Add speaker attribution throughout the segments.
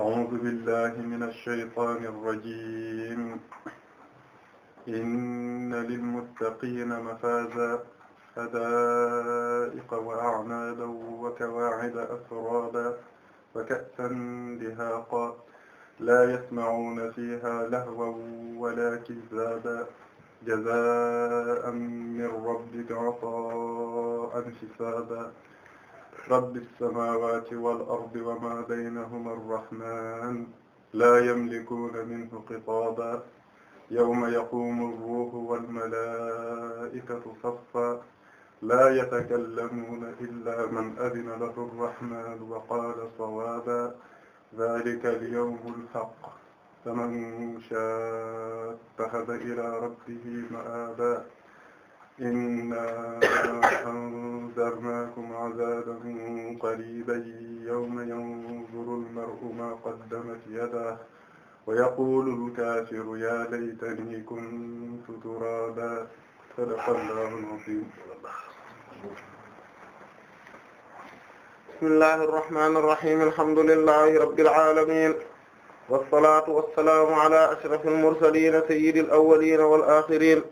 Speaker 1: أعوذ بالله من الشيطان الرجيم إن للمتقين مفازا حدائق وأعنابا وكواعب أترابا وكأسا دهاقا لا يسمعون فيها لهوا ولا كذابا جزاء من ربك عطاء حسابا rabbi samaawaati wal ardi wa maa baynahumaa arrahmaan laa yamlikuuna minhu xitaaban yawma yaquumu arruuhu wal malaa'ikatu saffan laa yatakallamuuna illaa man adina lahu arrahmaanu wa qaala sawaaban zaalika alyawmu alhaqq faman shaa'a ittahada ilaa rabbihi ma'aabaa inna anzarnaakum azaaban qariiban yawma yanzuru al-mar'u maa qaddamat yadaahu wa yaquulu al-kaafiru yaa laytanii kuntu turaaban sadaqallaahu al-aziim
Speaker 2: bismillahi irrahmani irrahim alhamdulillahi rabbil aalamiin wassalaatu wassalaamu alaa ashrafil mursaliin sayyidil awwaliin wal aaxiriin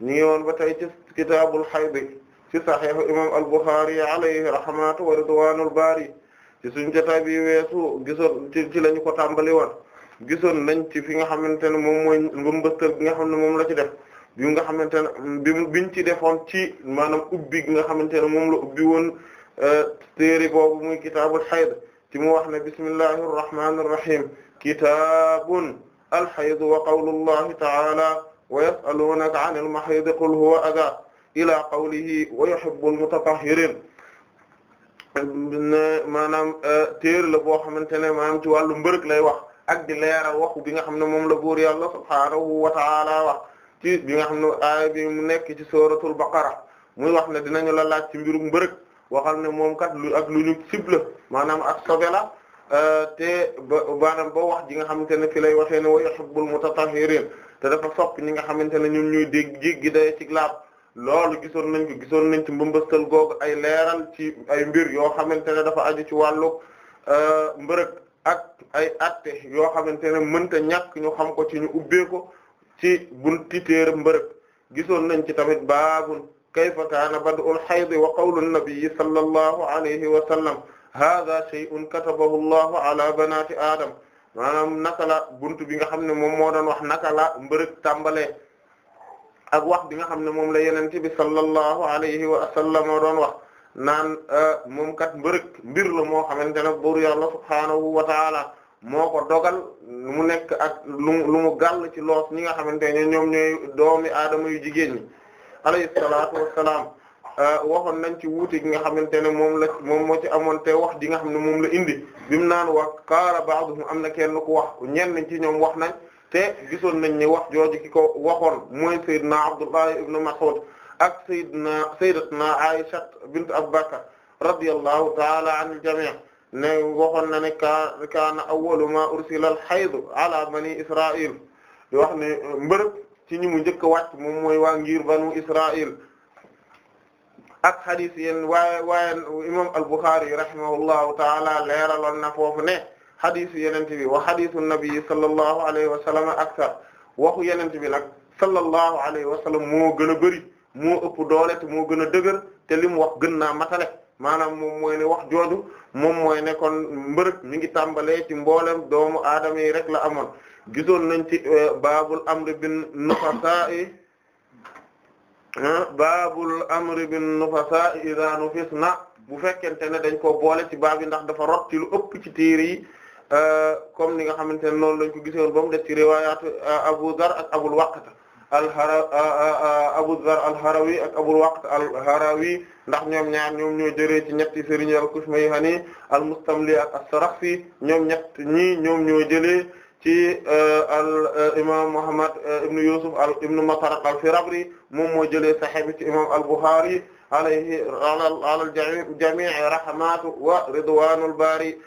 Speaker 2: ñu ngi woon ba tey ci kitaabul hayd ci sahih imam al-Bukhari alayhi rahmatu wa ridwanul bari ci suñu jotaay bi weesu gisoon ci lañu ko tàmbali woon gisoon nañ ci fi nga xamante ne moom mooy mbëmbëstal bi nga xam ne moom la ci def bi nga xamante ne bi biñ ci defoon ci maanaam ubbi gi nga xamante ne moom la ubbi woon euh, téere boobu muy kitaabul hayd ci mu wax ne bismillahir rahmanir rahim kitaabun al hayd wa qawlullahi ta'ala wa yas'aluunaka 'anil mahiid qul huwa adhaa ilaa qawlihi wa yuhibbul mutatahhiriin maanaam eh, téer la boo xamante ne maanaam ci wàllu mbërëg lay wax ak di leeral waxu bi nga xam ne moom la buur yàlla subhaanahu wa ta'aala wax ci bi nga xam ne aaya bi mu nekk ci sooratul baqara muy wax ne dinañu la laaj ci mbirum mbërëg waxal ne moom kat lu ak lu ñu cible maanaam ak sobe la eh, te ba maanaam ba wax ji nga xamante ne fi lay waxee ne wa yuhibbul mutatahhiriin te dafa sopp ñi nga xamante ne ñoom ñuy dégg jéggi day ci laab loolu gisoon nañ ko gisoon nañ ci mbëmbastal googu ay leeral ci ay mbir yoo xamante ne dafa aju ci wàllu euh, mbërëg ak ay atte yoo xamante ne mënta ñàkk ñu xam ko ci ñu ubbee ci bunti téere mbërëg gisoon nañ ci tamit baabun kayfa kaana bad'ul hayd wa qawlu nabiyyi sallallahu alayhi wa sallam hadha shay'un katabahu allahu aadam maanaam naka la buntu bi nga xam ne moom moo doon wax naka la mbërëg tàmbalee ak wax bi nga xam ne moom la yenente bi sallallahu alayhi wa sallam doon wax naan euh, moom kat mbërëg mbir la moo xamante ne buur yàlla subhaanahu wa taala moo ko dogal mu nekk ak lu lu mu ci loos ñi nga xamante ne ñoom ñooy doomi aadama yu jigéen ñi alayhi salaatu wassalaam Euh, waxoon nañ ci wuute gi nga xamante ne moom la moom moo ci amoon te wax ji nga xam ne moom la indi bi mu naan wax qaala ba'duhum am na kennu ku wax ñenn ci ñoom wax nañ te gisoon nañ ne wax jooju ki ko waxoon mooy Seydina Abdullah ibn Mas'ud ak Seydina Sayyidatuna Aisha bint Abu Bakr radiyallahu ta'ala anil jami' ne waxoon na ne ka kaana awwalu ma ursila al-hayd ala bani Israa'il ne mbërëb ci ñi njëkk a moom mooy waa ngir banu Israa'il ak hadith yéen waaye waaye imam al-Bukhari rahimahullahu taala leeraloon na foofu ne hadith yeneen bi wa hadithu nabi sallallahu alayhi wa sallam akthar waxu yeneen bi nag sallallahu alayhi wa sallam moo gën a bëri moo ëpp doole te moo gën a dëgër te li mu wax gën naa matale maanaam moo mooy ne wax jooju moom mooy ne kon mbërëg mi ngi tàmbalee ci mboolem doomu aadama yi rek la amoon gisoon nañ ci eh, baabul amri bin nufasa'i baabul amri bin nufasa idha na bu fekkente ne dañ ko boole ci baab yi ndax dafa rot ci lu ëpp ci téere yi euh, comme ni nga xamante ne noonu lañ ko gisoon ba mu def ci riwaayaatu euh, Abu Dharr ak Abu Dharr al-Harawi ak Abul Waqt al-Harawi euh, ndax ñoom ñaar ñoom ñoo jëlee ci ñetti sëriñ al-Kushmayhani al-Mustamli ak as-Sarakhsi ñoom ñett ñi ñoom ñoo jëlee ci al imaam Muhammad ibn Yusuf al ibn Mataraq al-Firabri moom moo jëlee saxee bi ci imam al-Bukhari alayhi ala al-jami' rahmatu wa ridwanul bari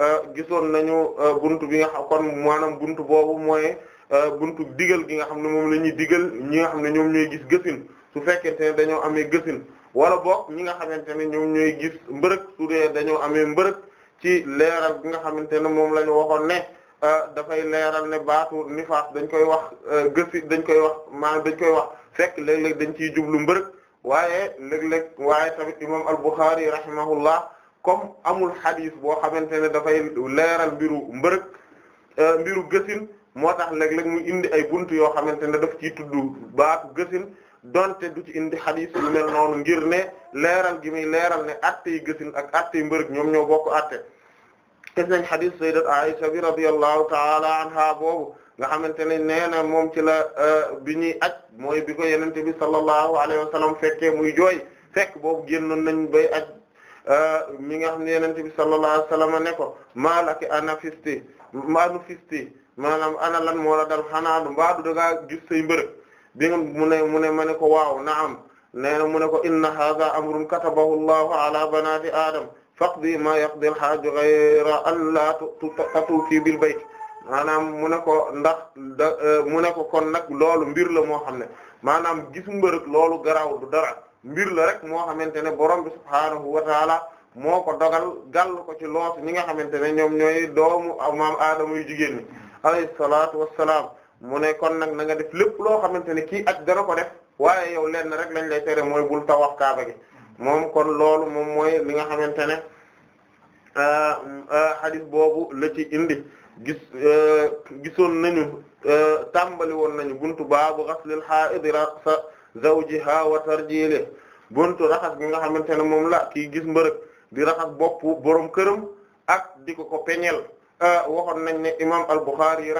Speaker 2: euh, gisoon nañu euh, buntu bi nga xam kon maanaam buntu boobu mooy euh, buntu digal gi nga xam ne moom la ñuy digal ñi nga xam ne ñoom ñooy gis gësin su fekkee te dañoo amee gësin wala boo ñi nga xamante ne ñoom ñooy gis mbërëg su dee dañoo amee mbërëg ci leeral gi nga xamante ne moom la ñu waxoon ne dafay leeral ne baatu nifaas dañ koy wax gësi dañ koy wax maanaam dañ koy wax fekk léeg-léeg dañ ciy jublu mbërëg waaye léeg-léeg waaye tamit imam al-Bukhari rahimahullah comme amul xadis boo xamante ne dafay leeral mbiru mbërëg euh, mbiru gësin moo tax léeg-léeg mu indi ay bunt yoo xamante ne daf ciy tudd baatu gësin donte du ci indi xadis yu mel noonu ngir ne leeral gi muy leeral ne atte gësin ak atte yi mbërëg ñoom ñoo bokk atte te nañ xadis a Aisha bi radiyallahu ta'ala anha boobu nga xamante ne nee na moom ci la bi ñuy aj mooy bi ko yenente bi sallallahu alayhi wa sallam fekkee muy jooy fekk boobu génnoon nañ bay aj mi nga xam ne yenente bi sallallahu alayhi wa sallam ne ko maalaki anafisti manufisti maanaam ana lan moo la dal xanaa du mbaadu dangaa gis say mbërëg bi nga mu ne ma ne ko waaw naam nee na mu ne ko inna hadha amrun katabahu allahu ala banati adam faqdi ma yaqdi al haaju ghayra an la bil bayt maanaam mu ne ko ndax da e, mu ne ko kon nag loolu mbir la moo xam ne maanaam gis mbërëg loolu garaaw du dara mbir la rek moo xamante ne borom bi subhaanahu wa taala moo ko dogal gàll ko ci loos ñi nga xamante ne ñoom ñooy doomu maam aadama yu jigéen ñi alayhi salaatu wassalaam mu ne kon nag na nga def lépp loo xamante ne kii ak dana ko def waaye yow lenn rek lañ lay tere mooy bul tawaaf kaaba gi moom kon loolu moom mooy li nga xamante ne e, e, hadith boobu la ci indi gis euh, gisoon nañu euh, tàmbali woon nañu buntu baabu ghaslil haa'id ra'sa zawjiha wa tarjili buntu raxas bi nga xamante ne moom la kii gis mbërëg di raxas boppu borom këram ak di ko ko peñel euh, waxoon nañ ne imam al-Bukhari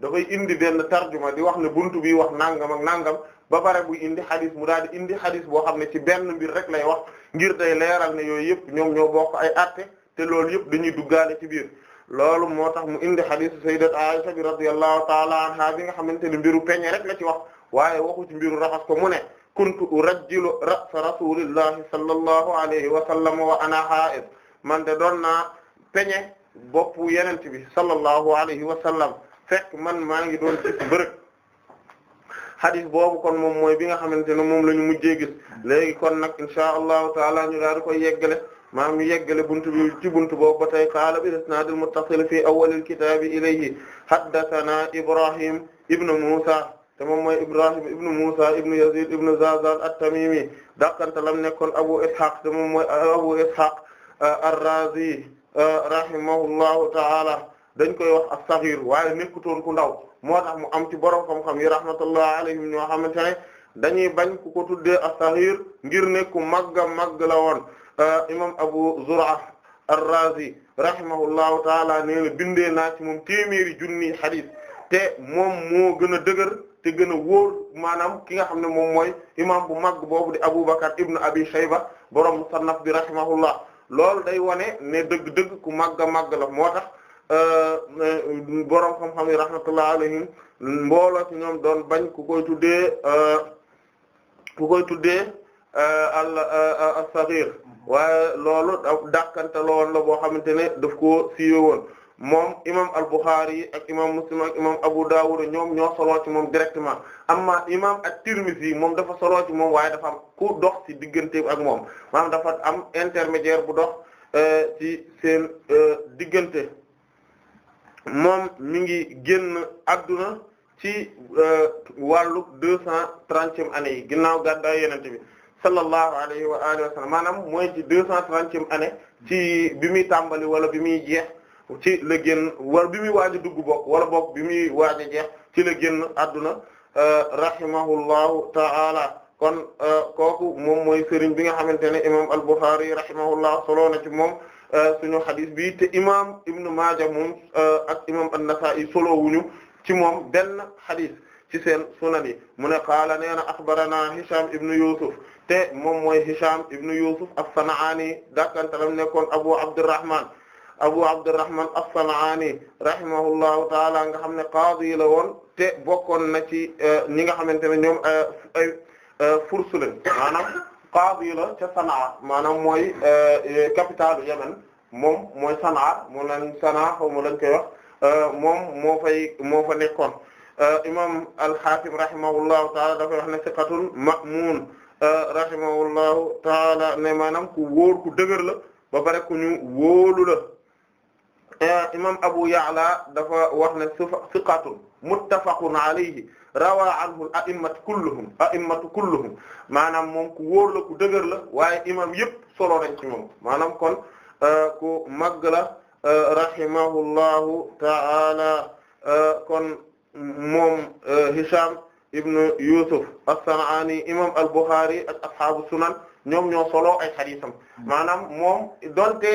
Speaker 2: da koy indi benn tarjuma di wax ne buntu bi wax nangam ak nangam ba pare bu indi xadis mu daal di indi xadis boo xam ne ci benn mbir rek lay wax ngir day leeral ne yooyu yëpp ñoom ñoo bokk ay atte te loolu yëpp dañuy duggaale ci biir loolu moo tax mu indi xadiis sayyidat Aisha bi radiyallahu ta'ala anha bi nga xamante ne mbiru peñe rek la ci wax waaye waxu ci mbiru raxas ko mu ne kuntu urajjilu ra'sa rasulillahi sallallahu alayhi wa sallam wa ana man de doon naa peñe boppu yenent bi sallallahu alayhi wa sallam fekk man maa ngi doon gis xadis boobu kon moom mooy bi nga xamante ne moom la ñu mujjee gis léegi kon nag insha allahu taala ñu daal di koy yeggale maam ñu yeggale buntu bi ci buntu boobu ba tey qaala bil isnaadil muttasil fi awwalil kitaabi ilayhi haddathana Ibrahim ibn Musa te moom mooy Ibrahim ibn Musa ibn Yazid ibn Zazal at-Tamimi dàqanta lam nekkoon Abu Ishaq te moom mooy Abu Ishaq euh, ar-Razi euh, rahimahullahu ta'ala dañ koy wax as-Saghir waaye nekkutoon ku ndaw moo tax mu am ci borom xam-xam yi rahmatullahi alayhim ñoo xamante ne dañuy bañ ku ko tuddee as-Saghir ngir ne ku màgg a màgg la woon. Euh, imam Abu Zur'a ar-Razi rahimahullahu taala nee na bindee naa ci moom téeméeri junni hadith te moom moo gën a dëgër te gën a wóor maanaam ki nga xam ne moom mooy imam bu mag boobu di Abu Bakr ibn Abi Shayba borom musannaf bi rahimahullah lool day wane ne dëgg-dëgg ku màgg a màgg la moo tax euh, borom xam-xam yi rahmatullah mbooloo ci ñoom doon bañ ku koy tuddee euh, ku koy tuddee. Euh, al euh, euh, as-Saghir waaye loolu dàqanteeloon la boo xamante ne daf koo siiwee woon moom imam al-Bukhari ak imam Muslim ak imam Abu Dawud ñoom ñoo soloo ci moom directement amma imam at-Tirmidhi moom dafa soloo ci moom waaye dafa am ku dox ci digganteem ak moom maanaam dafa am intermédiaire bu dox ci seen diggante moom mi ngi génn adduna ci wàllu deux cent trentième année yi ginnaaw gàddaay Yonent bi sallallahu alayhi wa alihi wa sallam maanaam mooy ci deux cent trentième année ci bi muy tàmbali wala bi muy jeex ci la génn wala bi muy waaj a dugg bokk wala bokk bi muy waaj a jeex ci la génn adduna euh, rahimahullahu ta'ala kon euh, kooku moom mooy sëriñ bi nga xamante ne imam al-Bukhari rahimahullah soloo na ci moom euh, suñu hadith bi te imam Ibn Maaja moom ak imam an-Nasa'i solowuñu ci moom benn hadith ci seen sunan yi mu ne qaala nee na axbarana Hisham ibn Yusuf te moom mooy Hisham ibn Yusuf as-San'ani dakkantalam nekkoon Abu Abdurrahman Abu Abdurrahman as-San'ani rahimahullahu taala nga xam ne qaadi la woon te bokkoon na ci eh, ñi nga xamante ne ñoom eh, ay eh, furs qaadi la ca Sanaa maanaam mooy capitale Yemen moom mooy Sanaa mu lañ Sanaa ma lañ koy moom moo fay moo fa nekkoon Euh, imam al-Hakim rahimahullahu taala dafay wax ne siqatun ma'mun euh, rahimahullahu taala ne maanaam ku wóor ku dëgër la ba pare ku ñu wóolu la euh, imam Abu Ya'la dafa wax ne siqatun muttafaqun alayhi rawaa anhu a'immatu kulluhum a'immatu kulluhum maanaam moom ku wóor la ku dëgër la waaye imam yëpp solo nañ ci moom maanaam kon ku màgg la rahimahullahu taala kon moom euh, Hisham ibn Yusuf as-San'ani imam al-Bukhari ak ashaabu sunan ñoom ñoo solo ay xadisam maanaam moom donte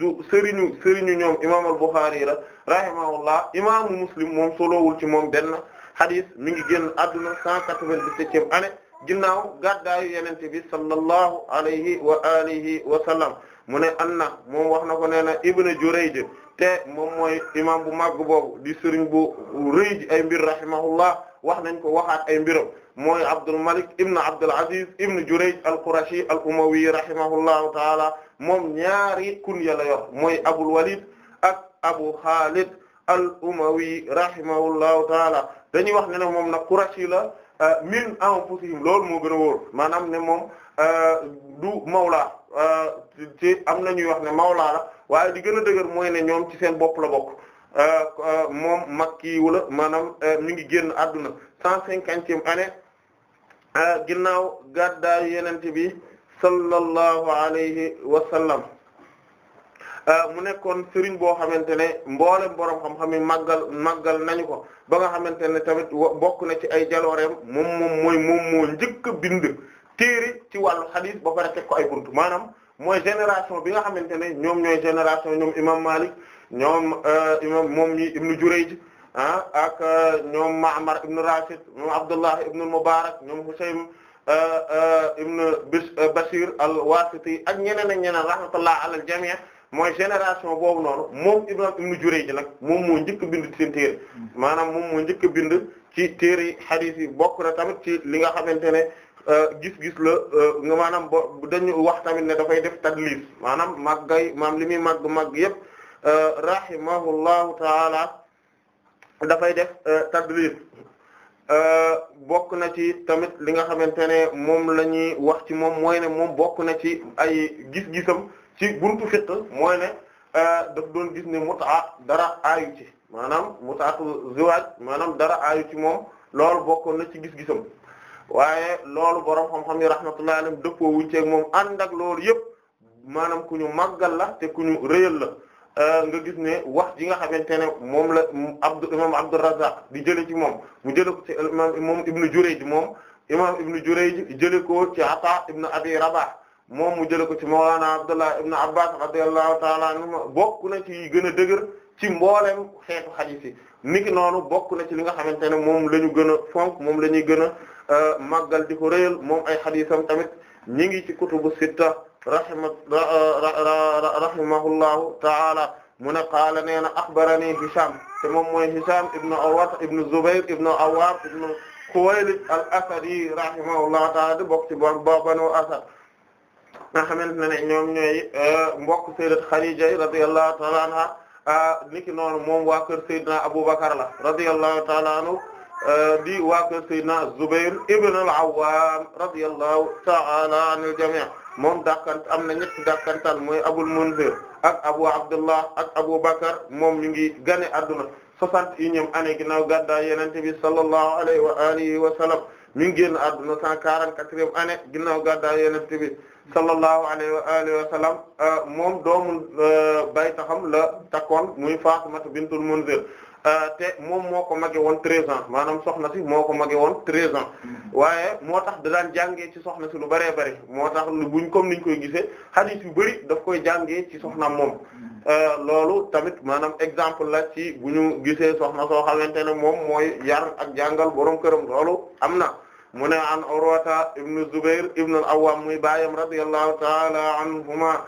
Speaker 2: du sëriñu sëriñu ñoom imam al-Bukhari la rahimahullah imaamu Muslim moom solowul ci moom benn xadis mi ngi génn adduna cent quatre-vingt-dix-septième année ginnaaw gàddaayu yenente bi sallallahu alayhi wa alihi wa sallam mu ne anna moom wax na ko nee na Ibn Jurayj te moom mooy imam bu màgg boobu di sëriñ bu rëy ay mbir rahimahullah wax nañ ko waxaat ay mbiram mooy Abdul Malik ibn Abdul Aziz ibn Jurayj al-Qurashi al-Umawi rahimahullahu taala moom ñaari kunya la yor mooy Abul Walid ak Abu Khalid al-Umawi rahimahullahu taala dañuy wax ne ne moom nag Qurashi la euh, min anfusihim loolu moo gën a wóor maanaam ne moom euh, du mawla ci am na ñuy wax ne mawlaa la waaye di gën a dëgër mooy ne ñoom ci seen bopp la bokk euh, euh, moom makki wala maanaam euh, mi ngi génn adduna cent cinquantième année ginnaaw gàddaay yenente bi sallallahu alayhi wa sallam mu nekkoon sëriñ boo xamante ne mboole boroom xam-xam yi màggal nañu ko ba nga xamante ne tamit bokk na ci ay jalooreem moom moom mooy moom moo njëkk bind téere ci wàllu hadith ba pare teg ko ay buntu maanaam mooy génération bi nga xamante ne ñoom ñooy génération ñoom imam Malik ñoom euh, imam moom ñi ibnu Jurayj ah ak euh, ñoom Ma'mar ibnu Rashid ñoom Abdullah ibnu Mubarak ñoom Husaym euh, ibnu Bashir al-Wasiti ak ñeneen ak ñeneen rahmatullah alal jami' mooy génération boobu noonu moom imam ibnu Jurayj nag moom moo njëkk bind ci seen téere maanaam moom moo njëkk bind ci téere hadith yi bokk na tamit ci li nga xamante ne gis-gis la euh, nga maanaam bo dañu wax tamit ne dafay def tadlis maanaam màggay maam li muy màgg màgg yëpp euh, rahimahullahu taala dafay def euh, tadlis bokk na ci tamit li nga xamante ne moom la ñuy wax ci moom mooy ne moom bokk na ci ay gis-gisam ci buntu fiqh mooy ne daf doon gis ne mutaa dara aayu ci maanaam mutaatu ziwaaj maanaam dara aayu ci moom loolu bokkoon na ci gis-gisam waaye loolu borom xam-xam yi rahmatullahi alayhim dëppoo wuñ moom ànd ak loolu yëpp maanaam ku ñu màggal la te ku ñu rëyal la euh, nga gis ne wax ji nga xamante ne moom la Abdu imam Abdurrazzaq di jële ci moom mu jële ko ci imam moom Ibnu Jurayj moom imam Ibnu Jurayj jële ko ci Ata Ibnu Abi Rabah moom mu jële ko ci Mawlana Abdullah Ibnu Abbas radiyallahu ta'ala anhuma bokk na ci gën a dëgër ci mboolem xeetu xadiis yi niki noonu bokk na ci li nga xamante ne moom la gën a fonk moom la ñuy gën a Euh, màggal di ko réyal moom ay xadiisam tamit ñi ngi ci kutubu sitta rahima rahimahullahu taala mu ne qaala nee na axbarani Hisham te moom mooy Hisham ibnu Urwa ibnu Zubayr ibnu Awwam al-Asadi rahimahullahu taala di bokk ci bo Banu Asad nga xamante ne ñoom ñooy euh, mbokk sayyidat Khadija radiyallahu taala anha ah, niki noonu moom waa kër Abubakar la radiyallahu Euh, di waa kër Seydina Zubair ibn al-Awwam radiyallahu ta'ala anil jami' moom dàqan am na ñetti dàqantal muy Abul Munzir ak Abu Abdullah ak Abu Bakar moom ñu ngi gane adduna soixante et unième année ginnaaw gàddaay Yonent bi sallallahu alayhi wa alihi wa sallam mi ngi génn adduna cent quarante-quatrième année ginnaaw gàddaay Yonent bi sallallahu alayhi wa alihi wa sallam euh, moom doomu euh, baytaxam la takkoon muy Faatimatu bintul Munzir Euh, te moom moo ko mage woon 13 ans maanaam soxna si moo ko mage woon 13 ans mm-hmm. waaye moo tax da daan jàngee ci soxna si lu bëree bëri moo tax buñ comme niñ koy gise hadith yu bëri daf koy jàngee ci soxna moom. Mm-hmm. Euh, loolu tamit maanaam exemple la ci bu ñu gisee soxna soo xamante ne moom mooy yar ak jàngal borom këram loolu am na mu ne an Urwata ibnu Zubair ibnu al-Awwam muy baayam radiyallahu ta'ala anhuma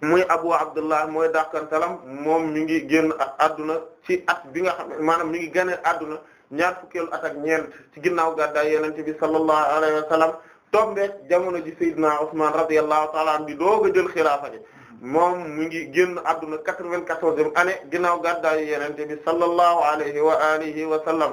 Speaker 2: muy Abu Abdullah mooy dàqantalam moom mi ngi génn adduna ci at bi nga xam maanaam mi ngi gane adduna ñaar fukkeelu at ak ñeent ci ginnaaw gàddaay yonent bi sallallahu alayhi wa sallam tombeek jamono ji Seydina Usman radiyallahu ta'ala anhu di doog a jël xilaafa ji moom mu ngi génn adduna quatre-vingt-quatorzième année ginnaaw gàddaay yonent bi sallallahu alayhi wa alihi wa sallam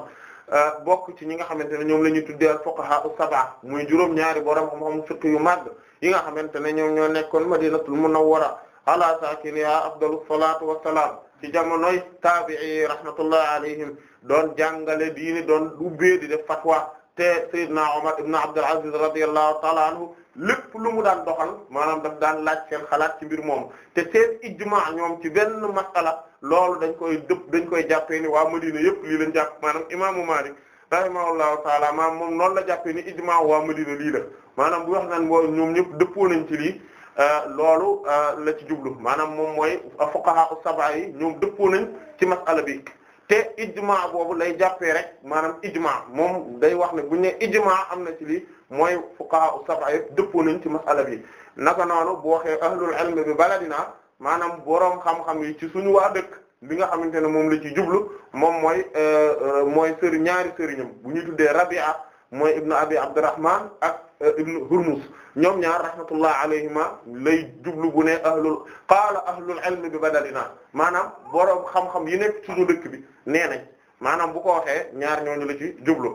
Speaker 2: euh, bokk ci ñi nga xamante ne ñoom la ñuy tuddee al fuqaha as-sab'a muy juróom ñaari borom xam-xam yu màgg yi nga xamante ne ñoom ñoo nekkoon madinatul munawwara ala saakiniha afdalu salaatu wassalaam ci jamonoy taabi'i rahmatullahi alayhim doon jàngale diini doon ubbee di def fatwa te Seydina Omar ibn Abdul Aziz radiyallahu ta'ala anhu lépp lu mu daan doxal maanaam daf daan laaj ken xalaat ci moom moomu te seen ijmaa ñoom ci benn masala loolu dañ koy dëpp dañ koy jàppee ni waa Madina yëpp lii lañ jàpp maanaam imaamu Maalik rahimahullahu ta'ala maam moom noonu la jàppee ni ijmaa waa Madina lii maanaam bu wax naan mooy ñoom ñëpp dëppoo nañ ci lii euh, loolu euh, la ci jublu maanaam moom mooy fuqaha u saba yi ñoom dëppoo nañ ci mas'ala bi te ijma boobu lay jàppee rek maanaam ijma moom day wax ne bu ñu nee am na ci lii mooy fuqaha as-sab'a yëpp dëppoo nañ ci mas'ala bi naka noonu bu waxee ahlul ilm bi baladina maanaam boroom xam-xam yi ci suñu waa dëkk bi nga xamante ne moom la ci jublu moom mooy euh, mooy sëriñ ñaari sëriñam bu ñuy tuddee Rabi'a mooy ibnu abi Abdurrahman ak Euh, ibn Hurmuz ñoom ñaar rahmatullah alayhima lay jublu bu ne ahlul qaala ahlul ilm bi badalina maanaam boroom xam-xam yi nekk suñu dëkk bi nee nañ maanaam bu ko waxee ñaar ñooñu ci jublu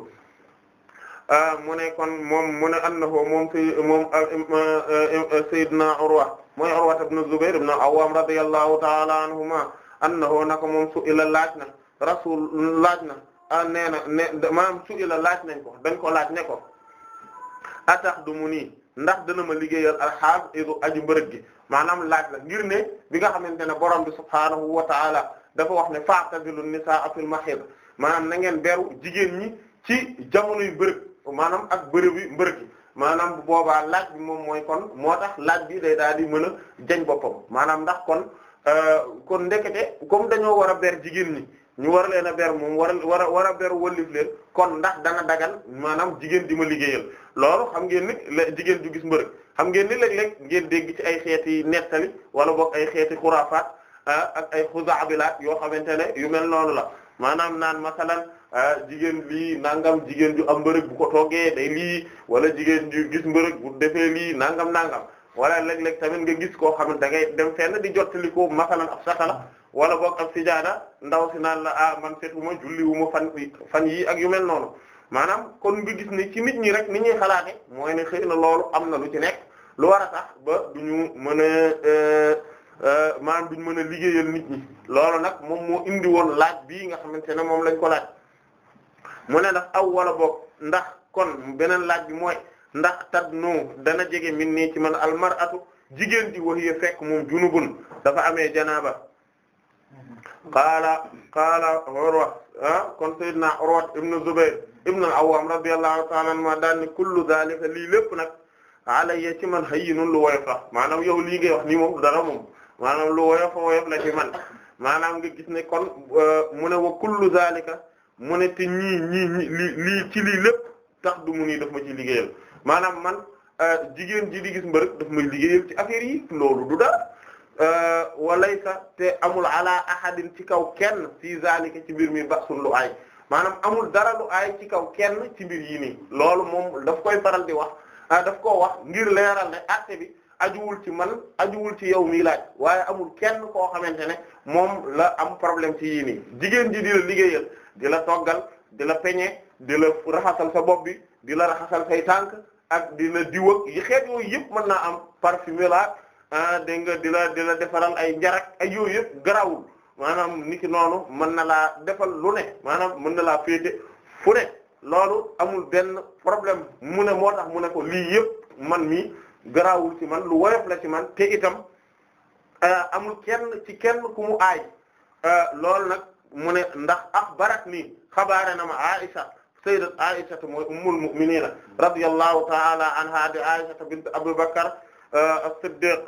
Speaker 2: euh, mu ne kon moom mu ne annahu moom si moom euh, sayyidna Urwa mooy Urwa ibn Zubayr ibn Awwam radiyallahu ta'ala anhuma annahu naka moom su ila laaj na rasul laaj na ah nee na su ila laaj nañ ko dañ ko laaj ne ko atax du mu nii ndax dana ma liggéeyal alxaal idu aju mbërëg gi maanaam laaj la ngir ne bi nga xamante ne borom bi subhaanahu wa taala dafa wax ne fa'tazilu nisaa fil mahid maanaam na ngeen beru jigéen ñi ci jamonoy mbërëg maanaam ak bërëb bi mbërëg gi maanaam bu boobaa laaj bi moom mooy kon moo tax laaj bi day daal di mën a jañ boppam maanaam ndax kon euh, kon ndekete comme dañoo war a ber jigéen ñi ñu war leen a ber moom war war a war a ber wallif leen kon ndax dana dagal maanaam jigéen di ma liggéeyal loolu xam ngeen ni jigéen ju gis mbërëg xam ngeen ni léeg-léeg ngeen dégg ci ay xeeti nettali wala boog ay xeeti xuraafaat ah, ak ay xuzaabilaat yoo xamante ne yu mel noonu la maanaam naan masalan ah, jigéen lii nangam jigéen ju am mbërëg bu ko toggee day lii wala jigéen ju gis mbërëg bu defee lii nangam nangam wala léeg-léeg tamit nga gis koo xam ne da ngay dem fenn di jottali ko masalan ab satala wala boog ak sijaada ndaw si naan la ah man setuma julli wu ma fan fan yii ak yu mel noonu maanaam kon nga gis ne ci nit ñi rek ni ñuy xalaate mooy ne xëy na loolu am na lu ci nekk lu war a tax ba du ñu mën a euh, euh, maanaam duñ mën a liggéeyal nit ñi loolu nag moom moo indi woon laaj bii nga xamante ne moom lañ ko laaj mu ne ndax aw wala boog ndax kon beneen laaj bi mooy ndax tad nu dana jege min nii ci man atu jigéen di wax fekk moom junubun dafa amee janaaba qaala qaala Urwa ah, kon Seydina Urwa ibn Zubayr ibn al-Awwam radiyallahu ta'ala anhuma daan ni kullu lii lépp nag alayya ci man hayyinun lu woyof la maanaam yow lii ngay wax nii moom dara moom maanaam lu woyof woyof ci man maanaam nga gis ne kon ah, mu ne wa kullu zalika mu ne te ñii ñii lii lii ci lii lépp tax du mu daf ma ci liggéeyal maanaam man ah, jigéen ji di gis mbërëk daf may liggéeyal ci affaire yi loolu du dara Euh, walaysa te amul ala ahadin ci kaw kenn fi zalika ci mbir mi ba'sun lu aay maanaam amul dara lu aay ci kaw kenn ci mbir yi nii loolu moom daf koy paral di wax ah, daf koo wax ngir leeral ne acte bi ajuwul ci man ajuwul ci yow mii laaj waaye amul kenn koo xamante ne moom la am problème ci yii nii jigéen ji di la liggéeyal di la toggal di la peñe di la raxasal sa bopp bi di la raxasal say tànk ak di la diw ak yi xeet yooyu yëpp mën naa am parfumé la Ah, dégg nga di la di defaral ay njarak ay yooyu yëpp garawul maanaam niki noonu mën na laa defal lu ne maanaam mën na laa féete fu loolu amul benn problème mu ne moo tax mu ne ko lii yëpp man mi garawul ci man lu woyof la ci man te itam ah, amul kenn ci kenn ku mu aay ah, loolu nag mu ne ndax axbarat nii xabaare na ma Aisha sayyidat Aisha mooy ummul mu'minina radiyallahu ta'ala anha di Aisha bint Abu Bakr as-Siddiq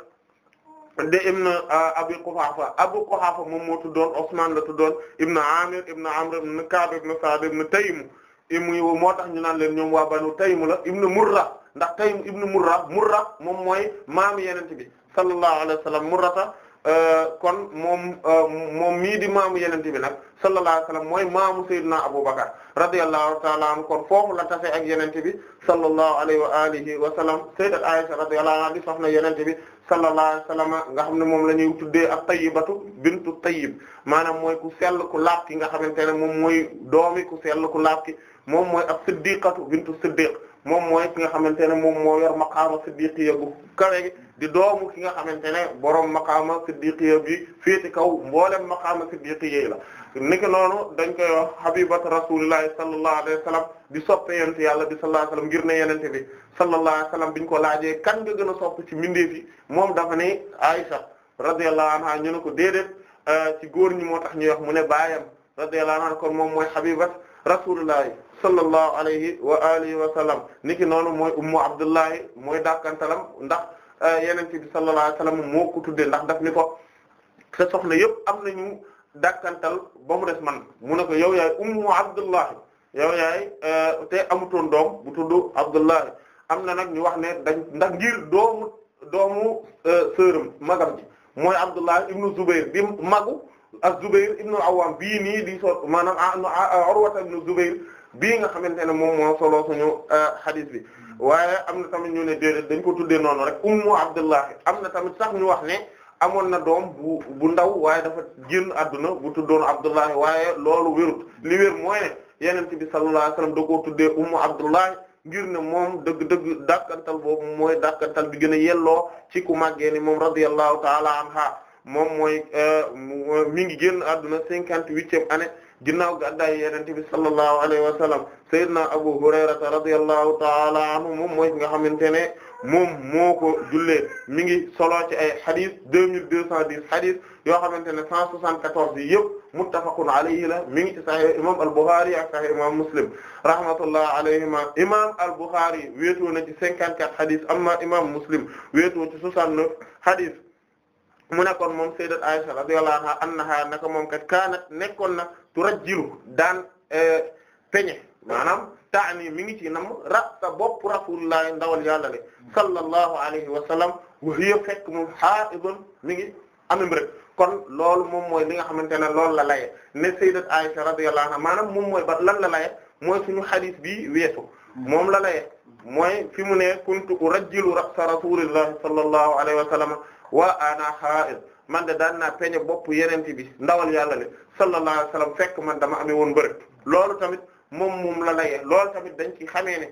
Speaker 2: de ibn euh, Abi Quhafa Abu Quhafa moom moo tuddoon Usman la tuddoon ibn Amir ibn Amr ibn Ka'b ibn Sa'd ibn Taym imu moo tax ñu naan leen ñoom waa Banu Taym la ibn Murra ndax Taym ibn Murra Murra moom mooy maamu Yonent bi sallallahu alayhi wa sallam Murrata Euh, kon moom euh, moom mii di maamu yenente bi nag sallallahu alayhi wa sallam mooy maamu sayyidina Abu Bakar radiyallahu ta'ala anhu kon foofu la tase ak yenente bi sallallahu alayhi wa alihi wa sallam sayyidat Aisha radiyallahu anha di soxna yenente bi sallallahu alayhi wa nga xam ne moom la ñuy tuddee ak tayyibatu bintu tayyib maanaam mooy ku sell ku laab ki nga xamante ne moom mooy doomi ku sell ku laab ki moom mooy ak siddiqatu bintu siddiq moom mooy ki nga xamante ne moom moo yor maqaama siddiqiyya bu kawe di doomu ki nga xamante ne borom maqaama siddiqiyya bi fii féeti kaw mboolem maqaama siddiqiyya la niki noonu dañ koy wax habibat rasulillahi sallallahu alayhi wa sallam di soppe yonent yàlla di sallallahu alayhi wa sallam ngir ne yonent bi sallallahu alayhi wa sallam biñ ko laajee kan nga gën a sopp ci mbindeef yi moom dafa ne Aisha radiyallahu anha ñu ne ko déedéet euh, ci góor ñi moo tax ñuy wax mu ne baayam radiyallahu anha kon moom mooy habibat rasulillahi sallallahu alayhi wa alihi wa sallam niki noonu mooy ummu abdullahi mooy dàkkantalam ndax euh, yeneen bi sallallahu alayhi wa sallam moo ko ndax daf ni ko sa soxna yëpp am nañu dàkkantal ba mu des man mu na ko yow yaay ummu abdullahi yow yaay euh, te amutoon doom bu tudd abdullahi am na nag ñu wax ne dañ ndax ngir doomu doomu euh, sërëm magam ji mooy abdullahi ibnu zubayr di magu ak zubayr ibnu awam bii nii di so maanaam ah, Urwata ibnu zubayr bii nga xamante ne moom moo solo suñu euh, hadith bi waaye am na tamit ñu ne déedéet dañ ko tuddee noonu rek ummu abdullahi am na tamit sax ñu wax ne amoon na doom bu bu ndaw waaye dafa génn adduna bu tuddoon abdullahi waaye loolu wérut li wér mooy ne yonent bi sallallahu alayhi wasallam da koo abdullahi ngir ne moom dëgg dëgg dàkkantal boobu mooy dàkkantal bi gën a yelloo ci ku màggee ni moom radiyallahu ta'ala anha moom mooy euh, mi ngi génn adduna cinquante-huitième année ginnaaw gàddaay yonent bi sallallahu alayhi wa sallam sayyidina Abu Hurayrata radiyallahu ta'ala anhu moom mooy nga xamante ne moom moo ko jullee mi ngi solo ci ay hadith deux mille deux cent dix yoo xamante ne cent soixante-quatorze yi yëpp muttafaqun alayhi la mi ngi ci sahih imam al-Bukhari ak sahih imam Muslim rahmatullah alayhima imam al-Bukhari wéetoo na ci cinquante-quatre hadith amma imam Muslim wéetoo ci soixante-neuf hadith mu nekkoon moom sayyidat Aisha radiyallahu anha annaha naka moom kat kaanat nekkoon na turajjilu daan eh, peñe maanaam taani mi ngi ci nam ra sa bopp rasulullah ndawal yàlla le sallallahu alayhi wa sallam wa hiya fekk moom haidun mi ngi amim kon loolu moom mooy li nga xamante ne loolu la laye ne sayyidat Aisha radiyallahu anha maanaam mooy ba lan la mooy suñu hadith bi weesu moom la mooy fi mu ne kuntu urajjilu ra'sa rasulillahi sallallahu alayhi wa sallam wa man de daan naa peñe bopp yenente bi ndawal yàlla le sallallahu alayhi wasallam fekk man dama amee woon mbërëg loolu tamit moom moom la laye loolu tamit dañ ci xamee ne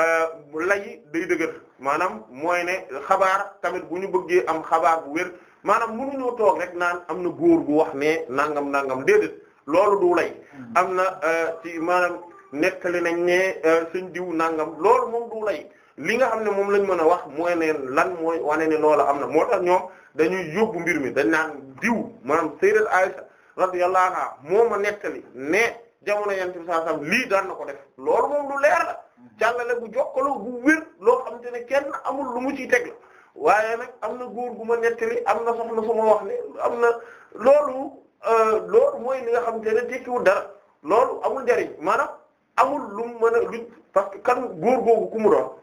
Speaker 2: euh, layi day dëgër maanaam mooy ne xabaar tamit bu ñu bëggee am xabaar bu wér maanaam mënuñoo toog rek naan am na góor gu wax ne nangam nangam déedéet loolu du lay hmm. am na euh, ci maanaam nekkali nañ ne euh, suñ diw nangam loolu moom du lay li nga xam ne moom lañ mën a wax mooy ne lan mooy wane ne loola am na moo tax ñoom dañuy yóbbu mbir mi dañ naan diw maanaam sayyidat Aisha radiyallahu anha moo ma nettali ne jamono yonent bi sallallahu alayhi wasallam lii daan na ko def loolu moom lu leer la jàllale bu jokkaloo bu wér loo xam te ne kenn amul lu mu ciy teg waaye nag am na góor gu ma nettali am na soxna su ma wax ne am na loolu euh, loolu mooy li nga xam te ne tekkiwul dara loolu amul njariñ maanaam amul lu mën a parce que kan góor googu ku mu doon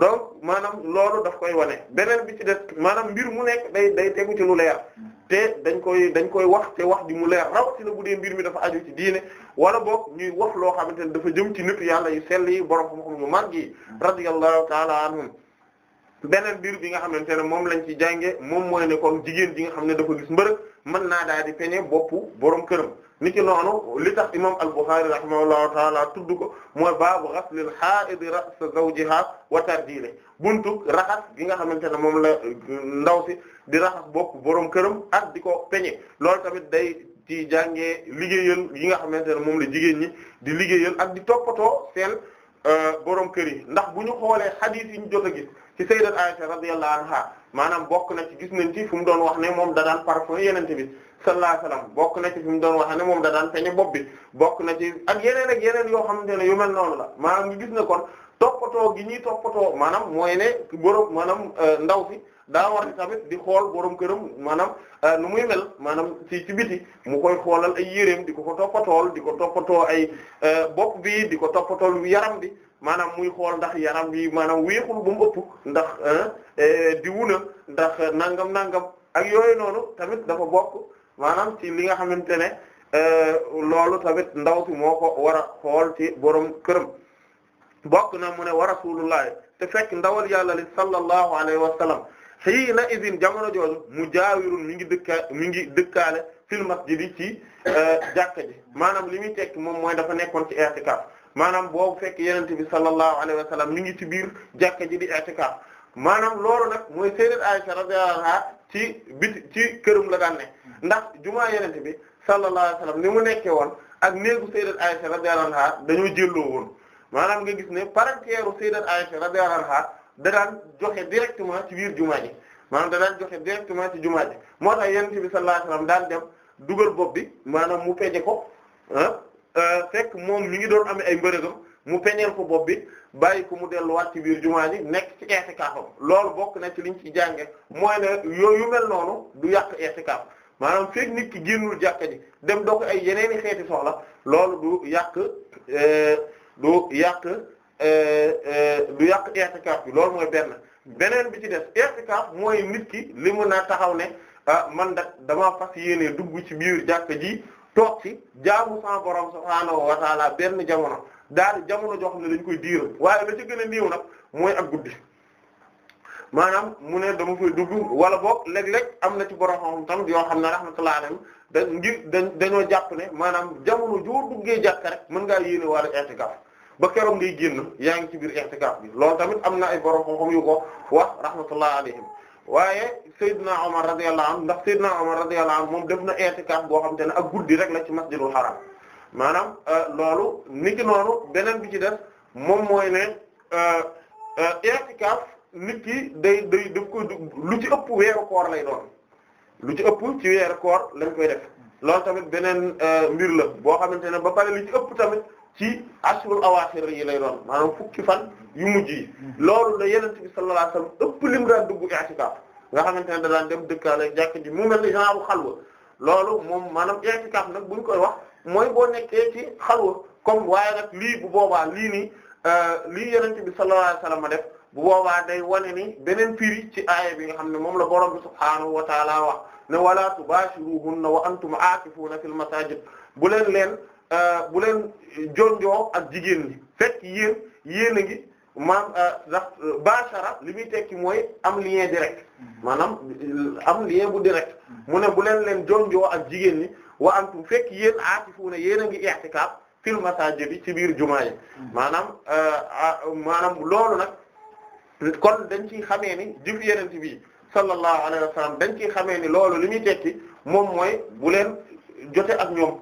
Speaker 2: donc maanaam loolu daf koy wane beneen bi ci des maanaam mbir mu nekk day day tegu ci lu leer te dañ koy dañ koy wax te wax di mu raw leer rawatina bu dee mbir mi dafa aju ci diine wala boog ñuy wax loo xamante ne dafa jëm ci nit yàlla yu sell yi borom xam-xam yu màgg yi radiyallahu ta'ala anhum beneen bir bi nga xamante ne moom lañ ci jànge moom mooy ne kon jigéen ji nga xam ne dafa gis mbërëg mën naa daal di peñe boppu borom këram niki noonu li tax imam al-Bukhari rahimahullahu taala tudd ko mooy baabu ghaslil haa'id ra's zawjiha wa tarjile buntu raxas gi nga xamante ne moom la ndaw si di raxas bopp boroom këram ak di ko peñe loolu tamit day ci jàngee liggéeyal yi nga xamante ne moom la jigéen ñi di liggéeyal ak di toppatoo seen euh, boroom kër yi ndax bu ñu xoolee xadiis yi ñu jot a gis ci sayyidat Aisha radiyallahu anha maanaam bokk na ci gis nañ ci fu doon wax ne moom da daan parfum yenente bi sallallahu alayhi wasallam bokk na mu doon wax moom da daan feeñe bopp bi bokk na ci ak yeneen ak yeneen yoo xamante ne yu mel noonu la maanaam ñu gis ne kon toppatoo gi ñuy toppatoo maanaam mooy ne borom maanaam euh, ndaw si daa war tamit di xool borom këram maanaam euh, nu muy mel maanaam ci ci biti mu koy xoolal ay yéreem di ko ko toppatool di ko toppatoo ay euh, bopp bi di ko toppatool yaram bi maanaam muy xool ndax yaram bi maanaam wéexul ba mu ëpp ndax di wuna ndax nangam nangam ak yooyu noonu tamit dafa bokk maanaam ci li nga xamante ne euh, loolu tamit ndaw si moo ko war a xool ci borom këram bokk na mu ne wa rasulullah te fekk ndawal yàlla li sallallahu alayhi wa sallam hiina idin jamono jooju mujaawirun mi ngi dëkkaa mi ngi dëkkaale fil masjid yi ci euh, jàkka ji maanaam li muy tekki moom mooy dafa nekkoon ci i'tikaf maanaam boo fekk yenente bi sallallahu alayhi wa sallam mi ngi ci biir jàkka ji di i'tikaf loolu nag mooy sayyidat Aisha radiyallahu anha ci biti ci këram la daan ndax jumaa yenente bi sallallahu alayhi wasallam ni mu nekkee woon ak néegu sayyidat Aisha radiyallahu anha dañoo jëlloo woon maanaam nga gis ne parentière u sayyidat Aisha radiyallahu anha da daan joxe directement ci biir jumaa ji maanaam da daan joxe directement ci jumaa ji moo a yenente bi sallallahu alayhi wasallam daan dem dugal bopp bi maanaam mu peje ko ah, ah fekk moom mi ngi doon amee ay mbërëgam mu peñeel ko bopp bi bàyyi ko mu delluwaat ci biir jumaa ji nekk ci i'tikaafam loolu bokk na ci liñ ci jànge mooy ne yu mel noonu du yàq i'tikaaf maanaam fekk nit génnul jàkka ji dem doog ay yeneeni xeeti soxla loolu du yàq euh, du yàq euh, euh, du yàq i'tikaaf bi loolu mooy benn beneen bi ci def i'tikaaf mooy nit ki li mu naa taxaw ne ah, man dak dama fas yéenee dugg ci biir jàkka ji toog ci jaamu sa borom subhaanahu wa taala benn jamono daal jamono joo xam ne dañ koy diiram waaye la ci gën a néew nag mooy ak guddi maanaam mu ne dama fay dugg wala boog léeg-léeg am na ci borom xam tamit yoo xam ne rahmatullahi alayhi da ngir dañoo jàpp ne maanaam jamono joo duggee jàkka rek mën ngaa yéene wala i'tikaf ba keroog ngay génn yaa ngi ci biir i'tikaf bi loolu tamit am na ay borom xam-xam yu ko wax rahmatullahi alayhim waaye Seydina Omar radiyallahu anhu ndax Seydina Omar radiyallahu anhu moom def na i'tikaf boo xam te ne ak guddi rek la ci masjidul haram maanaam euh, loolu niki noonu beneen bi ci def moom mooy ne euh, euh, i'tikaf nit ki day day daf koy lu ci ëpp weeru koor lay doon lu ci ëpp ci weeru coor lañ koy def loolu tamit beneen mbir la boo xamante ne ba pare lu ci ëpp tamit ci ashrul awaaxir yi lay doon maanaam fukki fan yu mujj yi hmm. loolu la yonent bi sallallahu alayhi wasallam ëpp lim daan dugg i'tikaf nga xamante ne da daan dem dëkkaale jàkk ji mu mel ni genre xalwa loolu moom maanaam i'tikaf nag buñ koy wax mooy boo nekkee ci xalwa comme waaye nag lii bu boobaa lii nii euh, lii yonent bi sallallahu alayhi wasallam def bu boobaa dey wane ni beneen firi ci aaya bi nga xam ne moom la borom bi subhaanahu wa taala wax ne wala tubashiruhunna wa antum aakifuna fil masajid bu leen leen euh, bu leen jonjoo ak jigéen ñi fekk yéen yéen a ngi maam euh, ndax bashara li muy tekki mooy am lien direct mm-hmm. maanaam am lien bu direct mm-hmm. mu ne bu leen leen jonjoo ak jigéen ñi wa antum fekk yéen aatifuuna yéen a ngi i'tikaaf fil masaajid bi ci biir jumaa yi
Speaker 1: hmm. maanaam
Speaker 2: euh, maanaam loolu nag kon dañ ciy xamee ni jëf yeneen bi sallallahu alayhi wa sallam dañ ciy xamee ni loolu li muy tekki moom mooy bu leen jote ak ñoom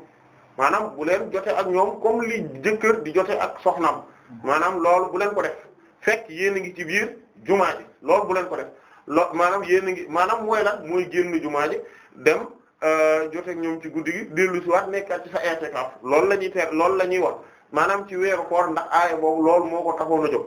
Speaker 2: maanaam bu leen jote ak ñoom comme li jëkkër di jote ak soxnaam hmm. maanaam loolu bu leen ko def fekk yéen a ngi ci biir jumaa ji loolu bu leen ko def loo maanaam yéen a ngi maanaam mooy lan muy génn jumaa ji dem. Euh, joteeg ñoom ci guddi gi dellu si waat nekkaat ci sa i'tikaf loolu la ñuy teer loolu la ñuy wax maanaam ci weeru koor ndax aaya boobu loolu moo ko taxoon a jóg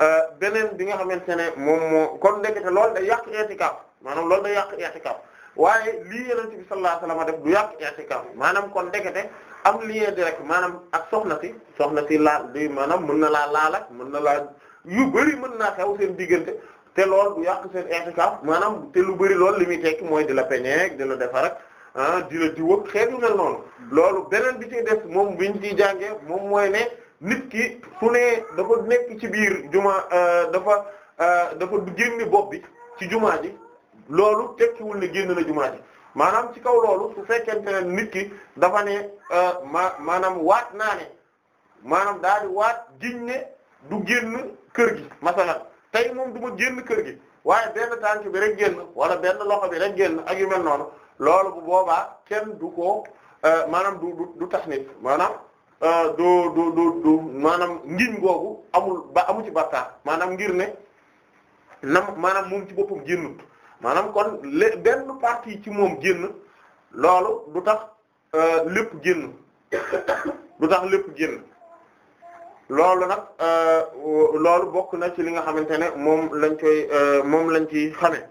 Speaker 2: euh, beneen bi nga xamante ne moom moo kon ndekete loolu day yàq i'tikaf maanaam loolu day yàq i'tikaf waaye lii yenente bi sallallahu alayhi wasallam def du yàq i'tikaf maanaam kon ndekete am di rek maanaam ak soxna si soxna si laal di maanaam mën na laa laal mën na laa yu bari mën naa xew seen diggante te lool du yàq seen i'tikaf maanaam te lu bari lool li muy tekki mooy di la peñeek di la defar ak ah diw ak xeetu mel noonu loolu beneen bi ci des moom biñ ciy jànge moom mooy ne nit ki su ne dafa nekk ci biir juma euh, dafa euh, dafa génn bopp bi ci jumaa ji loolu tekkiwul ne génn na jumaa ji maanaam ci kaw loolu su fekkente ne nit ki dafa ne euh, ma maanaam waat naa ne maanaam daal di waat giñ ne du génn kër gi masalan tey moom du ma génn kër gi waaye benn tànk bi rek génn wala benn loxo bi rek génn ak yu mel noonu loolu bu boobaa kenn du ko euh, maanaam du du tax nit maanaam euh, du du du du maanaam ngiñ googu amul ba amu ci bàkkaar maanaam ngir ne nam maanaam moom ci boppam génnut maanaam kon lé benn partie ci moom génn loolu du tax euh, lépp génn du tax lépp génn loolu nag euh, loolu bokk na ci li nga xamante ne moom lañ koy euh, moom lañ ki xame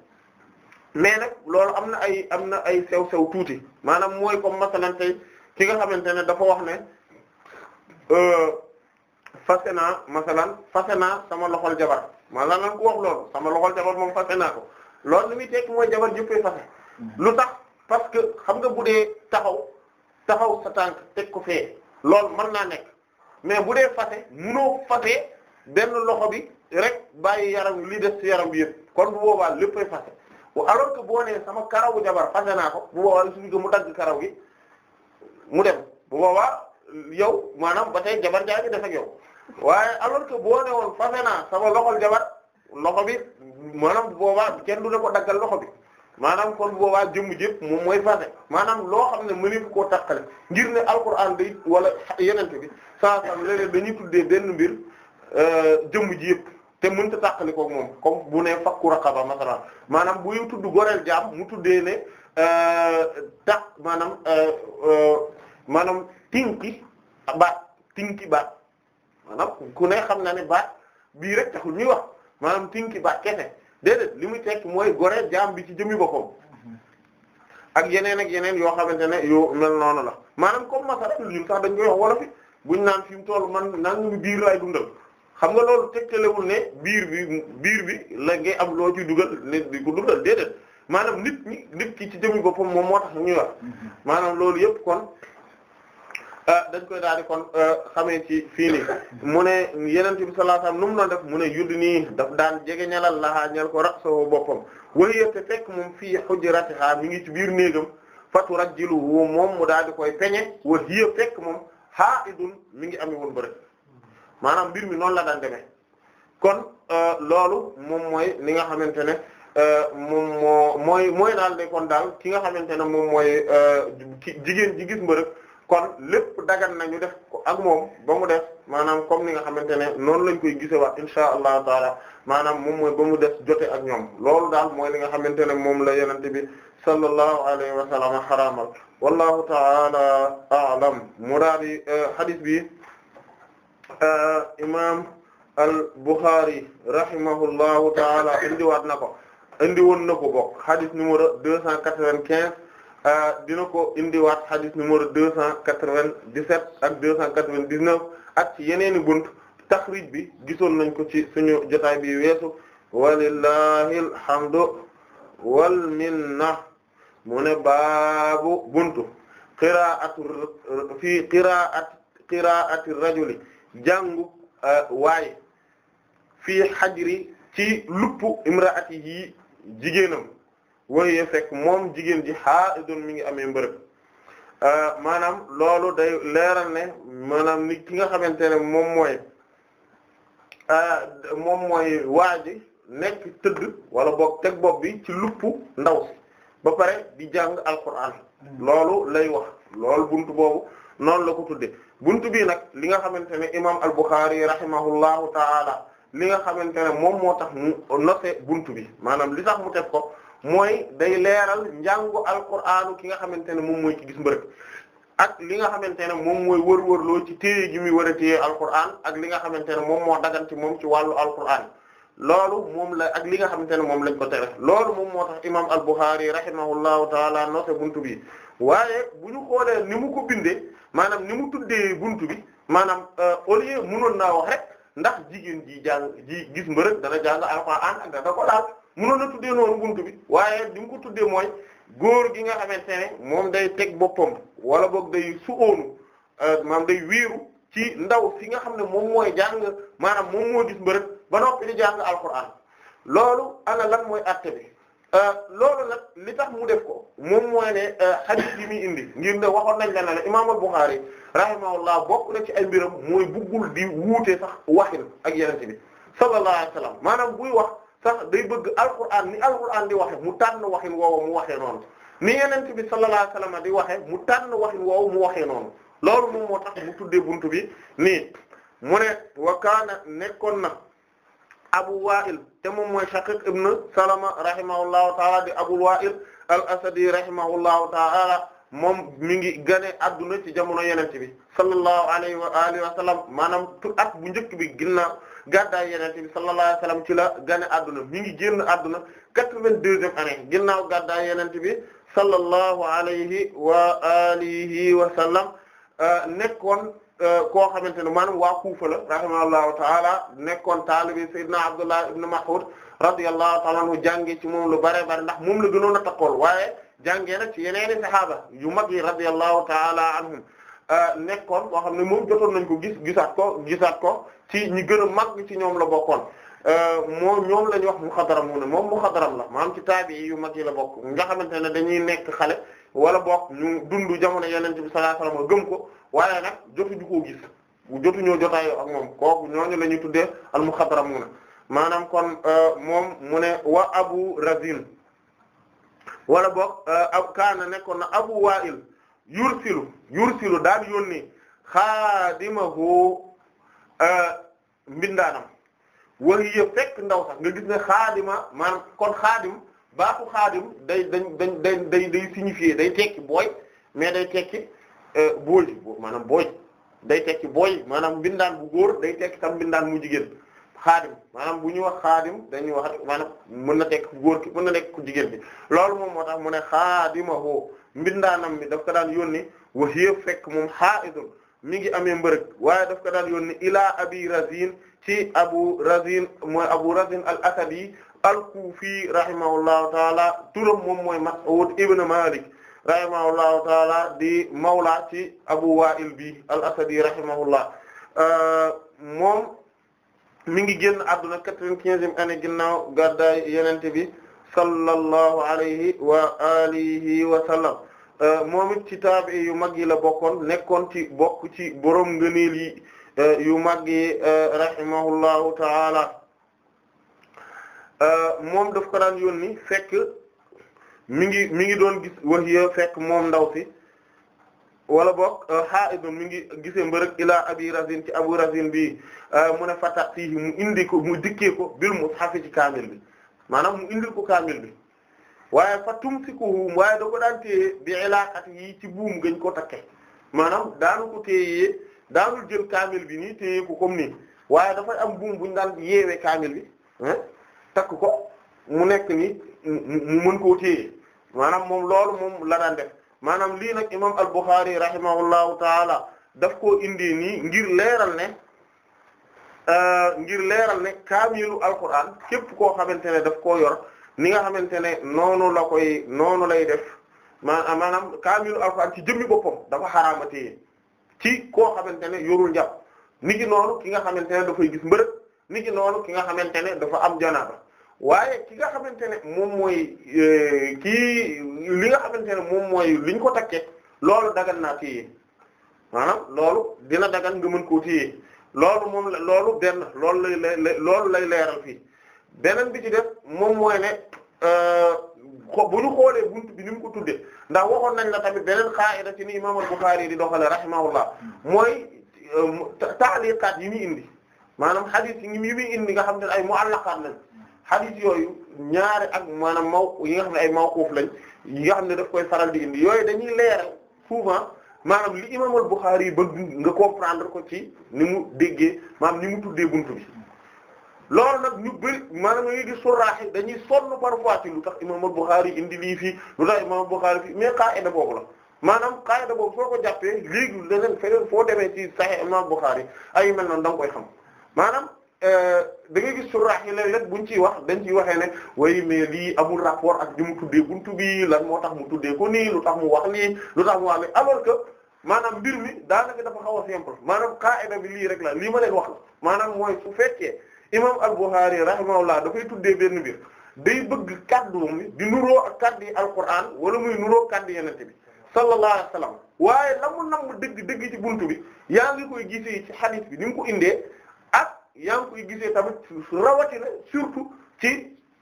Speaker 2: mais nag loolu am na ay am na ay sew sew tuuti maanaam mooy kom masalan tey ki nga xamante ne dafa wax ne euh, fase naa masalan fase naa sama loxol jabar maa maanaam lan ku wax loolu sama loxol jabar moom fase naa ko loolu li muy tekki mooy jabar jëppee fase mm-hmm. lu tax parce que xam nga bu taxaw taxaw sa tànk teg ko fee loolu mën naa nekk mais bu dee fase munoo fase benn loxo bi rek bàyyi yaram li des ci yaram bi yëpp kon bu boobaa léppay fase alors que boo nee sama karawu jabar fase naa ko bu boobaa suñu ko mu dagg karaw gi dem bu boobaa yow maanaam ba tey jabar jaa dafa def yow waaye alors que boo woon fase naa sama loxol jabar loxo bi maanaam bu boobaa kenn du ne ko daggal loxo bi maanaam kon boobaa jëmm yépp moom mooy fase maanaam loo xam ne mëneeku koo tàqale ngir ne alquran day wala yenente bi saa sam léeg-léeg dañuy tuddee benn mbir euh, jëmm ji yëpp te mënta tàqali ko moom kom bu ne fakku raqaba masalan maanaam buy tudd goreel jaam mu tuddee ne euh, taq maanaam euh, maanaam tinki baat tinki baat maanaam ku ne xam na ne ba bii rek taxul ñuy wax maanaam tinki baat kese déedéet li muy tekk mooy gore jaam bi ci jëmmi boppam ak yeneen ak yeneen yoo xamante ne yoo mel noonu la maanaam comme masalal ñun sax dañ koy wax wala fi buñ naan fi mu toll man naan mu biir lay dundal xam nga loolu tegtalewul ne biir bi biir bi la ngay am loo ci dugal ne di ko dundal déedéet maanaam nit ñi nit ki ci jëmmi boppam moom moo tax ñuy wax mm-hmm. maanaam loolu yëpp kon Euh, dañ koy daal di kon euh, xamee ci fii nii mu ne yonent bi sallallahu alayhi wasallam nu mu doon nii daf daan jege ñalal laxaa ñal ko rasoo boppam wahiya te fekk moom fii hujratiha mi ngi ci biir néegam fatu rajjilu moom mu daal di koy peñe wahiya fekk moom haidun mi ngi amee ba bëri maanaam mbir mi noonu la daan kon euh, loolu moom mooy li nga xamante ne moom moo mooy mooy daal ne daal ki nga xamante ne moom mooy jigéen ji gis mbërëg kon lépp dagan nañu def ko ak moom ba mu def maanaam comme ni nga xamante ne noonu lañ koy gisewaat insha allahu taala maanaam moom mooy ba mu des jote ak ñoom loolu daal mooy li nga xamante ne moom la yenente bi sallallahu alayhi wa sallam xaraamal wallahu taala a'lam muraadi euh, hadith bi euh, imam al Bukhari rahimahullahu taala indiwaat na ko indi na ko bo hadith numéro deux cent quatre vingt Euh, dina ko indiwaat xadis numéro deux cent quatre-vingt-dix-sept ak deux cent quatre-vingt-dix-neuf ak ci yeneeni bunt taxrij bi gisoon nañ ko ci suñu jotaay bi weesu walillahi alhamdu wal minna mu ne baabu buntu qiraatu fii qiraat jàngu euh, waaye fi xajri ci lupp imraatihi jigéenam waaye fekk moom jigéen ji haidun mi ngi amee mbërëg euh, maanaam loolu day leeral ne maanaam ni ki nga xamante ne moom mooy euh, moom mooy waa ji nekk tëdd wala boog teg bopp bi ci lupp ndaw ba pare di jàng alquran loolu lay wax loolu bunt boobu noonu la ko tudde buntu bii nag li nga xamante ne imam al-Bukhari rahimahullahu taala li nga xamante ne moom moo tax mu noté buntu bi maanaam li tax mu teg ko mooy day leeral njàngu alquraan ki nga xamante ne moom mooy ci gis mbërëg ak li nga xamante ne moom mooy wër-wërloo ci téye gi muy war a téye alquraan ak li nga xamante ne moom moo dagan ci moom ci wàllu alquraan loolu moom la ak li nga xamante ne moom lañ ko tere loolu moom moo tax imaam al-Bukhari rahimahullahu taala noose buntu bi waaye bu ñu xoolee ni mu ko bindee maanaam ni mu tuddee buntu bi maanaam euh, au lieu mënoon naa wax rek ndax jigéen ji jàng ji gis mbërëg dana jàng alquraan ak dana ko laal. mënoon a tuddee noonu bunt bi waaye li mu ko tuddee mooy góor gi nga xamante ne moom day teg boppam wala boog day suóonu euh, maam day wiiru ci ndaw si nga xam ne moom mooy jàng maanaam moom moo gis mbërëg ba noppi di jàng alquran loolu ana lan mooy atte bi euh, loolu nag li tax mu def ko moom mooy ne hadith euh, yi muy indi ngir ne waxoon nañ la ne la imaam al-Bukhari rahimahullah bokk na ci ay mbiram mooy buggul di wuute sax waxin ak yenente bi sallallahu alayhi wasallam maanaam buy wax sax day bëgg alquran ni alquran di waxe mu tànn waxin woowu mu waxee noonu ni yenent bi sallallahu alayhi wasallam di waxe mu tànn waxin woowu mu waxee noonu loolu moom moo tax mu tuddee buntu bi nii mune wa kaana nekkoon na abu wa'il te moom mooy shaqiq ibn salama rahimahullahu taala di abu wa'il al asadi rahimahullahu taala moom mi ngi gane adduna ci jamono yenente bi sallallahu alayhi wa alihi wa sallam maanaam tur at mu njëkk bi ginnaaw gàddaay yenente bi sallallahu alayhi wasallam ci la gane adduna mi ngi génn adduna quatre-vingt-deuxième ane ginnaaw gàddaay yenente bi sallallahu alayhi wa alihi wa sallam euh, nekkoon euh, koo xamante ne maanaam waa Kufa la rahimahullahu taala nekkoon taalibi Seydina Abdullah ibn Mas'ud radiyallahu taala anhu jàngee ci moom lu bare bare ndax moom la gënoon a takkool waaye jàngee nag ci yeneeni sahaaba yu mag yi radiyallahu taala anhum euh, nekkoon koo xam ne moom jotoon nañ ko gis gisaat ko gisaat ko ci ñi gën a mag ci ñoom la bokkoon euh, moo ñoom la ñuy wax muxadaramuuna moom muxadaram la maanaam ci taabii yu mag yi la bokk nga xamante ne dañuy nekk xale wala bokk ñu dund jamono Yonent bi sallallahu alayhi wasallam gëm ko waaye nag jotuñu ko gis jotuñoo jotaayoo ak moom kooku ñooñu la ñuy tuddee al muxadaramuuna maanaam kon euh, moom mu ne wa Abu Razin wala bokk euh, ab kaana nekkoon na Abu Wa'il yursilu yursilu daal yónnee xaadimahu Euh, mbindaanam wax yëpp fekk ndaw sax nga gis ne xaadima maanaam kon xaadim baatu xaadim day dañ dañ day day day signifier day tekki booy mais day tekki euh, booy maanaam booy day tekki booy maanaam mbindaan bu góor day tekki tam mbindaan mu jigéen xaadim maanaam bu ñuy wax xaadim dañuy wax maanaam mën na tekk ku góor ki mën na nekk ku jigéen bi loolu moom moo tax mu ne xaadima woo mbindaanam mi daf ko daan yónni wax yëpp fekk moom xaa idul mi ngi amee mbërëg waaye def ko daan yónni ilaa abi razin ci abu razin abu razin al asadi al kufi rahimahullahu taala turam moom mooy mas'ud ibn malik rahimahullahu taala di mawla ci abu wa'il bi al asadi rahimahullah euh, moom mi ngi génn àdduna quatre-vingt-quinzième année ginnaaw gàddaay yenente bi sallallahu alayhi wa alihi wa sallam Euh, moom it ci taabi yu mag yi la bokkoon nekkoon ci bokk ci borom ngëneel yi euh, yu mag yi euh, rahimahullahu taala moom daf ko daan yónni fekk mi ngi mi ngi doon gis waxiya fekk moom ndaw si wala boog xaaidun mi ngi gisee mbërëg ilaa abi razin ci abu razin bi mu ne fatax fii mu indi ko mu dikkee ko bil mushaf ci kaamil bi maanaam mu indil ko kaamil bi waaye fa tumsikuhum waaye da ko daan téye yi ci buum gañ ko takke maanaam daanu ko téye daanul jël kaamil bi nii téye ko comme nii waaye dafay am buum buñ daan yeewee kaamil bi takk ko mu nekk ni mu mën koo téye maanaam moom loolu moom la daan def maanaam lii nag imam al-Bukhari rahimahullahu taala daf koo indi ni ngir leeral ne euh, ngir leeral ne kaamilu alquran képp koo xamante ne daf koo yor ni nga xamante ne noonu la koy noonu lay def ma maanaam kaamilu alxuraan ci jëmmi boppam dafa xaraamatee ci koo xamante ne yorul njàpp ni ki noonu ki nga xamante ne dafay gis mbërëg ni noonu ki nga xamante ne dafa am janaaba waaye ki nga xamante ne moom mooy e, kii li nga xamante ne moom mooy liñ ko takkee loolu dagan naa téye loolu dina dagan nga mën koo téye loolu moom la loolu benn loolu lay lay loolu lay leeral fii beneen bi ci def moom mooy ne euh, bu ñu xoolee buntu bi ni mu ko tuddee ndax waxoon nañ la tamit beneen xaayida ci ni imam al-Bukhari di doxale rahimahullah mooy euh, taaliqaat yi muy indi maanaam xadis yi muy indi nga xam ne ay muallaqaat lañ xadis yooyu ñaari ak maanaam maw yi nga xam ne ay mawquuf lañ yi nga xam ne daf koy faral di indi yooyu dañuy leeral souvent maanaam li imam al-Bukhari bëgg nga comprendre ko ci ni mu déggee maanaam ni mu tuddee bunt bi loolu nag ñu bëri maanaam ñuy di surraaxi dañuy sonn parfois ci lu tax imam al-Bukhari indi lii fii lu tax imam al-Bukhari fii mais qaida boobu la maanaam qaida boobu soo ko jàppee léegi leneen feneen foo demee ci Sahih imam al-Bukhari ay mel noonu da nga koy xam maanaam euh, da ngay gis surraax yi léeg-léeg buñ ciy wax dañ ciy waxee ne way mais lii amul rapport ak li mu tuddee buntu bi lan moo tax mu tuddee ko nii lu mu wax nii lu tax mu wax nii alors que maanaam mbir mi daanaka dafa xaw a simple maanaam qaida bi lii rek la lii ma leen wax la maanaam mooy su fekkee imam al-Bukhari da koy tuddee benn mbir day bëgg kadduum bi di nuroo ak kaddu yi alquran wala muy nuroo kaddu yenente bi sallallahu alayhi waaye la mu nam dëgg dëgg ci bunt bi yaa ngi koy gisee ci hadith bi ni mu ko indee ak yaa ngi koy gisee tamit rawatina surtout ci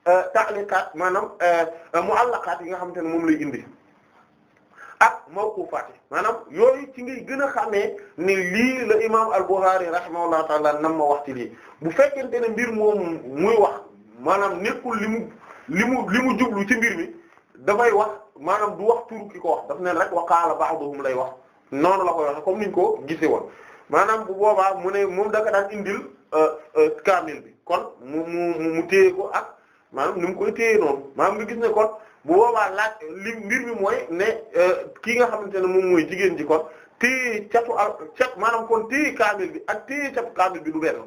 Speaker 2: euh, ta'liqat maanaam euh, mu'allaqat yi nga xamante ne moom lay indi ak mawqufaat yi maanaam yooyu ci ngay gën a xamee ni lii la imaam al-Bukhari rahimahullahu ta'ala nam ma wax ci lii bu fekkente ne mbir moom muy wax maanaam nekkul li mu li mu li mu jublu ci mbir mi dafay wax maanaam du wax turu ki ko wax daf ne rek wa qaala ba'duhum lay wax noonu la koy waxe comme niñ ko gisee woon maanaam bu boobaa mu ne moom da nga daan indil euh, euh, kaamil bi kon mu mu mu ko ak maanaam ni mu koy téye noonu maanaam nga gis ne kon. bu boobaa laaj li mbir mi mooy ne euh, kii nga xamante ne moom mooy jigéen ji ko téye catu al cat maanaam kon téye kaamil bi ak téye catu kaamil bi du benn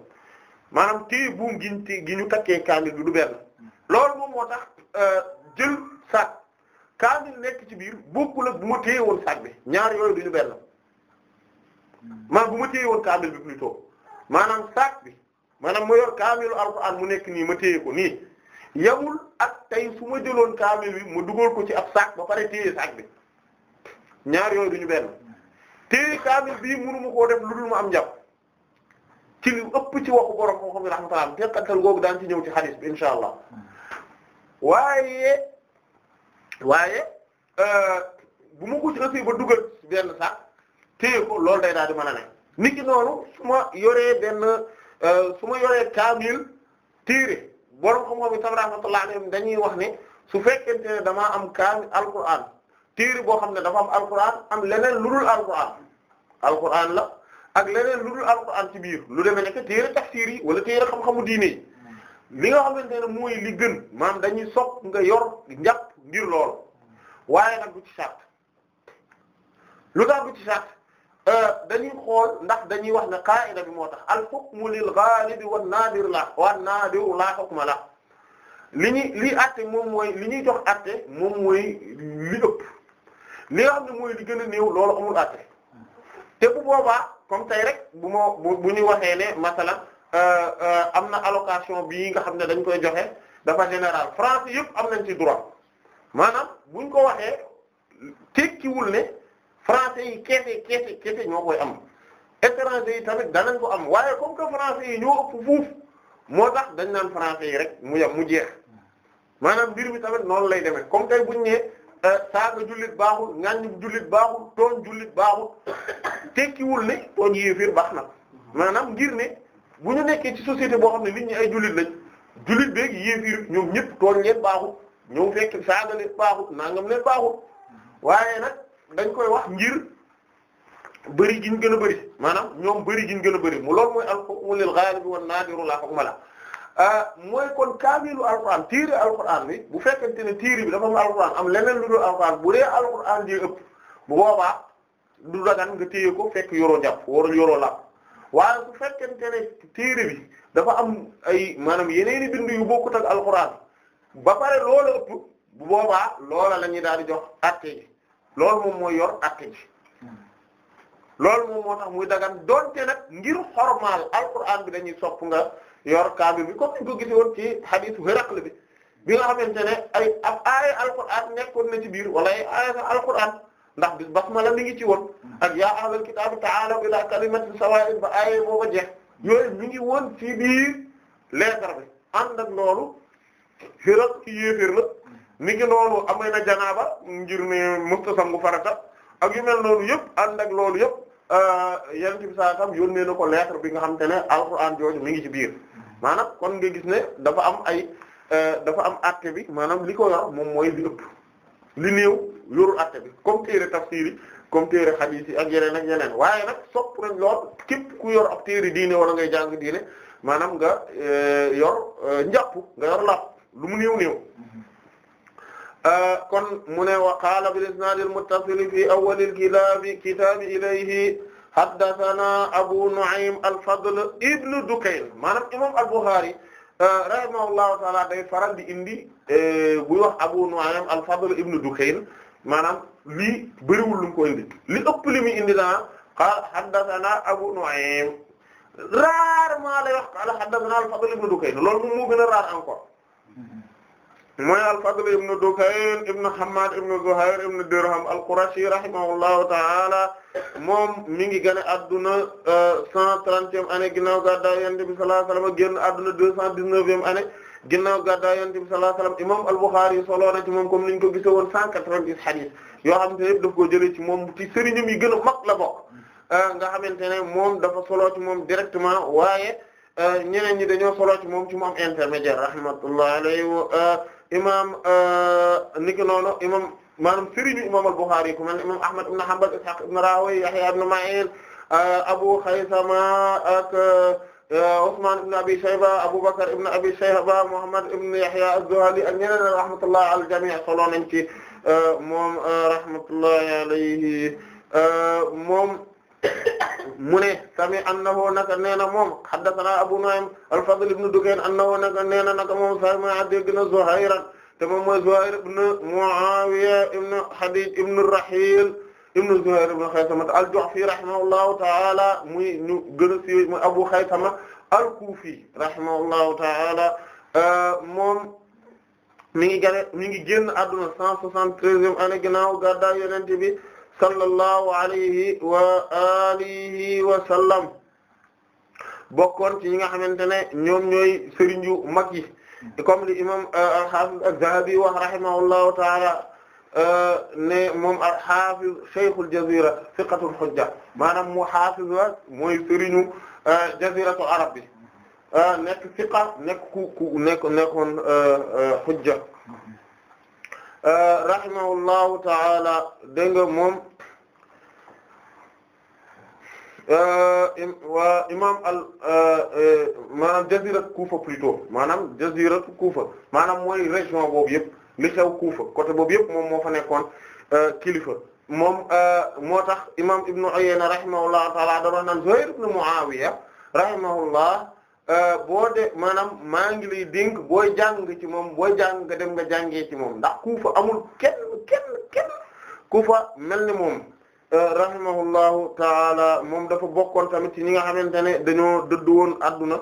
Speaker 2: maanaam téye buum gi ñu gi ñu takkee kaamil bi du benn loolu moom moo tax euh, jël sac kaamil nekk ci biir bokkul ak bu ma téye woon sac bi ñaar yooyu du ñu benn maanaam bu ma téye woon kaamil bi plutôt maanaam sac bi maanaam ma yor kaamilu alxuraan mu nekk nii ma téye ko nii. yamul ak tey su ma jëloon kaamil bi ma dugal ko ci ab saak ba pare téye saak bi ñaar yooyu duñu benn téye kaamil bii mënu ma koo def lu dul ma am njàpp ci li ëpp ci waxu borom ko xam ne rahmatullah tekkatal googu daan ci ñëw ci hadith bi insha allah waaye waaye euh, bu ma ko ci rësee ba dugal benn saak téye ko loolu day daal di ma a ne nit noonu su ma yoree benn euh, su ma yoree kaamil téere borom xam-xam itam rahmatullahi alayhim dañuy wax ne su fekkente ne damaa am kaamil alquran téere boo xam ne dafa am alquran am leneen lu dul alquran alquran la ak leneen lu dul alquran ci biir lu demee nekk téere tafsir yi wala téere xam-xamu diine yi li nga xamante ne mooy li gën maanaam dañuy sop nga yor njàpp ngir lool waaye nag du ci sart lu tax du ci sart Euh, dañuy xool ndax dañuy wax ne qaa'ida bi moo tax al hukmu lil ghalib wan naadir la wan naadir la hukma la li ñuy lii àtte moom mooy li ñuy jox àtte moom mooy li ëpp li nga xam ne mooy li gën a néew loolu amul àtte te bu boobaa comme tey rek bu moo bu ñuy waxee ne masalan euh, euh, am na allocation bii nga xam ne dañ koy joxe dafa général France yëpp am nañ ci droit maanaam buñ ko waxee tekkiwul ne. français yi keese keese keese ñoo koy am étranger yi tamit danañ ko am waaye comme que français yi ñoo ëpp fuuf moo tax dañ naan français rek mu yam mu jeex maanaam mbir mi tamit noonu lay demee comme tey buñ ne euh, saaga jullit baaxul ngañ julit baaxul tooñ jullit baaxul tekkiwul ne tooñ yéefir baax na maanaam ngir ne bu ñu nekkee ci société boo xam ne nit ñi ay jullit lañ julit beeg yéefir ñu ñëpp tooñ leen baaxul ñu fekk saaga leen baaxul nangam leen baaxul waaye nag dañ koy wax ngir bëri gi gën a bëri maanaam ñoom bëri gi gën a bëri mu loolu mooy al-hukmu lil ghalib wan la hukma la euh, mooy kon kaamilu alquran tiiri alquran bi bu fekkente ne tiiri bi dafa am alquran am leneen lu dul alquran bu dee alquran ji bu boobaa du dagan nga téye ko fekk yoroo jàpp warul yoroo la waaye su fekkente ne tiiri bi dafa am ay maanaam yeneeni bind yu bokkut ak ba pare loola ëpp bu boobaa loola la ñuy daal di jox àtte loolu moom mooy yor atte ji loolu moom moo tax muy daga donte nag ngir xormaal alquran bi dañuy sopp nga yor kaamil bi ko ni ko gisi woon ci xadiisu Hiraql bi bi nga xamante ne ay ab aaya nekkoon na ci biir wala ay aaya sax alquran ndax bis basmala mi ngi ci won ak yaa ahlal kitaabi ta'aalaw ilaa kalimatin sawaa'in ba aaya booba jeex yooyu mi ngi woon ci biir lettre bi ànd ak loolu Hiraql ci yéeféer la ni ngi noonu amee na janaaba ngir ne musta sangu farata ak yu mel noonu yëpp ànd ak loolu yëpp euh, yenent bi saa tam yónnee na ko lettre bi nga xam te ne an jooju mi ngi ci biir maanaam kon nga gis ne dafa am ay euh, dafa am atte bi maanaam li koy yor moom mooy li ëpp li néew yorul atte bi comme téere tafsir yi comme téere hadith yeneen ak yeneen waaye nag sopp nañ lool képp ku yor ab téere diine wala ngay jàng diine maanaam nga euh, yor njàpp nga yor lapp lu mu néew néew kon mu ne wa qaala bil isnaad al muttasil fi awwal al kitaab ilayhi haddathana Abu Nu'aym al-Fadl ibn Dukayn maanaam imaam al-Bukhari rahimahullahu ta'ala day faral di indi buy wax Abu Nu'aym al-Fadl ibn Dukayn maanaam lii bëriwul lu mu ko indi li ëpp li muy indi naa qaala haddathana Abu Nu'aym rarement lay wax qaala haddathana al-Fadl ibn Dukayn loolu moom moo gën a raar encore. mooy al-Fadl ibn Dukayn ibn Hammad ibn Zuhair ibn Dirham al-Qurashi ta'ala moom mi ngi gane adduna euh, cent trentième année ginnaaw gàddaay Yonent bi sallallahu alayhi wasallam génn adduna deux cent dix-neuvième année ginnaaw gàddaay Yonent bi sallallahu alayhi wasallam imam al-Bukhari solo na ci ko gisee woon cent quatre-vingt-dix hadith yoo xamante ne yëpp daf koo jëlee ci moom ci sëriñam yi gën la bokk euh, nga xamante ne moom dafa solo ci moom directement waaye euh, ñeneen ñi dañoo solo ci moom ci mu am intermédiaire imaam euh, niki noonu imaam maanaam sëriñu imaam al-Bukhari yi ku mel ne imaam Ahmad ibn Hanbal Ishaq ibn Rahawayh Yahya ibn Ma'in euh, Abu Khaysama ak euh, Usman ibn Abi Shayba Abu Bakr ibn Abi Shayba Muhammad ibn Yahya az-Zuhali ak ñeneen rahmatullah al jami' solo nañ ci moom rahmatullahi alayhi moom. mu ne sami annahu naka nee na moom haddathana Abu Nu'aym al-Fadl ibn Dukayn annahu naka nee na naka moom sama dégg na Zuhayra te moom mooy Zuhayr ibn Mu'awiya ibn Hadij ibn Rahil ibn Zuhayr ibn Khaythama al-Ju'fi rahimahullahu ta'ala muy ñu gën a siiw muy Abu Khaythama al-Kufi rahimahullahu ta'ala euh, moom mi ngi gane mi ngi génn àdduna 173e année ginnaaw gàddaay Yonent bi sallallahu alayhi wa alihi wa sallam bokkoon ci ñi nga xamante ne ñoom ñooy sëriñ yu mag yi comme li imam euh, al-Hafiz az-Zahabi wax rahimahullahu taala euh, ne moom al-Hafiz Shaykhul Jazira thiqatul hujja maanaam mu hafiz la mooy sëriñu euh, jaziratul arab bi nekk thiqa nekk ku ku nekk nekkoon hujja rahimahullahu taala dégg nga moom euh, waa imam al euh, euh, maanaam jazirat Kufa plutôt maanaam jazirat Kufa maanaam mooy région boobu yëpp li xew Kufa côté boobu yëpp moom moo fa nekkoon kilifa moom moo tax imam Ibn Uyayna rahimahullahu taala da doon naan Zuhayr ibn Muawiya rahimahullah Euh, boo de maanaam maa ngi lay dénk booy jàng ci moom booy jàng dem nga jàngee ci moom ndax ku fa amul kenn kenn kenn mel ni moom euh, rahimahullahu taala moom dafa bokkoon tamit ci ñi nga xamante ne dañoo dëdd woon adduna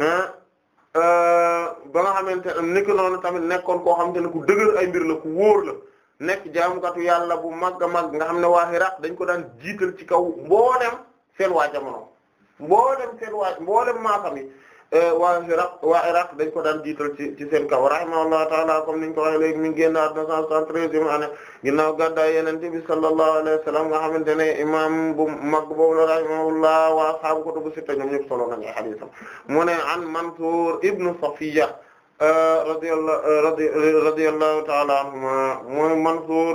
Speaker 2: euh, ba nga xamante ne nekk noonu tamit nekkoon koo xamante ne ku dëgër ay mbir la ku wóor la nekk jaamukatu yàlla bu mag a màgg nga xam ne waa dañ ko daan jiital ci kaw mboolem seen waa jamono mboolem seen waa mboolem maasam yi eh, waa Iraq waa Iraq dañ ko daan jiital ci ci seen kaw rahimahullahu ta'ala comme niñ ko waxee léegi mi ngi génn àdduna 173e année ginnaaw gàddaay Yonent bi sallallahu alayhi nga xamante ne imaam bu mag boobu la rahimahullah wa ashaabu kutubu sitta ñoom ñëpp solo nañu hadiisam mu ne an Mansuur ibnu Safiya eh, radiyallahu radiyallahu ta'ala anhuma mooy Mansuur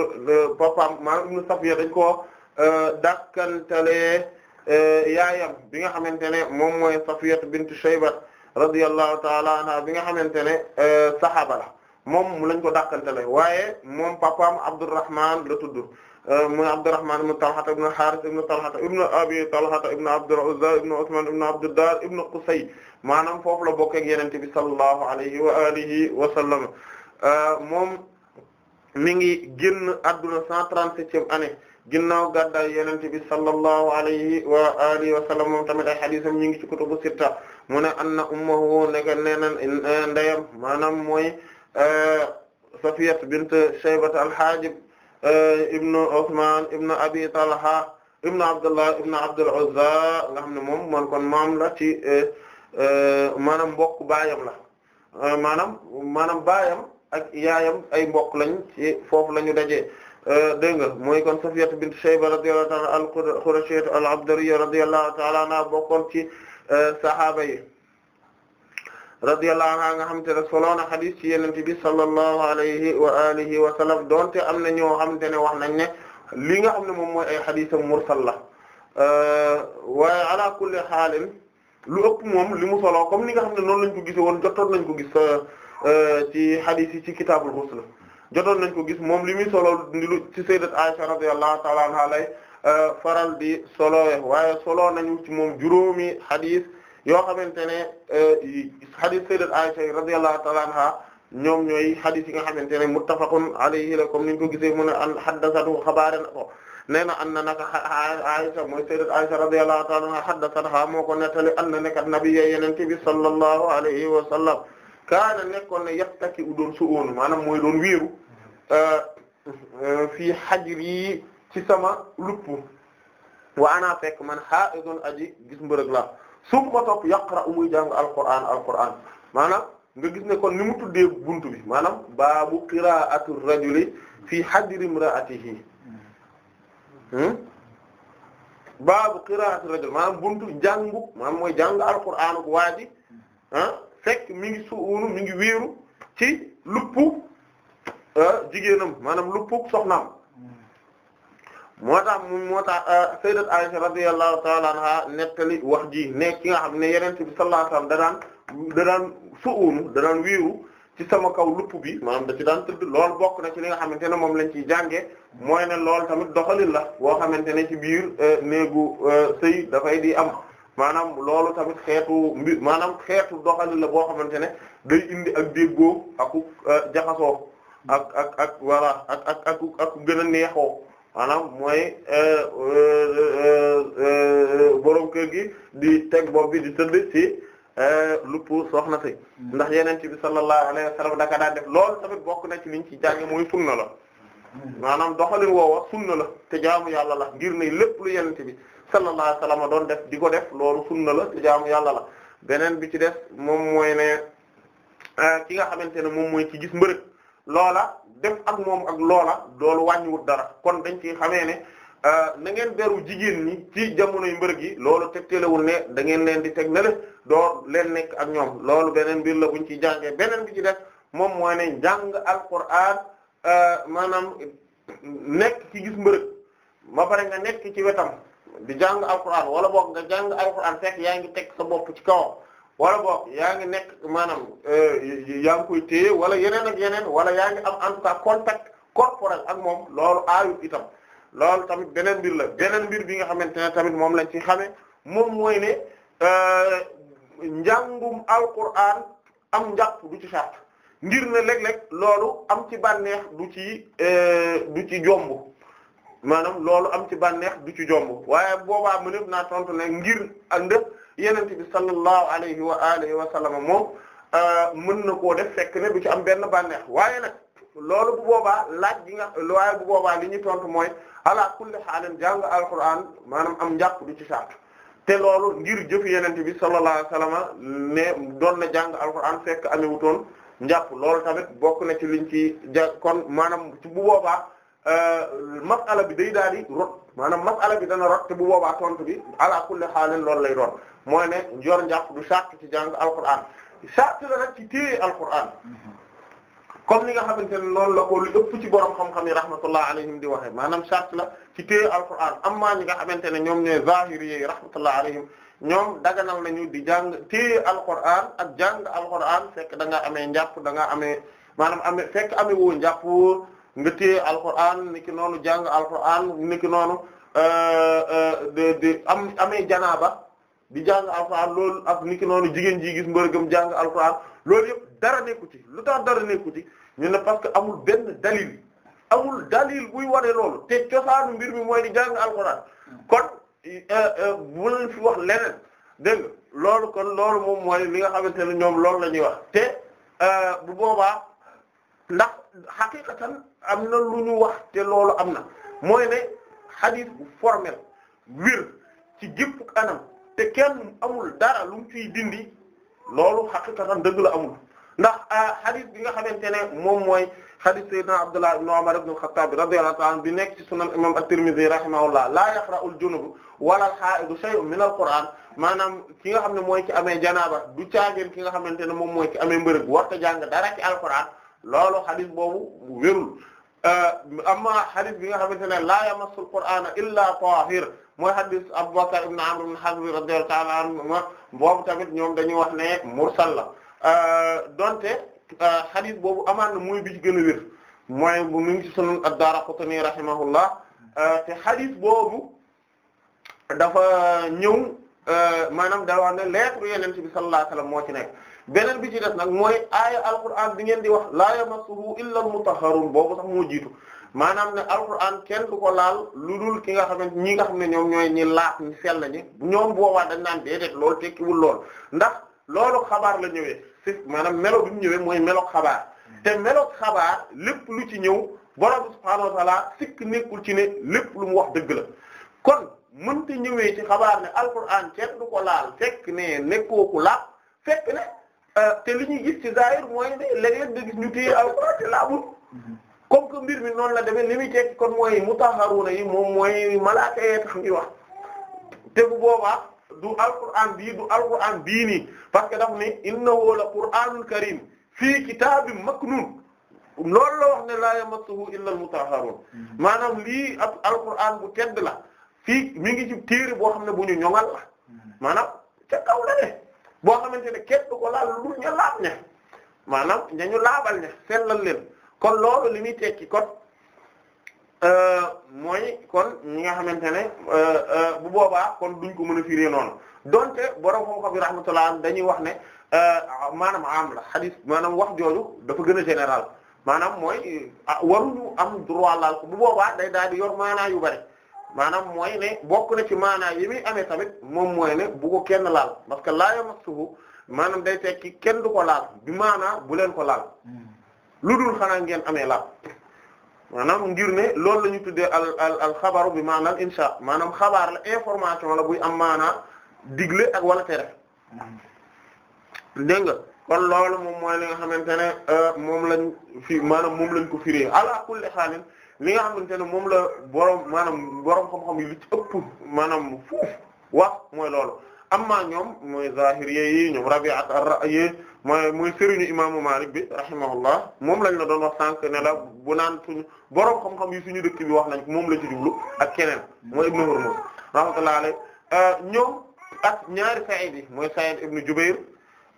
Speaker 2: papaam maa ibnu Safiya dañ ko eh, dakkantalee Eh, yaayam bi nga xamante ne moom mooy Safiyat bint Shayba radiyallahu ta'ala anha bi nga xamante ne eh, saxaaba la moom mu lañ ko dàqante la waaye moom papaam Abdurrahman la tudd eh, muy Abdurrahman ibn Talhata ibn Harith ibn Talhata ibn Abi Talhata ibn Abdul Uzza ibn Uthman ibn Abdud Dar Qusay maanaam foofu la bokk ak Yonent bi sallallahu alayhi wa alihi wa sallam moom mi ngi génn adduna 137e année ginnaaw gàddaay yonent bi sallallahu alayhi wa alihi wa sallam moom tamit ay hadisam mu ngi ci kutubu sitta mu ne anna ummuhu neka neena ndeyam maanaam mooy eh, Safiyat bint Shaybat al-Hajib eh, ibn Uthman ibn Abi Talha ibn Abdullah ibn Abdul ne moom man kon maam la ci eh, maanaam mbokk baayam la maanaam maanaam baayam ak yaayam ay mbokk lañ ci foofu la ñu Euh, dégg nga mooy kon Safiyatu bint Shayba radiyallahu ta'ala al-Qurashiyya al-Abdariyya radiyallahu ta'ala anha bokkoon ci euh, sahaaba yi radiyallahu anha nga xamante ne soloona xadis ci yenente bi sallallahu alayhi wa alihi wa sallam donte am na ñoo xamante ne wax nañ ne li nga xam ne moom mooy ay xadisam mursal la euh, waaye ala kulli xaalin lu ëpp moom li mu soloo comme ni nga xam ne noonu lañ ko gise woon jotoon nañ ko gis ci xadis yi ci kitaabul ghusl jotoon nañu ko gis moom li muy solo lu ci sayyidat Aisha radiyallahu ta'ala anha lay euh, faral di solowee waaye solo nañu ci moom juróomi hadith yoo xamante ne hadith euh, sayyidat Aisha radiyallahu ta'ala anha ñoom ñooy hadith yi nga xamante ne muttafaqun alayhi la comme niñ ko gisee mu ne an haddathatu xabaare na ko nee na an na naka Aisha mooy sayyidat Aisha radiyallahu ta'ala anha haddathatha moo ko nettali an na nekkat nabiyya yenente bi sallallahu alayhi wa sallam kaana nekkoon ne yattaki u doon su'oon maanaam mooy doon wéeru euh, euh, fii hajri ci sama lupp wa ana fekk man haa'idun aji gis mbërëg la summa topp yaqra'u muy jàng alqur'aan alqur'aan maanaam nga gis ne kon ni mu tuddee buntu bi maanaam baabu qiraa'atu rajuli fii hajri imra'atihi hmm? baabu qiraa'atu rajuli maanaam buntu jàngu maanaam mooy jàng alqur'aan waa ji ah fekk mi ngi suunu mi ngi wéeru ci luppu euh, jigéenam maanaam luppu soxnaam moo tax mu moo tax euh, sayyidat Aisha radiyallahu ta'ala anha nettali wax ji ne ki nga xam ne yenente bi sallallahu alayhi wasallam da suunu da daan ci sama kaw luppu bi maanaam da ci daan tëdd lool bokk na ci li nga xamante ne moom lañ ciy jànge mooy ne lool tamit doxalin la boo xamante ne ci biir euh, néegu sëy dafay di am maanaam loolu tamit xeetu mbir maanaam xeetu doxalin la boo xamante ne day indi ak déggoo aku euh, jaxasoo ak ak ak voilà ak ak ak ak gën a neexoo maanaam mooy euh, euh, borom kër gi di teg bopp bi di tëdd ci lupp soxna ti ndax yeneen ci bi sallallahu alayhi wa sallam daka daan def loolu tamit bokk na ci liñ ci jànge mooy sunna la maanaam doxalin woowa sunna la te jaamu yàlla la ngir ne lépp lu yeneen ci bi sallallahu alayhi wa doon def di ko def loolu sunna la te jaamu yàlla la beneen bi ci def moom mooy ne euh, ki nga xamante ne moom mooy ci gis mbërëg loola dem ak moom ak loola loolu wàññiwut dara kon dañ ci xamee ne euh, na ngeen beru jigéen ñi ci jamonoy mbërëg yi loolu tegtalewul ne da ngeen leen di teg nale doo leen nekk ak ñoom loolu beneen mbir la buñ ciy jàngee beneen bi ci def moom mooy ne jàng alquran euh, maanaam nekk ci gis mbërëg ma pare nga nekk ci wetam di jàng alquran wala boog nga jàng alquran fekk yaa ngi teg sa bopp ci kawa wala boog yaa ngi nekk maanaam euh, yaa ngi koy téye wala yeneen ak yeneen wala yaa ngi am en tout cas contact corporel ak moom loolu aayut itam loolu tamit beneen mbir la beneen mbir bi nga xamante ne tamit moom lañ ci xamee moom mooy ne euh, njàngum alquran am njàpp du ci sart ngir ne léeg-léeg loolu am ci bànneex du ci euh, du ci jomb. maanaam loolu am ci bànneex du ci jomb waaye boobaa mu nëpp naa tontu ne ngir ànd yenente bi sallallahu alayhi wa alihi wa sallam moom euh, mën na koo def fekk ne du ci am benn bànneex waaye nag loolu bu boobaa laaj gi nga waaye bu boobaa li ñuy tontu mooy ala kulli xaalan jàng alquran maanaam am njàpp du ci saat te loolu ngir jëf yenente bi sallallahu alayhi wa sallam ne doon na jàng alquran fekk toon njàpp loolu tamit bokk na ci liñ ci ja kon maanaam bu boobaa Euh, masala bi day daal di rot maanaam masala bi dana rot te bu boobaa tontu bi ala kulli xaalin loolu lay doon mooy ne njor njàpp du sart ci jàng alquran sart la ci téye alquran comme nga xamante ne noonu la ko lu ëpp ci borom xam-xam yi rahmatullah alayhim di waxe maanaam sart la ci téye alquran amma ñi nga xamante ne ñoom ñooy zahiri yi rahmatullah alayhim ñoom daganal nañu di jàng téye alquran ak jàng alquran fekk da nga amee njàpp da nga amee maanaam amee fekk amee woo nga téye alquran niki noonu jàng alquran niki noonu euh, euh, de de am amee janaaba di jàng alquran loolu ak niki noonu jigéen ji gis mbërëgam jàng alquran loolu yëpp dara nekku ci lu tax dara nekku ci ñu ne parce que amul benn dalil amul dalil buy wane loolu te cosaanu mbir mi mooy di jàng alquran kon euh, bu leen fi wax leneen dégg loolu kon loolu moom mooy li nga xamante ne ñoom loolu la ñuy wax te bu boobaa. ndax xaqiqatan am na lu ñu wax te loolu am na mooy ne hadith bu formel wir ci gépp anam te kenn amul dara lu mu ciy dindi loolu xaqiqatan dëgg la amul ndax a ah, hadith bi nga xamante ne moom mooy hadith sayyidina Abdullah ibn Umar ibn al-Khattab radiyallahu anhu bi nekk ci sunan imam at-Tirmidhi rahimahullah la yaqra'u al-junub wala al-haa'id shay'un min al-Qur'an maanaam ki nga xam ne mooy ki amee janaaba du caageen ki nga xamante ne moom mooy ki amee mbërëg warta jàng dara ci al loolu hadith boobu mu wérul euh, amma bi nga xamante ne la yamassul qur'ana illa tahir mooy hadith Abu Bakr ibn Amr ibn Hazm radiyallahu ta'ala boobu tamit ñoom dañuy wax ne mursal la euh, donte hadith euh, boobu amaan na muy bi gën a wér mooy bu mu ngi ci Sunan ad-Daraqutni rahimahullah te hadith boobu dafa ñëw maanaam da wax ne lettre Yonent bi sallallahu alayhi moo ci nekk beneen bi ci des nag mooy aaya alquran bi ngeen di wax laa yamassuhu illa al-mutahharun boobu sax mu jiitu maanaam ne alquran kenn du ko laal lu dul ki nga xamante ñi nga xam ne ñoom ñooy ñi laat ñu sell ñi ñoom boobaa dañ naan déedéet loolu tekkiwul lool ndax loolu xabaar la ñëwee si maanaam melo bi mu ñëwee mooy melo xabaar te melo xabaar lépp lu ci ñëw borom subhaanahu wa ta'aala sikk nekkul ci ne lépp lu mu wax dëgg la kon mënta ñëwee ci xabaar ne alquran kenn du ko laal fekk ne nekkoo ku laal fekk ne. Euh, te li ñuy gis ci zahir mooy ne léeg-léeg nga gis ñu téye alquran te laabul mhm. comme que mbir mi noonu la demee ni muy teg kon mooy mutahharuna yi moom mooy malaaka yee tax ñuy wax te bu boobaa du alquran bii du alquran bii nii parce que daf ni innahu la qur'anun karim fii kitaabin maknun loolu la wax ne la yamassuhu illa al-mutahharun mhm. maanaam lii ak alquran bu tedd la fii mi ngi ci téere boo xam ne bu ñu ñoŋal la mhm. maanaam ca kaw la ne boo xamante ne képp ko laal lu ñu laab ña maanaam ñañu laabal ña sellal leen kon loolu li muy tekki kon euh, mooy kon ñi nga xamante ne euh, euh, bu boobaa kon duñ ko mën a firé noonu donte borom xam-xam rahmatullah dañuy wax ne maanaam a la xadis maanaam wax jooju dafa gën a général maanaam mooy ah, waruñu am droit laal ko bu boobaa day daal di yor maanaa yu bari maanaam mooy ne bokk na ci maanaa yi muy tamit moom mooy ne bu kenn laal parce que laa yamassuhu maanaam day tekki kenn du ko laal bi maanaa bu leen ko laal lu dul xanaa ngeen amee laal maanaam ngir ne loolu la ñu tuddee al al al xabaru bi maanaam insha maanaam xabaar la information la buy am maanaa digle ak wala te dégg nga kon loolu moom mooy li nga xamante ne euh, moom lañ fi maanaam moom lañ ko firee ala kulli xaalin li nga xamante ne moom la borom maanaam borom xam-xam yi li ci ëpp maanaam fuuf wax mooy loolu amma ñoom mooy zahiriyya yi ñoom Rabi'at ar-Ra'yi mooy mooy sëriñu imaamu Maalik bi rahimahullah moom lañ la doon wax sànq ne la bu naan suñu borom xam yi suñu dëkk bi wax nañ moom la ci jublu ak keneen mooy Ibn Hurmuz rahmatullahi alayhi euh, ñoom ak ñaari Sa'id yi mooy Sa'id ibn Jubayr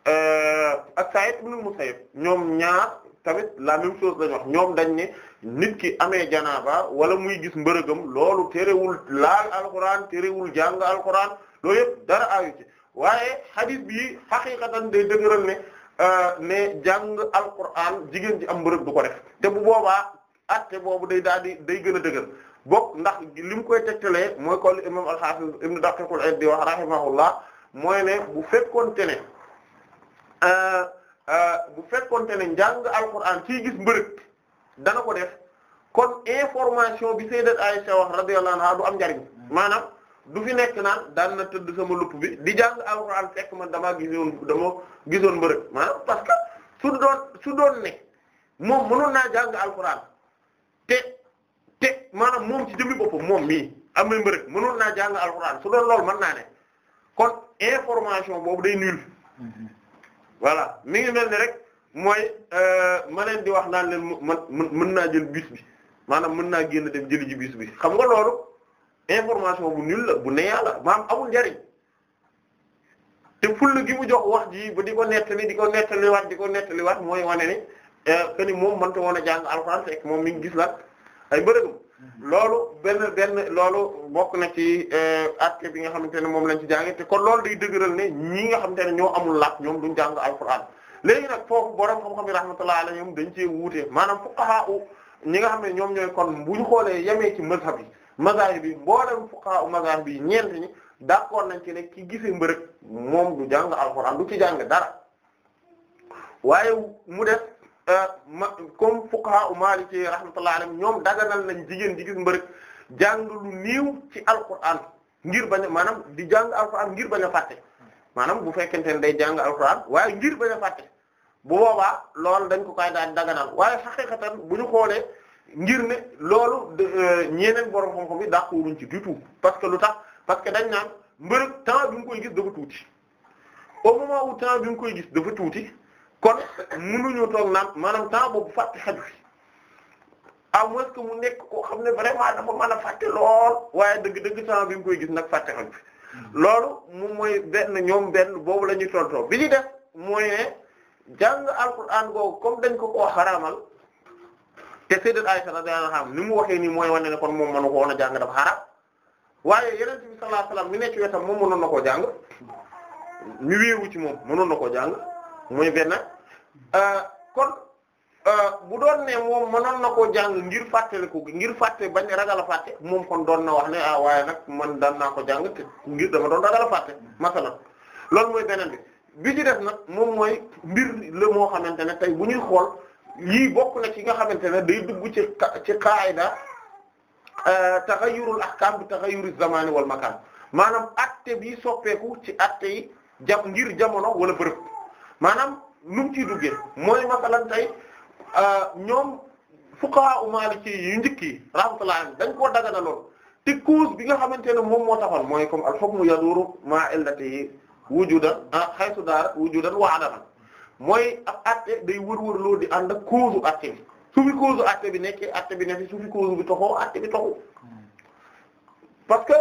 Speaker 2: euh, ak Sa'id ibn Musayyib ñoom ñaar tamit la même chose lañ wax ñoom dañ ne. nit ki amee janaaba wala muy gis mbërëgam loolu terewul laal alquran terewul jàng alquran loolu yëpp dara ayu ci waaye hadith bi xaqiqatan day dëgëral ne euh, ne jàng alquran jigéen ji am mbërëg du ko def te bu boobaa atte boobu day daal di day gën a dëgër bokk ndax li koy tegtalee mooy kol imam al-Hafiz ibn Daqiq al-Eid di wax rahimahullah mooy ne bu fekkoonte ne euh, euh, bu fekkoonte ne njàng alquran gis mbërëg dana ko def kon information bi sayyidat Aisha wax radiyallahu anha du am njariñ maanaam du fi nekk naan daal na tëdd sama lupp bi di jàng alxuraan fekk man damaa gisoon dama gisoon mbërëg maanaam parce que su doon su doon ne moom mënoon naa jàng alxuraan te te maanaam moom ci jëmmi boppam moom mii am na mbërëg mënoon naa jàng alxuraan su doon loolu mën naa ne kon information boobu day nul mhm. voilà mi ngi mel ni rek. mooy euh, ma leen di wax naan leen man mën naa jël bis bi maanaam mën naa génn dem jëli ji bis bi xam nga loolu information bu nul la bu neyaa la maam amul njariñ te fulla gi mu jox wax ji ba di ko nettali di ko nettaliwaat di ko nettaliwaat mooy wane ni euh, que ni moom mënta woon a jàng alxuraan fekk moom mi ngi gis la ay bërëgum mm-hmm. loolu benn benn loolu bokk na ci euh, atke bi nga xamante ne moom lañ ci jànge te kon loolu day dëgëral ne ñi nga xam ne ñoo amul laaj ñoom duñ jàng alxuraan léegi nag foofu borom xam-xam yi rahmatullahi alayhim dañ cee wuute maanaam fuqaha ñi nga xam ne ñoom ñooy kon bu ñu xoolee yemee ci mazhab yi mazahib yi mboolem fuqaha mazahib yi ñeent ñi d'accord nañ ci ne ki gisee mbërëg moom du jàng alxuraan du ci jàng dara waaye mu def euh, ma comme fuqaha maliki rahmatullahi alayhim ñoom daganal nañ jigéen di gis mbërëg jàng lu ci alxuraan ngir bañ a maanaam di jàng alxuraan ngir bañ a fàtte maanaam bu fekkente ne day jàng alxuraan waaye ngir bañ a fàtte bu boobaa loolu dañ ko koy daan daganal waaye xaqiqatan bu ñu xoolee ngir ne loolu euh, ñeneen borom xam-xam yi dàquwuñ ci du tout parce que lu tax parce que dañ naan mbërëg temps bi nga koy gis dafa tuuti au moment où temps bi koy gis dafa tuuti kon mënuñu toog naan maanaam temps boobu fàtte xaju fi à moins que mu nekk ko xam ne vraiment dafa mën a fàtte lool waaye dëgg-dëgg temps bi nga koy gis nag fàtte xaju fi hmm. loolu moom mooy benn ñoom benn boobu la ñuy tontoo bi ñu def mooy jàng alquran googu comme dañ ko koo xaraamal te sayyidat Aisha radiyallahu anha ni mu waxee nii mooy wane ne kon moom mënu ko woon a jàng dafa xaraam waaye yonent bi mu alayhi wasallam mi nekk ci wetam moom mënoon na koo jàng mi wéeru ci moom mënoon na ko jàng muy benn euh, kon euh, bu doon ne moom mënoon na koo jàng ngir fàttaliku ngir fàtte bañ ragal a fàtte moom kon doon na wax ne ah waaye nag man daan naa ko jàng ngir dama doon ragal a fàtte masalan loolu mooy beneen bi. bi ci def nag moom mooy mbir la moo xamante ne tey bu ñuy xool yii bokk na ci nga xamante ne day dugg ci ci qaida euh, taxayurul ahkam bi taxayurul zamani wal makan maanaam atte bi soppeeku ci atte yi ngir jamono wala bërëb maanaam nu mu ciy duggee mooy masalan tey euh, ñoom fuqaha u maliki yu njëkk yi rahmatullah dañ koo dagana te cause bi nga xamante ne moom moo taxoon mooy comme al hukmu yaduru ma illatihi wujudan ah xaysu daara wujudan wa adaman mooy ab acte day wër-wër loolu di ànd ak cause acte bi su fi cause bi nekkee acte bi nekk su fi cause bi toxoo acte bi toxu parce que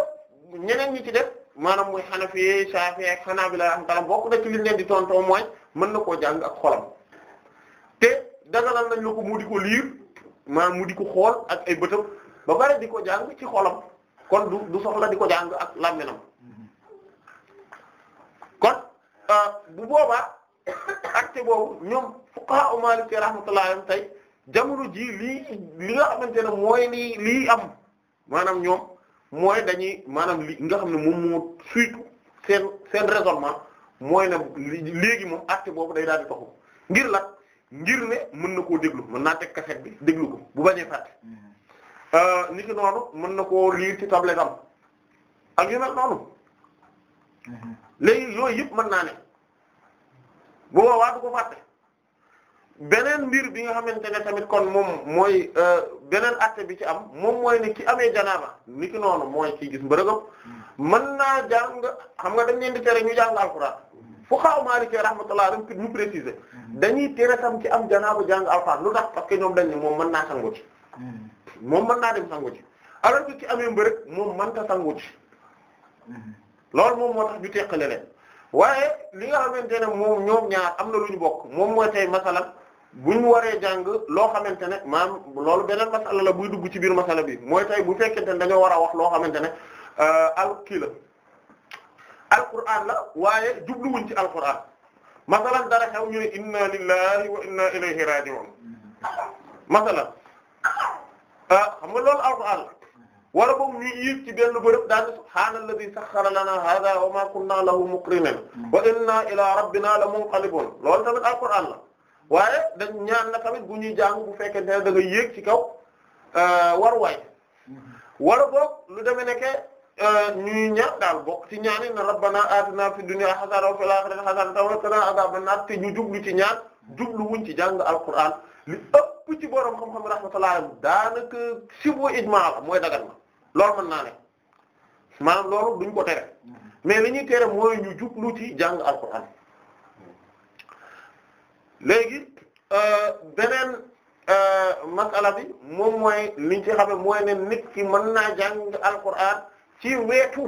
Speaker 2: ñeneen ñi ci def maanaam muy Hanafi Shafi ak Hanabila rahmatullah bokk na ci li leen di tontoo mooy mën na koo jàng ak xolam te dagalal nañ la ko mu di ko liir maanaam mu di ko xool ak ay bëtam ba bari di ko jàng ci xolam kon du du soxla di ko jàng ak làmminam Euh, bu boobaa acte boobu ñoom fuqaha Maliki rahmatullahi alayhim tey jamono ji lii li nga xamante ne mooy lii lii am maanaam ñoom mooy dañuy maanaam li nga xam ne moom moo surtout seen seen raisonnement mooy ne léegi moom acte boobu day daal di taxu ngir la ngir ne mën na koo déglu mën naa teg cassette bi déglu ko bu bañee fàtte mm-hmm. euh, ni ki noonu mën na koo lire ci tablette am ak yu noonu mm-hmm. léegi yooyu yëpp mën naa ne bu boobaa ko fàtte beneen mbir bi nga xamante ne tamit kon moom mooy euh, beneen acte bi ci am moom mooy ni ki amee janaaba ni ki noonu mooy ci gis mbërëgam mën naa jàng xam nga dañ leen di tere ñu jàng alxuraan fu xaw Maalik rahmatullah rek ñu préciser dañuy tere tam ki am janaaba jàng alxuraan lu tax parce ñoom dañ moom mën naa sangu ci moom mën naa dem sangu ci alors que ki amee mbërëg moom mënta sangu ci loolu moom moo tax ñu teqale leen waaye li nga xamante ne moom ñoom ñaar am na lu ñu bokk moom mooy tey masala bu ñu waree jàng loo xamante ne maam loolu beneen masala la buy dugg ci biir masala bi mooy tey bu fekkente ne dañoo war a wax loo xamante ne euh, al kii la alquran la waaye jubluwuñ ci alquran masalan dara xew ñu ne inna lillahi wa inna ilayhi raji'un masalan ah xam nga loolu alquran la wala boog ñu yéeg ci benn bërëb daal di subhaana alladhi sakhkhara lana hadha wa ma kunna lahu muqrinin wa inna ila rabbina la munqalibun loolu tamit alquran la waaye dañ ñaan na tamit bu ñuy jàng bu fekkente ne da nga yéeg ci kaw euh, waruwaay wala boog lu demee nekke euh, ñuy ñaan daal bokk ci ñaani na rabbana atina fid dunya hasanatan wa fil akhirati hasanatan wa qina adhaban nar te ñu jublu ci ñaan jublu wuñ ci jàng alquran li ëpp ci borom xam-xam rahmatullah alayhi daanaka sibu ijmaa la mooy dagal ma loolu mën naa ne maanaam loolu duñ ko tere mais li tere mooy ñu jublu ci jàng alquran léegi euh, beneen euh, masala bi moom mooy liñ ci xame mooy ne nit ki mën naa jàng alquran ci weetu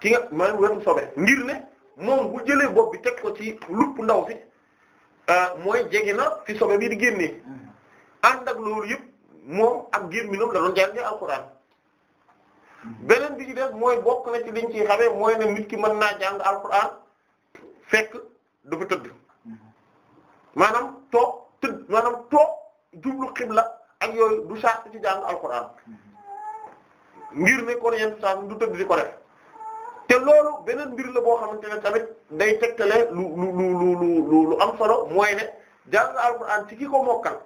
Speaker 2: ci nga maanaam wetu sobe ngir ne moom bu jëlee bopp bi teg ko ci lupp ndaw fi Euh, mooy jege na fi sobe bi di génnee ànd ak loolu yëpp moom ak gémmiñam la doon jàngee alxuraan beneen bi ci def mooy bokk na ci liñ ciy xamee mooy na nit ki mën naa jàng alxuraan fekk dafa tëdd maanaam toog tëdd maanaam toog jublu xibla ak yooyu du sax ci jàng alxuraan ngir ne kon yenn saa du tëdd di ko te loolu beneen mbir la boo xamante ne tamit day tegtale lu lu lu lu lu am solo mooy ne jàng alxuraan ci ki ko mokkal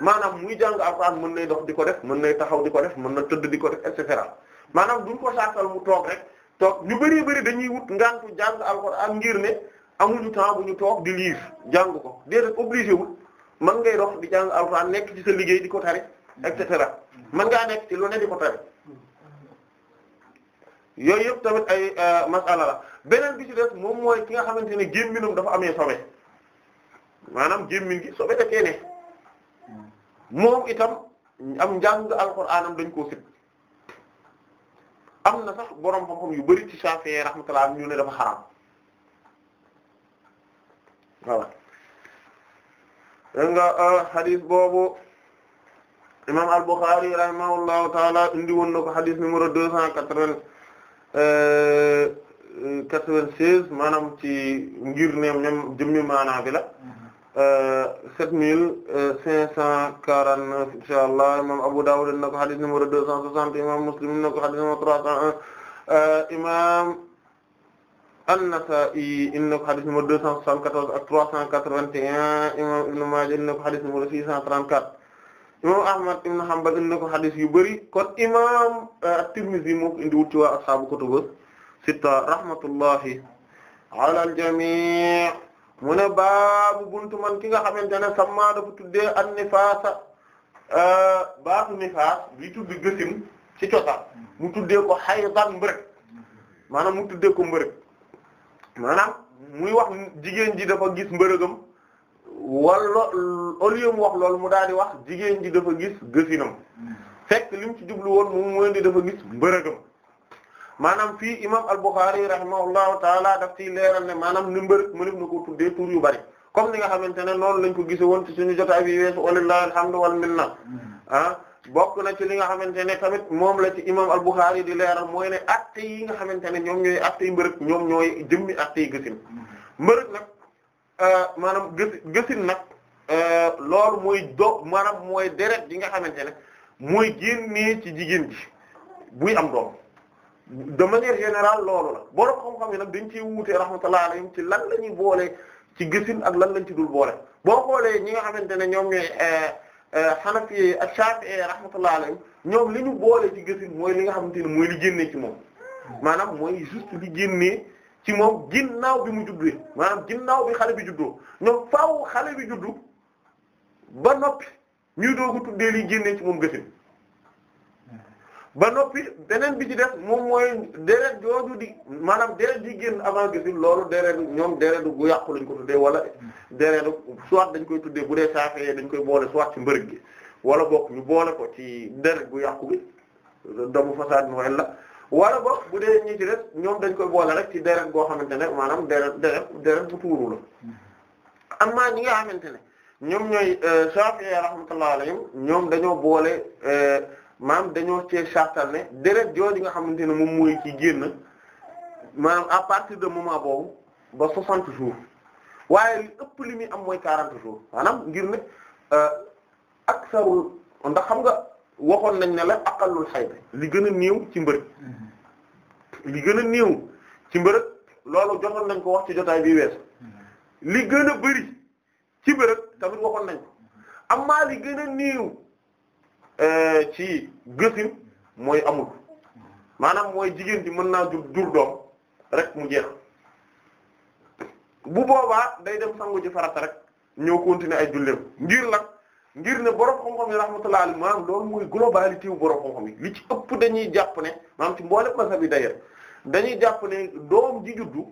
Speaker 2: maanaam muy jàng alxuraan mën nay dox di ko def mën nay taxaw di ko def mën na tëdd di ko def et cetera maanaam duñ ko saatal mu toog rek ñu bari bari dañuy wut ngantu jàng alxuraan ngir ne amuñu temps bu ñu toog di liir jàng ko déedéet obligé wul mën ngay dox di jàng alxuraan nekk ci sa liggéey di ko tari et cetera mën ngaa nekk ci lu di ko tari yooyu yëpp tamit ay euh, masala la beneen bi ci moom mooy ki nga xamante ne gémminam dafa amee sobe maanaam gémmin gi sobe da cee ne moom itam am njàng alxuraanam dañ koo sib am na sax boroom xam-xam yu bari ci Shafi'i rahmatullah ñu ne dafa xaraam voilà dégg nga hadith euh, boobu imam al-Bukhari rahimahullahu taala indi woon na ko hadith numéro deux cent quatre-vingt-seize maanaam ci ngir ne même jëmmi maanaa bi la mhm. sept mille euh, cinq cent quarante-neuf insha Allah imam Abu Dawud in ko hadith numéro deux cent soixante imam Muslim in ko hadith numéro trois cent un euh, imam An-Nasa'i in na ko hadith numéro deux cent soixante-quatorze quatre-vingt-et-un imam Ibn Majah in ko hadith numéro six cent trente-quatre imam Ahmad ibn Hanbal indi na ko xadis yu bëri kon imam euh, at-Tirmidhi moo ko indiwul ci waa ashaabu kutubu sitta rahmatullahi ala al mu ne baabu buntu man ki nga xamante ne sama dafa tuddee an-nifaasa euh, baatu nifaas bi tuddi gësim ci cosaan mu tuddee ko haydan mbërëg maanaam mu tuddee ko mbërëg maanaam muy wax jigéen ji dafa gis mbërëgam wala au lieu wax loolu mu daal di wax jigéen ji dafa gis gësinam fekk li ci jublu woon moom mooy di dafa gis mbërëgam maanaam fii imam al-Bukhari rahimahullahu taala daf ciy leeral ne maanaam ni mbërëg mënef na ko tuddee tur yu bari comme ni nga xamante ne noonu lañ ko gise woon ci suñu jotaay bi weesu walillahi alhamdu wal minna ah bokk na ci li nga xamante ne tamit moom la ci imam al-Bukhari di leeral mooy ne actes yi nga xamante ne ñoom ñooy actes yi mbërëg ñoom ñooy jëmmi actes yi gësin Euh, maanaam gësi gësin nag euh, lool mooy do maanaam mooy deret yi nga xamante ne mooy génnee ci jigéen ji buy am doom dama manière général loolu la borom xam-xam yi nag dañ ciy wuute rahmatullah alayhim ci lan la ñuy boole ci gësin ak lan lañ ci dul boole boo xoolee ñi nga xamante ne ñoom ñooy euh, Hanafi ak Shafi'i rahmatullah alayhim ñoom li ñu boole ci gësin mooy li nga xamante ne mooy li génne ci moom maanaam mooy juste li génnee. ci moom ginnaaw bi mu juddee maanaam ginnaaw bi xale bi juddoo ñoom faaw xale bi juddu ba noppi ñuy doogu tuddee li génnee ci moom gësin ba noppi beneen bi ci def moom mooy deret jooju di maanaam deret di génn avant gësin loolu deret ñoom deretu gu yàqu lañ ko tuddee wala deretu soit dañ koy tuddee bu dee saafee dañ koy boole soit ci mbërëg gi wala bokk ñu boole ko ci deret gu yàqu gi damu façade noel la wala ba bu dee ñi ci des ñoom dañ koy boole rek ci deret goo xamante ne maanaam deret deret deret bu tuuru la hmm. amma ñi nga xamante ne ñoom ñooy euh, Shafi'i rahmatullahi alayhim ñoom dañoo boole euh, maam dañoo cee sartal ne deret jooju nga xamante ne moom mooy ci génn maanaam à partir de moment boobu ba 60 jours waaye li ëpp li muy am mooy 40 jours maanaam ngir ne euh, ak sarul ndax xam nga. waxoon nañ ne la aqallul xayb li gën a néew ci mbër mhm. li gën a néew ci mbërëg loolu joxoon nañ ko wax ci jotaay bi wees mhm. li gën a bëri ci mbërëg tamit waxoon nañ ko mhm. amma li gën a néew euh, ci gësin mooy amul maanaam mooy jigéen ji mën naa jur jur doom rek mu jeex bu boobaa day dem sangu ci rek ñëw continuer ay julleem njiir la ngir ne borom xam-xam yi rahmatullahi alayhi maanaam loolu mooy globalité wu borom xam-xam ci ëpp dañuy jàpp ne maanaam ci mboolem mazhab yi d'ailleurs dañuy jàpp ne doom ji juddu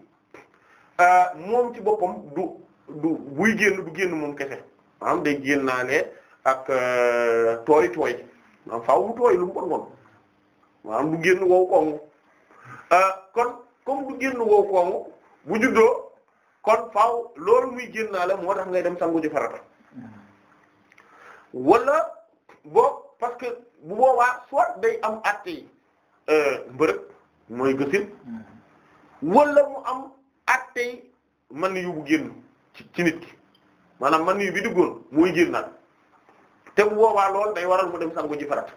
Speaker 2: euh, moom ci boppam du du buy génn du génn moom kese maanaam day génnaale ak euh, tooy tooy maanaam faaw mu tooy lu mu bon bon du génn wow koŋŋ euh, kon comme du génn wow koŋŋ bu juddoo kon faaw loolu muy génnaale moo tax ngay dem sangu ji farata. wala boobu parce que bu boobaa soit day am atte euh, mbërëg mooy gësin
Speaker 3: mm-hmm.
Speaker 2: wala mu am atte man yu bu génn ci nit ki maanaam man yu bi duggoon mooy génnaat te bu boobaa loolu day waral mu dem sangu ji farat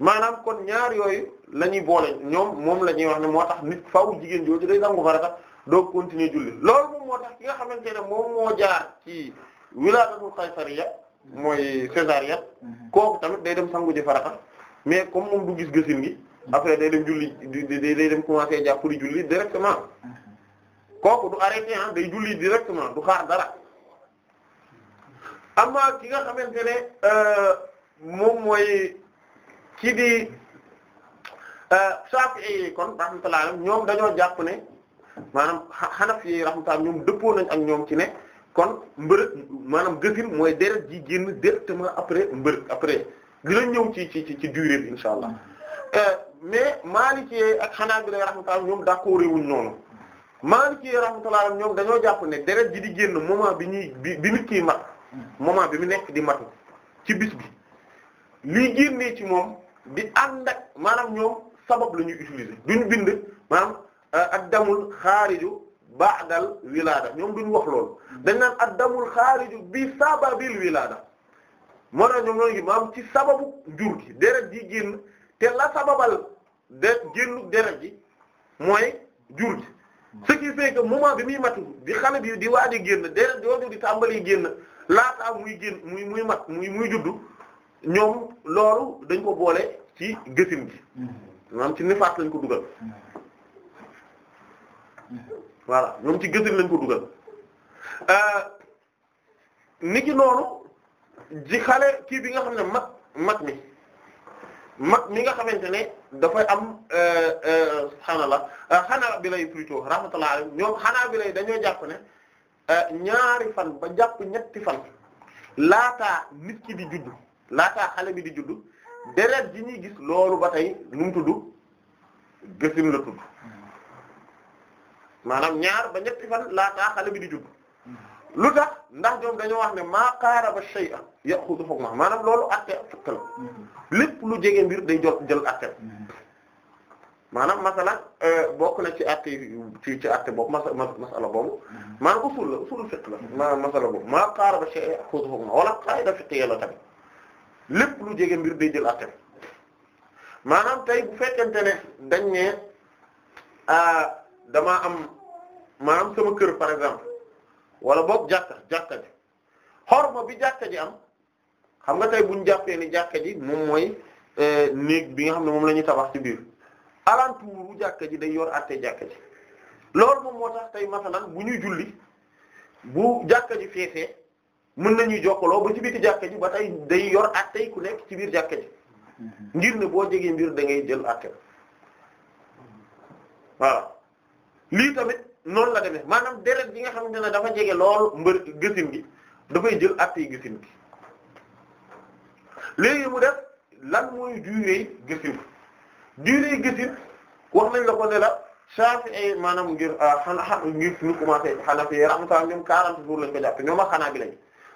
Speaker 2: maanaam kon ñaar yooyu lañuy boole ñoom moom la ñuy wax ne moo tax nit faaw jigéen jooju day sangu farata doo continuer julli loolu moom moo tax ki nga xamante ne moom moo jaar ci wilaadatul qaysariya mooy césarienne mhm. kooku tamit day dem sangu ji farata mais comme moom du gis gësin gi mhm. après day dem julli day dem commencer jàpp di julli directement mhm. kooku du arrêté ah, directement du xaar dara amaa ki nga xamante ne euh, moom mooy ci di euh, Shafi'i yi kon rahmatullah ñoom dañoo jàpp ne maanaam Hanafi yi rahmatullah ñoom dëppoo nañ ak ñoom ci ne. kon mbërëg maanaam gësin mooy deret ji génn directement après mbërëg après dina ñëw ci ci ci durée bi insha allah mm-hmm. euh, mais Maliki ak Hanabila rahmatullah ñoom d'accord wuñ noonu Maliki rahmatullah ñoom dañoo jàpp ne deret ji di génn moment bi ñuy bi bi nit kiy mat mm-hmm. moment bi mu nekk di matu ci bis bi lii génnee ci moom di ànd ak maanaam ñoom sabab la ñuy utiliser duñ bind maanaam euh, ak damul xaariju baa ba'dal wilaada ñoom duñu wax loolu dañ naan addamul xaariju bi sababil wilaada moo tax ñoom ñoo ngi maam ci sababu jur gi deret gi génn te la sababal de génn deret ji mooy jur gi ce qui fait que moment bi muy matu di xale bi di waaj a génn deret jooju di tàmbali génn laataa muy génn muy muy mat muy muy juddu ñoom loolu dañ ko boole ci gësin gi maanaam mm-hmm. ci nifaas lañ ko dugal mm-hmm. voilà ñoom ci gëstu lañ ko euh, nit ki noonu ji xale kii bi nga xam ne mag mag mi mag mi nga xamante ne dafa am subhaanallah euh, euh, xanaa bi lay plutôt rahmatullah alayhi ñoom xanaa bi lay dañoo jàpp ne ñaari fan ba jàpp ñetti fan laata nit ki di juddu laataa xale bi di juddu deret ji ñuy gis loolu ba tey lu mu tudd gëstu la tudd. maanaam ñaar ba ñetti fan laataa xale bi di juddu lu tax ndax joom dañoo wax ne maa qaaraba shay'an ya'khudhu a maanaam loolu atte fekk lu jege mbir day jot jël atte maanaam masala euh, bokk na ci atte ci ci atte boobu masa masala boobu maanaam usul la usul fiqh la maanaam masala boobu maa qaaraba shay'an ya'khudhu lépp lu jege mbir day jël atte maanaam tey bu fekkente ne dañ euh, dama am maanaam sama kër par exemple wala boog jàkka jàkka ji xorma bi jàkka ji am xam nga tey buñ jàppee ni jàkka ji moom mooy euh, néeg bi nga xam ne moom lañuy ñuy tabax ci biir alentour bu jàkka ji day yor àttee jàkka ji loolu moom moo tax tey masalan bu ñuy julli bu jàkka ji feesee mun nañuy jokkaloo ba ci biir jàkka ji ba tey day yor àttee ku nekk ci biir jàkka ji
Speaker 3: mm-hmm.
Speaker 2: ngir ne boo jegee mbir da ngay jël àtte voilà lii tamit noonu la demee maanaam deret bi nga xamante ne dafa jege lool mbër gisin gi dafay jël at yi gisin gi léegi mu def lan mooy durée gisin durée gisin wax nañ la ko ne la Shafi'i maanaam ngir ah, xanaa ngir suñu commencé Hanafi rahmatullah ñoom 40 jours lañ ko jàpp ñoom ak xanaa bi lañ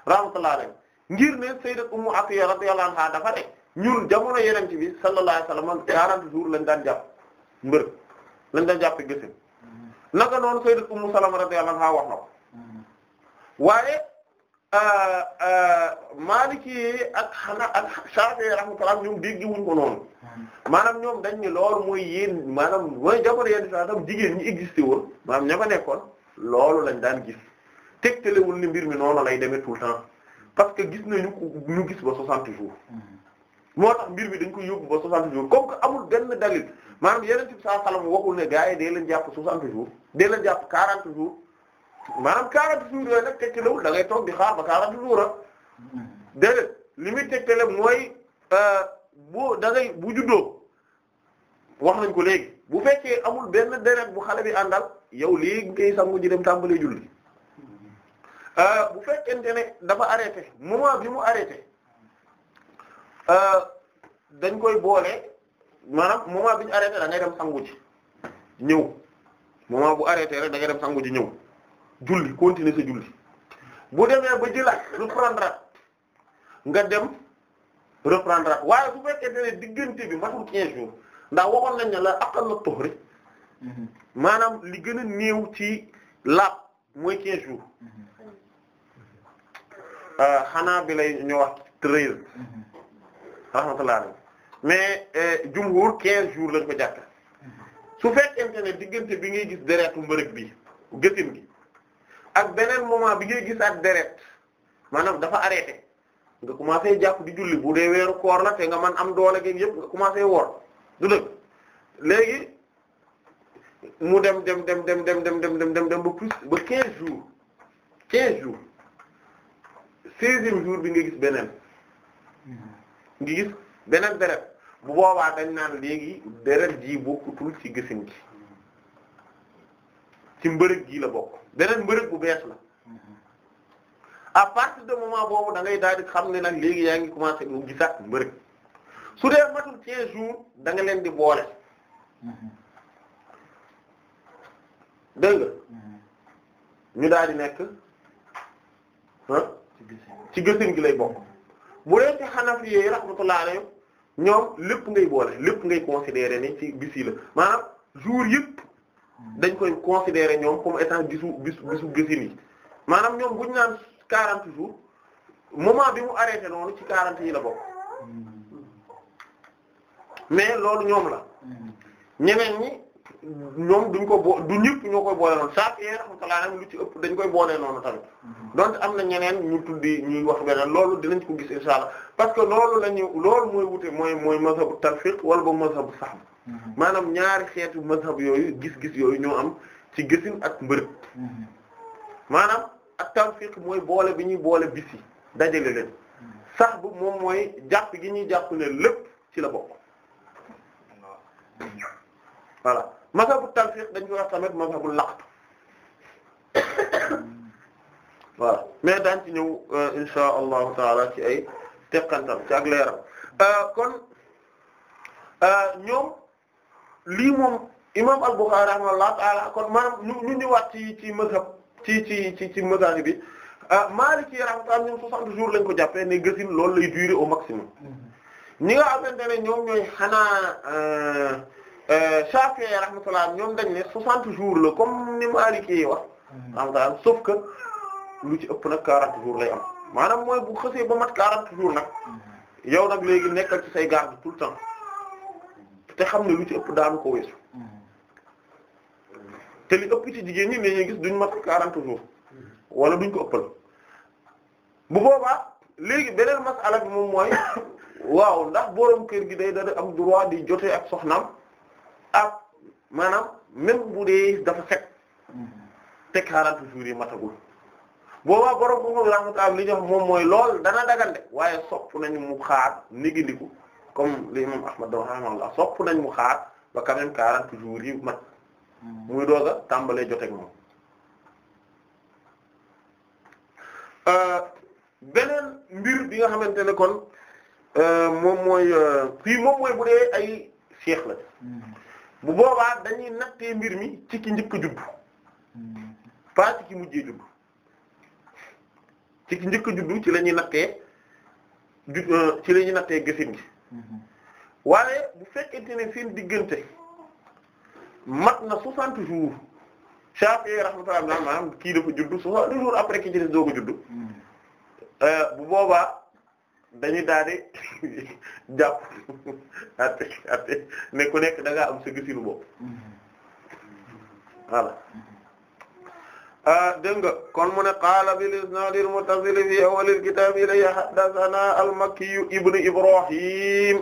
Speaker 2: rahmatullah lañ ngir ne Sayyidat Ummu Atiyya radiyallahu anha jamono yeneen ci bi sallallahu alayhi wasallam 40 jours lañ daan jàpp mbër lañ daan jàpp gisin naka noonu la ummu salama radiyallahu anha wax na ko waaye euh, euh, maliki ak xana ak shafi rahmatullah ñoom dégg wuñ ko noonu maanaam ñoom dañ ni loolu mooy yéen maanaam mooy jamono yenn saa tam jigéen ñi existé woon maanaam ña fa nekkoon loolu lañ daan gis tegtalewul ni mbir mi noonu lay demee tout temps parce que gis nañu ñu gis ba soixante jours moo tax mbir mi dañ koy yóbbu ba 60 jours comme ko amul benn dalil maanaam yeneen ci saa xalam waxul ne gars yi dee leen jàpp 60 jours dee leen jàpp 40 jours maanaam 40 yooyu nag toog di xaar ba 40 jours ah déedéet li euh, bu da ngay bu juddoo wax nañ ko léegi bu fekkee amul benn deret bu xale bi àndal yow léegi ngay sangu ji dem tàmbalee julli euh, bu fekkente ne dafa arrêté moment bi mu arrêté. Euh, dañ koy boole maanaam moment bi biñ arrêté da ngay dem sangu ji ñëw moment bu arrêté rek da dem sangu ji ñëw julli continuer sa julli bu demee ba jëlaat reprendre nga dem reprendre waaye bu fekkee ne diggante bi matul 15 jours ndax waxoon nañ ne la aqallu tuhri mhm. maanaam li gën a néew ci laab mooy 15 jours mhm. euh, xanaa bi lay ñu wax rahmatullah alayhi mais euh, jumhur 15 jours lañ ko jàpp su fekkente ne diggante bi ngay gis deretu mbërëg bi gëtin gi ak beneen moment bi ngay gis ak deret maanaam dafa arrêté nga commencé jàpp di julli bu dee weeru koor la te nga man am doole gi yëpp nga commencé woor du dëgg léegi mu dem dem dem dem dem dem dem dem dem dem ba plus ba 15 jours 15 jours 16 jour bi nga gis beneen. Mm-hmm. ngi gis beneen deret bu boobaa dañ naan léegi deret ji bokkutul ci gisin gi ci mbërëg gi la bokk beneen mbërëg bu bees la à partir de moment boobu da ngay daal di xam ne nag léegi yaa ngi commencé mu gisaat mbërëg su dee matul 15 jours da nga leen di boole dégg mhm. ñu daal nekk ah ci gisin gi lay bokk bu dee ci Hanafi yi rahmatullahi alayhim ñoom lépp ngay boole lépp ngay considérer ne ci bis la maanaam jour yëpp dañ koy considérer ñoom comme étant gisu bisu bisu gisin yi maanaam ñoom guñ naan quarante jours moment bi mu arrêté noonu ci quarante yi la bokk hmm. mais loolu ñoom la hmm. ñeneen ñi ñoom duñ ko bo du ñëpp ñoo koy boole noonu Shaafi'i rahmatullah lu ci ëpp dañ koy boole noonu tamit mm-hmm. donc am na ñeneen ñu tuddi ñu wax beneen loolu dinañ ko gis insha Allah parce que loolu la ñu loolu mooy wute mooy mooy mazhabu talfiq wala ba mazhabu sahab mm-hmm. maanaam ñaari xeetu mazhab yooyu gis-gis yooyu ñoo am ci gisin ak mbërëb mm-hmm. maanaam ak talfiq mooy boole bi ñuy boole bis yi dajale leen sahab moom mooy jàpp gi ñuy jàpp ne lépp ci la bokk mazhabu talfiq dañ koy wax tamit mazhabu laqt voilà mais daan ci ñëw euh, insha allahu taala ci ay teqantal ci ak leeram euh, kon euh, ñoom lii moom imam al-Bukhari rahimahullahu taala kon maanaam ñu ñu ñëwaat ci ci mazhab ci ci ci ci mazhab bi Maliki rahimahullah ñoom 60 jours lañ ko jàppee ne gësin loolu lay durer au maximum
Speaker 3: mm-hmm.
Speaker 2: ñi nga xamante ne ñoom ñooy xanaa Shafi'i rahmatullah ñoom dañ ne 60 jours la comme ni Maliki yi wax. Hmm. rahmatullah sauf que lu ci ëpp nag 40 jours lay am maanaam mooy bu xësee ba mat 40 jours nag hmm. yow nag léegi nekkal ci say garde tout le temps te xam ne lu ci ëpp daanu ko weesu. Hmm. te li ëpp ci jigéen ñi ne ñuy gis duñ mat 40 jours wala duñ ko ëppal bu boobaa léegi beneen masala bi moom mooy waaw ndax boo borom kër gi day da am droit di jotee ak soxnaam. ab maanaam même bu dee dafa set te 40 jours yi matagul boobaa borom bu ko rahmatullah li ñu moom mooy lool dana dagande waaye sopp nañ mu xaar nigindiku comme li imam Ahmad doon rahmatullah sopp nañ mu xaar ba quand même 40 yi mat muy doog a tàmbalee joteeg moom. Euh, beneen mbir bi nga xamante ne kon euh, moom mooy euh, fii moom mooy bu dee ay seex la. Hmm. bu boobaa dañuy nattee mbir mi ci ki njëkk judd pas ci ki mujjee judd ci ki njëkk judd ci lañuy ñuy ju euh, ci lañuy ñuy nattee gësin gi waaye bu fekkente ne seen diggante mat na 60 jours Shafi'i rahmatullah maanaam kii dafa judd 60 jours après ki ci des doog juddu mm. euh, bu boobaa dañu daal di jàpp ne ku nekk da am sa gisinu bopp voilà ah, dégg nga kon mu ne qaala bil isnaadil muttasil fi awwalil kitaab ilay haddathanaa al-Makki ibn Ibrahim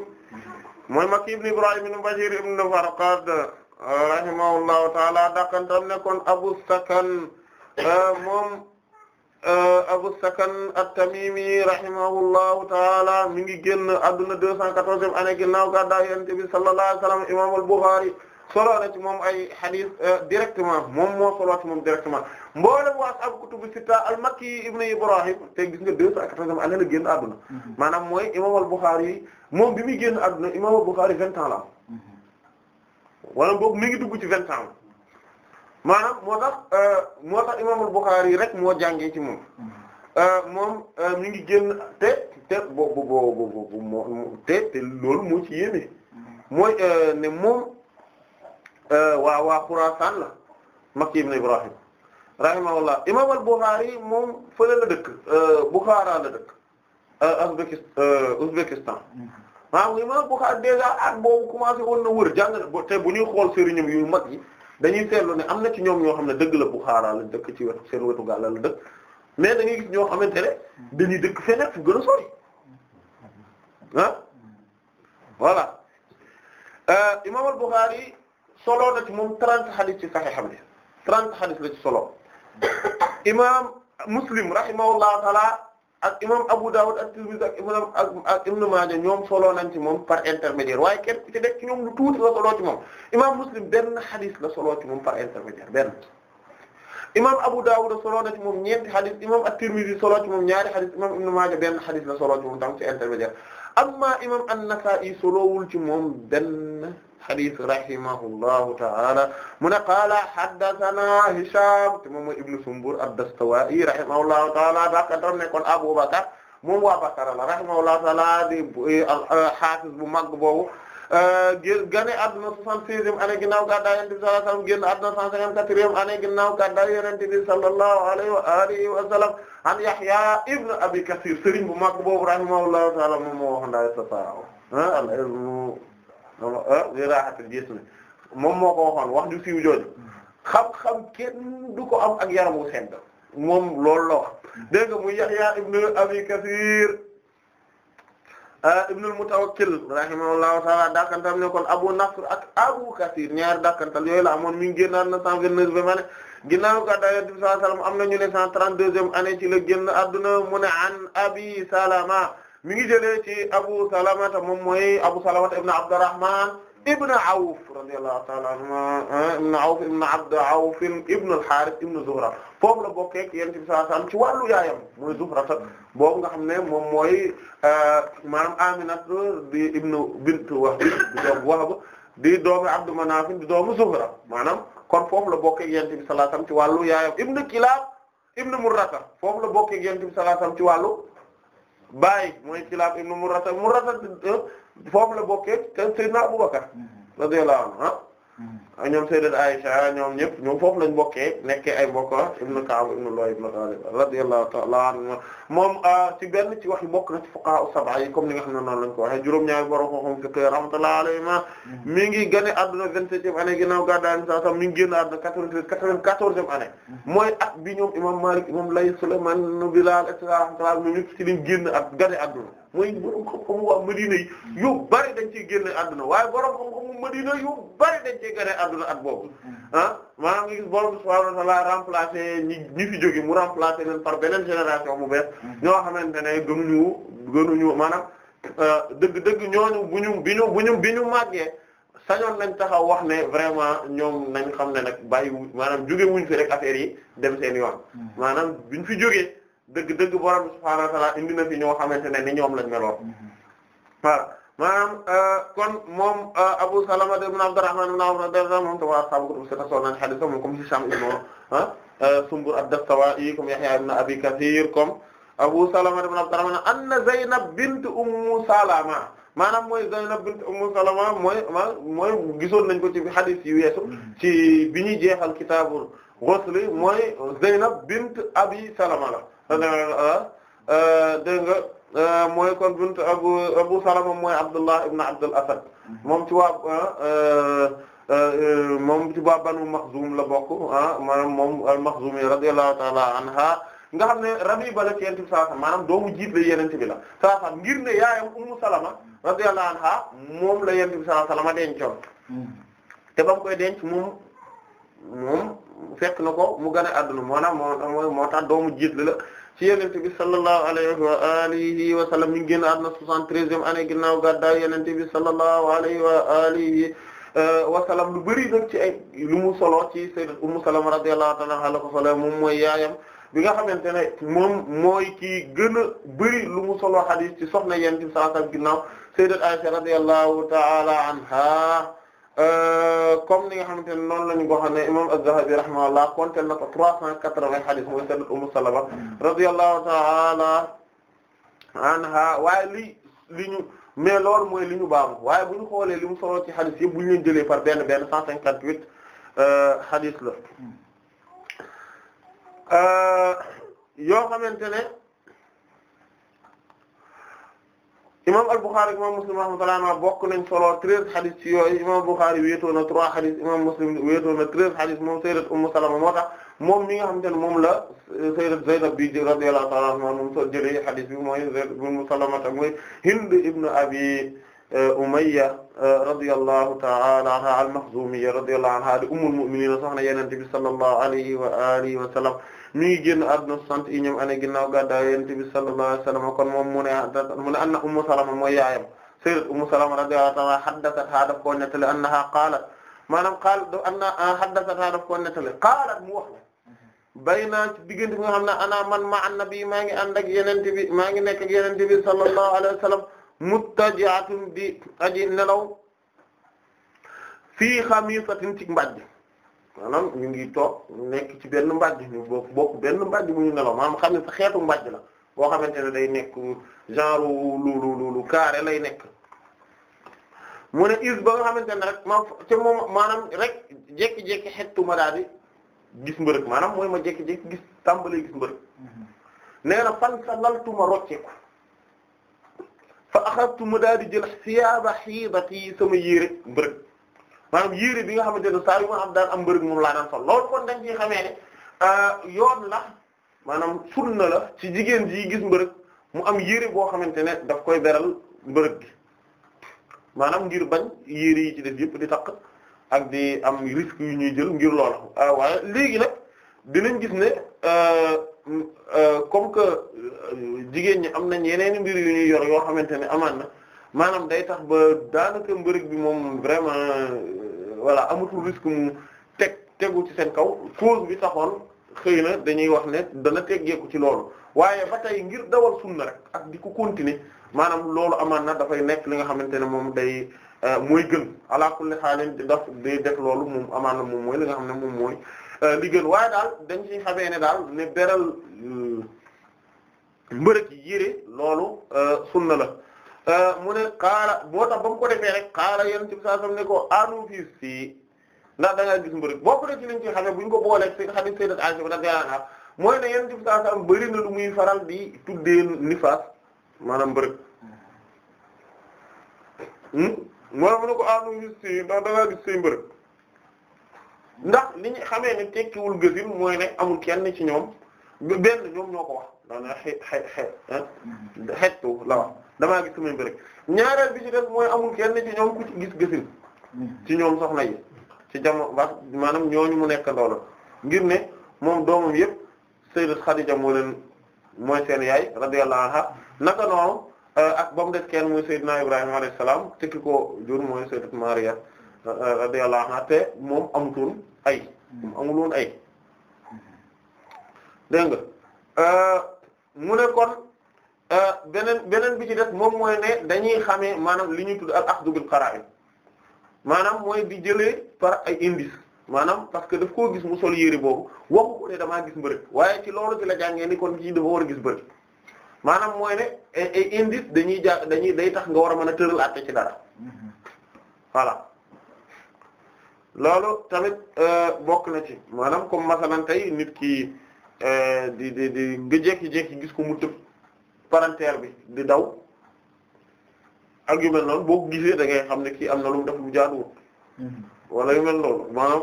Speaker 2: mooy Makki ibn Ibrahim ibn Bashir ibn Farqad rahimahullahu ta'ala daqantam ne kon Abu Sakan ah, moom Euh, Abu Sakan at-Tamimi rahimahullahu taala mi ngi génn adduna deux cent quatorzième année ginnaaw gàddaay Yonent bi sallallahu alayhi wa sallam imam al-Bukhari solo na ci moom ay hadith euh, directement moom moo solo ci moom directement mboolem waa ashaabu kutubu sitta al-Makki ibn Ibrahim te gis nga deux cent quatorzième année la génn adduna mhm. maanaam mooy imam al-Bukhari moom bi muy génn adduna imam al-Bukhari vingt ans la mhm. wala mboob mi ngi dugg ci vingt ans maanaam moo tax euh, moo tax rek moo jàngee ci moom euh, moom euh, mi ngi génn te te bo bo bo bo moo te te ci yéeme mooy ne moom waa waa Khurasan la Makki ibn Ibrahim rahimahullah imaamul Bukhari moom fële la dëkk Bukhara la dëkk Ouzbékistan maanaam imaamul Bukhari déjà at boobu commencé woon na wër jàng te bu ñuy xool sëriñam yu mag yi. dañuy seetlu ne am na ci ñoom ñoo xam ne dëgg la Buxaara la dëkk ci wetu seen wetu Gàlla la dëkk mais dañuy gis ñoo xamante ne dañuy dëkk feneen fu gën a sori ah voilà euh, Imaam al-Bukhari solo na ci moom 30 xadis ci Sahiham bi 30 xadis la ci solo Imaam Muslim rahimahullahu taala ak imam Abu Dawud ak Tirmidhi ak imam ak Ibn Maaja ñoom solo nañ ci moom par intermédiaire waaye kenn ku ci ñoom lu tuuti la solo ci moom imam Muslim benn hadith la solo ci moom par intermédiaire benn. imam Abu Dawud solo na ci moom ñeenti hadith imam at-Tirmidhi solo ci moom ñaari hadith imam Ibn Maaja benn hadith la solo ci moom tam ci intermédiaire amma imam An-Nasa'i solowul ci moom benn. hadith rahimahullahu ta'ala mu ne qaala haddathana Hisham te moom mooy ibnu Sumbur ad-Dastuwa'i rahimahullahu ta'ala dakantam nekkoon Abu Bakr moom waa Basra la rahimahullahu ta'ala di hafiz eh, eh, bu mag boobu eh, gane adduna 76e année ginnaaw gàddaay Yonent bi sallallahu alayhi wa sallam génn adduna 154e année ginnaaw gàddaay Yonent bi sallallahu alayhi wa alihi wa sallam an Yahya ibn Abi Kathir sëriñ bu mag boobu rahimahullahu ta'ala moom moo wax ndaay sa ah, li raaxatil jism moom moo ko waxoon wax ju siiw jooju xam-xam kenn du ko am ak yaram wu sedd moom loolu la wax dégg nga mu Yahya ibn Abi Kathir ah, ibn al-Mutawakkil rahimahullahu ta'ala dàkkantal ne kon Abu Nasr ak Abu Kathir ñaari dàkkantal yooyu la amoon mi ngi génnaat na cent vingt-neuf ba ma ne ginnaaw na ñu ne cent trente année ci la génn adduna mu ne an Abi Salama mi ngi jëlee ci Abu Salamata moom mooy Abu Salamata ibn Abdurrahman ibn Awf radiyallahu ta'ala anhuma ah, ibn Awf ibn Abd Awf ibn al-Harith ibn Zuhra foofu la bokkee ak Yonent bi sallallahu alayhi wasallam ci wàllu yaayam mooy Zuhra boobu nga xam ne moom mooy ah, maanaam Aminatu di ibn bint Wahb di doomu Wahb di doomu Abd Manaf di doomu Zuhra maanaam kon foofu la bokkee ak Yonent bi sallallahu alayhi wasallam ci wàllu yaayam ibn Kilab ibn Murrata foofu la bokkee ak Yonent bi sallallahu alayhi wasallam ci wàllu baay mooy Kilaab ibn Murrata Murrata euh, foofu la bokkee te Seydina Abubakar mm-hmm. radiyallahu anhu ah. mm-hmm. ñoom sayyidat Aisha ñoom ñëpp ñoom foofu lañ bokkee nekkee ay mbokka ibn Ka'b ibn Lu'ay ibn Ghalib radiyallahu ta'ala anhu moom ah, ci benn ci wax yi bokk na ci fuqaha sab'a yi comme ni nga xam ne noonu lañ ko waxee juróom-ñaari borom xam-xam Madina yu bari dañ ciy génn adduna waaye borom xam-xamu Madina yu bari dañ ciy gane adduna àdduna at boobu ah maanaam nga gis borom subhaanahu wa ta'aala remplacer ñi ñi fi jóge mu remplacer leen par beneen génération mu bees ñoo xamante ne gënuñu ñu maanaam ah, dëgg dëgg ñooñu bu ñu bi ñu bu ñu bi ñu màggee sañoon nañ taxaw wax ne vraiment ñoom nañ xam ne nag bàyyi wu maanaam jóge wuñ fi rek affaire yi dem seen yoon maanaam biñ fi jógee dëgg dëgg borom subhaanahu wa ta'aala indi na fi ñoo xamante ne ni ñoom lañ meloon mm-hmm. maanaam euh, kon moom euh, Abu Salama ibn Abdurrahman ibn Awf radiyallahu anhu wa ashaabu kutubu sitta a nañ hadith moom comme Hisham ibn ah, euh, Sumbur ad-Dastawa'i comme Yahya ibn Abi Kathir comme Abu Salama ibn Abdurrahman anna Zaynab bint Umm Salama maanaam mooy Zaynab bint Umm Salama mooy mooy gisoon nañ ko ci hadith yu weesu ci bi ñuy jeexal kitaabul ghusl mooy Zaynab bint Abi Salama la dégg nga Euh, mooy kon bintu abu abu mooy abdullah ibn abdul asad moom ci waa ah, euh, euh, moom ci waa banu maxzum la bokk ah maanaam moom al maxzumi radiyallahu ta'ala anha nga xam ne rabiba la ci yonent bi sallallahu maanaam doomu jiit la yonent bi la sallallahu ngir ne yaayam ummu salama radiyallahu anha moom la yonent bi sallallahu alayhi wasallam hmm. koy denc moom moom fekk na ko mu gën a adduna maanaam moo moo tax doomu jiit la ci yenente bi sallallahu alayhi wa alihi wa sallam ñu ngi génn adduna soixante-treizième année ginnaaw gàddaay yenente bi sallallahu alayhi wa alihi euh, wa sallam lu bari nag ay lu mu solo ci sayyidat ummu salama radiyallahu ta'ala anha ko solo moom mooy yaayam bi nga xamante ne moom mooy kii gën a bari lu mu solo hadith ci soxna yenente bi sallallahu alayhi wa sallam ginnaaw sayyidat Aisha radiyallahu ta'ala anha Euh, comme ni nga xamante ne noonu lañu ko xam ne imam a zahabi rahimahullah compté na ko trois cent quatre-vingts hadith mooy sayyid Umm Salama radiyallahu ta'ala anha waaye li li ñu mais loolu mooy li ñu baamu waaye bu ñu xoolee li mu solo ci hadith yëpp bu ñu leen jëlee par benn benn cent cinquante-huit euh, hadith la hmm. euh, yoo xamante ne imam al-Bukhari imam Muslim rahmatullah bokk nañ solo treize hadith ci yooyu imam al-Bukhari wéetoo na trois hadith imam Muslim wéetoo na treize hadith moom sayyidat Ummu Salama moo tax moom mi nga xamante ne moom la euh, sayyidat Zaynab bi radiyallahu ta'ala anha moom soo jëlee hadith bi mooy Ummu Salama ta mooy Hind ibn Abi euh, Umayya euh, radiyallahu ta'ala anha al-Makhzumiyya radiyallahu anha di ummul mu'minin soxna Yonent bi sallallahu alayhi wa alihi wa sallam mi ngi génn àdduna sant i ñoom année ginnaaw gàddaay yonent bi sallallahu alayhi wasallam kon moom mu ne ah, mu ne anna ummu salama mooy yaayam sayyidat ummu salama radiyallahu ta'ala haddathat ha daf koo nettale annaha qaalat maanaam qaal anna ah, haddathat ha daf koo nettale qaalat mu wax bay naa ci diggante bi nga man ma annabi maa ngi ànd ak yonent bi maa ngi nekk ak yonent bi sallallahu alayhi wasallam muttaji'atun di aji nelaw fii xamiisatin ci maanaam ñu ngi toog nekk ci benn mbàjj ñu bokk benn mbàjj bu ñu nelaw maanaam xam ne sa xeetu mbàjj la boo xamante ne day nekk genre lu lu lu carré lay nekk mu ne is ba nga xamante ne rek ma te moom maanaam rek jekki-jekki xettu tuma daal di gis mbërëg maanaam mooy ma jekki-jekki gis tàmbalee gis mbërëg mm-hmm. nee na fan sa laltuma rocceeku fa axartu ma daal di jël siyaaba xiibat yi sama yére mbërëg maanaam yére bi nga xamante ne saa yu ma am daan am mbërëg moom laa daan sol loolu kon dañ ciy xamee ne euh, yoon la maanaam sunna la ci jigéen ji gis mbërëg mu am yére boo xamante ne daf koy beral mbërëg gi maanaam ngir bañ yére yi ci def yëpp di takk ak di am risque yu ñuy jël ngir loola euh, waaye léegi nag dinañ gis ne euh, comme que jigéen ñi am nañ yeneen mbir yu ñuy yor yoo xamante ne amaan na maanaam day tax ba daanaka mbërëg bi moom vraiment euh, voilà amatul risque mu teg tegu ci seen kaw cause bi taxoon xëy na dañuy wax ne dana teggeeku ci loolu waaye ba tey ngir dawal na rek ak di ko continuer maanaam loolu amaan na dafay nekk li nga xamante ne moom day euh, mooy gën ala kulli xaalin di daf day def loolu moom amaan na moom mooy li nga xam ne moom mooy euh, li gën waaye daal dañ ci xamee ne daal ne beral mbërëg yi yére loolu sunna la Euh, mu ne xaala boo tax ba mu ko defee rek xaala yéen ci saa sam ne ko anu fii si ndax da ngaa gis mbëri bokk na ci liñ bu ñu ko booleeg si xadis sayyidat Aisha radiyallahu mooy ne yéen ci lu muy faral di tuddee nifaas maanaam mbërëg hmm? ko anu fii si ndax da ngaa gis say mbërëg ndax li ñu xamee ne tekkiwul gësin mooy ne amul kenn ci ñoom benn ñoom ñoo ko wax daanaka xe damaa gis sama mbir ñaareel bi ci def mooy amul kenn ci ñoom ku ci gis gisin ci ñoom soxna yi ci jamono wax maanaam ñooñu mu nekk ndoola ngir ne moom doomam yëpp sayyidat Khadija moo leen mooy seen yaay radiyallahu anha naka noonu euh, ak ba mu des kenn muy sayyidina Ibrahima alayhi salaam te ki ko jur mooy sayyidat Maria euh, te moom amutoon ay euh, mu ne Euh, beneen beneen bi ci def moom mooy ne dañuy xame maanaam li ñuy tudd al axdu bil qara'in maanaam mooy di jële par ay indice maanaam parce que daf koo gis mu sol yére boobu waxu ko ne damaa gis mbërëg waaye ci loolu ci la jàngee ni kon kii a war a gis mbërëg maanaam mooy ne ay indice dañuy ja dañuy day tax nga war a mën a tëral a ci dara voilà loolu tamit euh, bokk na ci maanaam comme masalan tey nit ki euh, di di di nga jékki-jékki gis ko mu tëb. palanteer bi di daw ak yu mel noonu boo ko gisee da ngay xam ne kii am na lu mu def lu jaaduwul mhm. wala yu mel noonu maanaam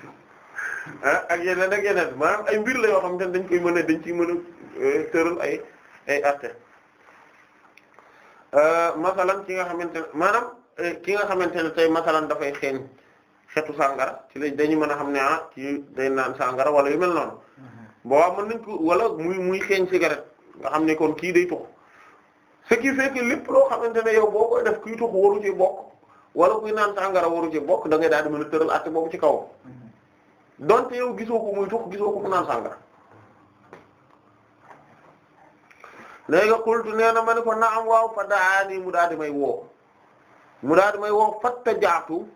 Speaker 2: ah, ak yeneen ak yeneen maanaam ay mbir la yoo xam te dañ koy mën a dañ ciy mën a euh, tëral ay ay atte euh, masalan ki nga xamante maanaam euh, ki nga xamante ne tey masalan dafay xeeñ xetu sàngara ci lañ dañu mën a xam ne ah ci day naan wala yu mel noonu mhm. boo mën nañ ko wala muy xeeñ cigarette nga xam ne kon kii day tux ce qui lépp loo xamante ne yow boo koy def kuy tux waru ci bokk wala kuy naan sàngara waru ci bokk da ngay daal di mën a tëral àtte boobu ci kaw donte yow gisoo ko muy tux gisoo ko mu naan sàngara léegi xultu nee na ma ne ko naam waaw fa daani mu daal di may woo mu daal di may woo fatta jaatu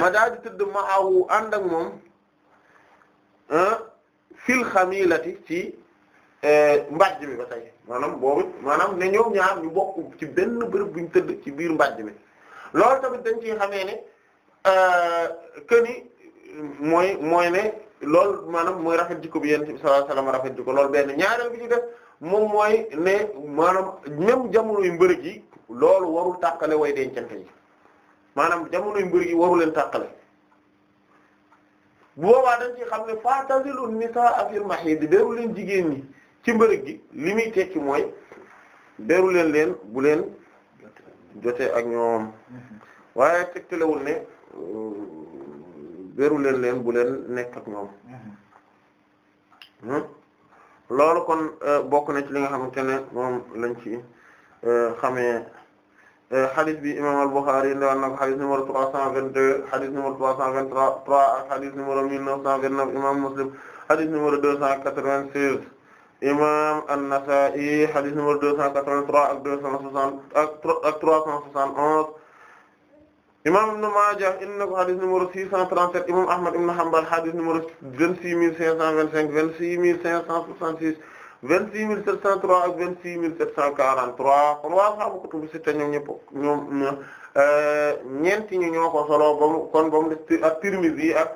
Speaker 2: ma daal di tëdd ma awu ànd ak moom ah, fil xamilati ci E, mbàjj mi ba tey maanaam boobu maanaam ne ñoom ñaar ñu bokk ci benn bërëb bu ñu tëdd ci biir mbàjj mi loolu tamit dañ ci xamee ne e, que mooy mooy ne loolu maanaam mooy rafet jikko bi yonent bi sallallahu alayhi wasallam rafet jikko lool benn ñaareel bi ci def moom mooy ne maanaam même jamono yu mbërëg yi loolu warul tàqale way dencante yi maanaam jamono yu mbërëg yi waru leen tàqale bu boobaa dañ ci xam ne fa'tazilu nisaa fil ma di deru leen jigéen ñi. ci mbërëg gi li muy tekki mooy beru leen leen bu leen jote ak ñoom waaye te tegtalewul ne euh, beru leen leen bu leen nekk ak ñoom hmm? loolu kon euh, bokk na ci li nga xamante ne moom lañ ci euh, xamee hadith bi imam al-Bukhari ndewal na ko hadith numéro 322 hadith numéro 323 ak hadith numéro 1929 imam Muslim hadith numéro 296 imam an-Nasa'i hadith numéro 283 ak 260 ak 371 imam Ibn Majah indi na ko hadith numéro 637 imam Ahmad ibn Hanbal hadith numéro 26525 26566 26703 ak 26743 kon waa sahabu mil sitta ñoom ñëpp ñoom euh, ñeenti ñu ñoo ko solo ba mu kon ba mu def ak Tirmidhi ak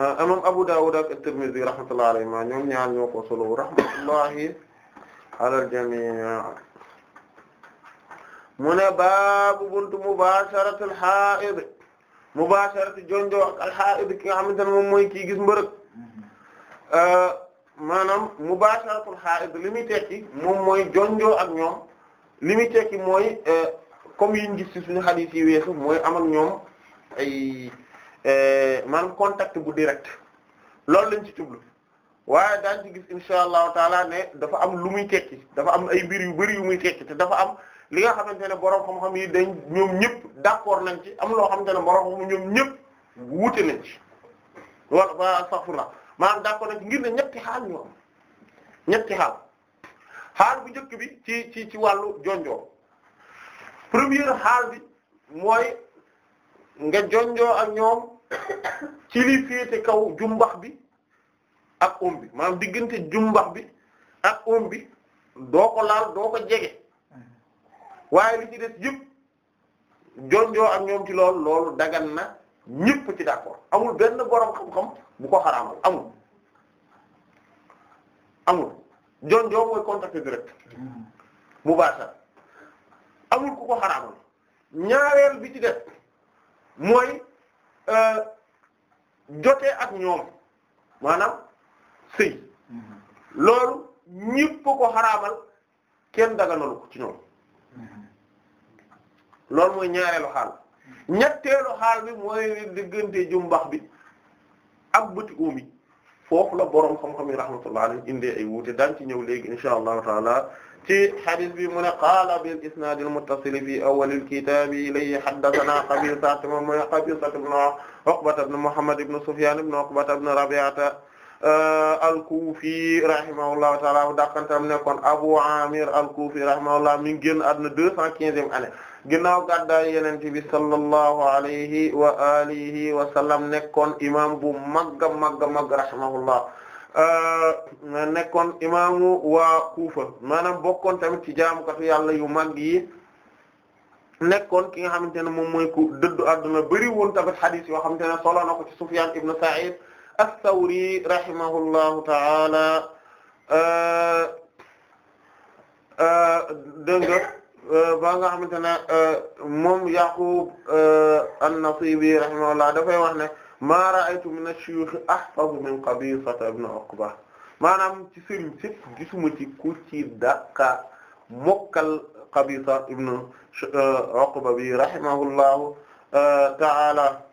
Speaker 2: Euh, imam Abu Dawud ak at-Tirmidhi rahmatullahi alayhima ñoom ñaar ñoo ko solo rahmatullahi alal jamii mu ne baabu buntu mubasharati al jonjo ak al-haa'id ki nga xamante ne moom mooy kii gis mbërëg euh, maanaam mubasharatu al-haa'id li muy tekki moom mooy jonjo ak ñoom li muy tekki mooy euh, comme yiñ gis ci suñu hadith yi mooy am ak ñoom Eh, man contact bu direct loolu lañ ci jublu waaye daañu ci gis insha allah taala ne dafa am lu muy tekki dafa am ay mbir yu bari yu muy tekki te dafa am li nga xamante ne borom xam-xam yi dañ ñoom ñëpp d'accord nañ ci am loo xamante ne borom xam ñoom ñëpp wute nañ ci wala waa safuna maanaam nañ ci ngir ñetti xaal ñu am ñetti bu njëkk bi ci ci ci wàllu jonjoo première bi mooy. nga jonjoo ak ñoom ci li féete kaw jumbax bi ak um bi maanaam diggante jumbax bi ak um bi doo ko laal doo ko jege waaye li ci des yëpp jonjoo ak ñoom ci lool lool dagan na ñëpp ci d'accord amul benn borom xam-xam bu ko xaraamal amul amul jonjoo mooy contact direct mm-hmm. mu baasal amul ku ko xaraamal ñaareel bi ci des mooy euh, jotee ak ñoom maanaam sëy mm-hmm. loolu ñépp ko xaraamal kenn daganalu ko ci ñoom mm-hmm. loolu mooy ñaareelu xaal mm-hmm. ñetteelu xaal bi mooy diggante jumbax bi ak bëti óom yi foofu la boroom xam-xam yi indee ay wuute daan ci ñëw léegi insha allahu taala ci hadith bi mu ne qaala bil isnaad al muttasil fi awwal al kitaab ilayhi haddathanaa Qabiisa moom mooy Qabiisa ibn Uqbata ibn Muhammad ibn Sufyaan ibn Uqbata ibn Rabi'ata euh, al-Kufi rahimahullahu ta'ala dàqantam nekkoon Abu Amir al-Kufi rahimahullah mi ngi génn àdduna deux cent quinzième année ginnaaw gàddaay Yonent bi sallallahu alayhi wa alihi wa sallam nekkoon imam bu magga magga magga rahimahullah Euh, nekkoon imaamu waa Kufa maanaam bokkoon tamit ci jaamukatu yàlla yu mag yi nekkoon ki nga xamante ne moom mooy ku dëddu àdduna bëri woon tamit hadith yoo xamante ne solo na ko ci Sufyan ibn Sa'id as-Sawri rahimahullahu ta'ala euh, euh, dégg nga nga xamante ne moom Yaqub an-Nasibi rahimahullah dafay wax ne maa ra'aytu min ash-shuyukh ahfazu min Qabisata ibn Uqba maanaam ci sëriñ si gisuma ci ku ci dàqa mokkal Qabisa ibn euh, Uqba bi rahimahullahu euh, ta'ala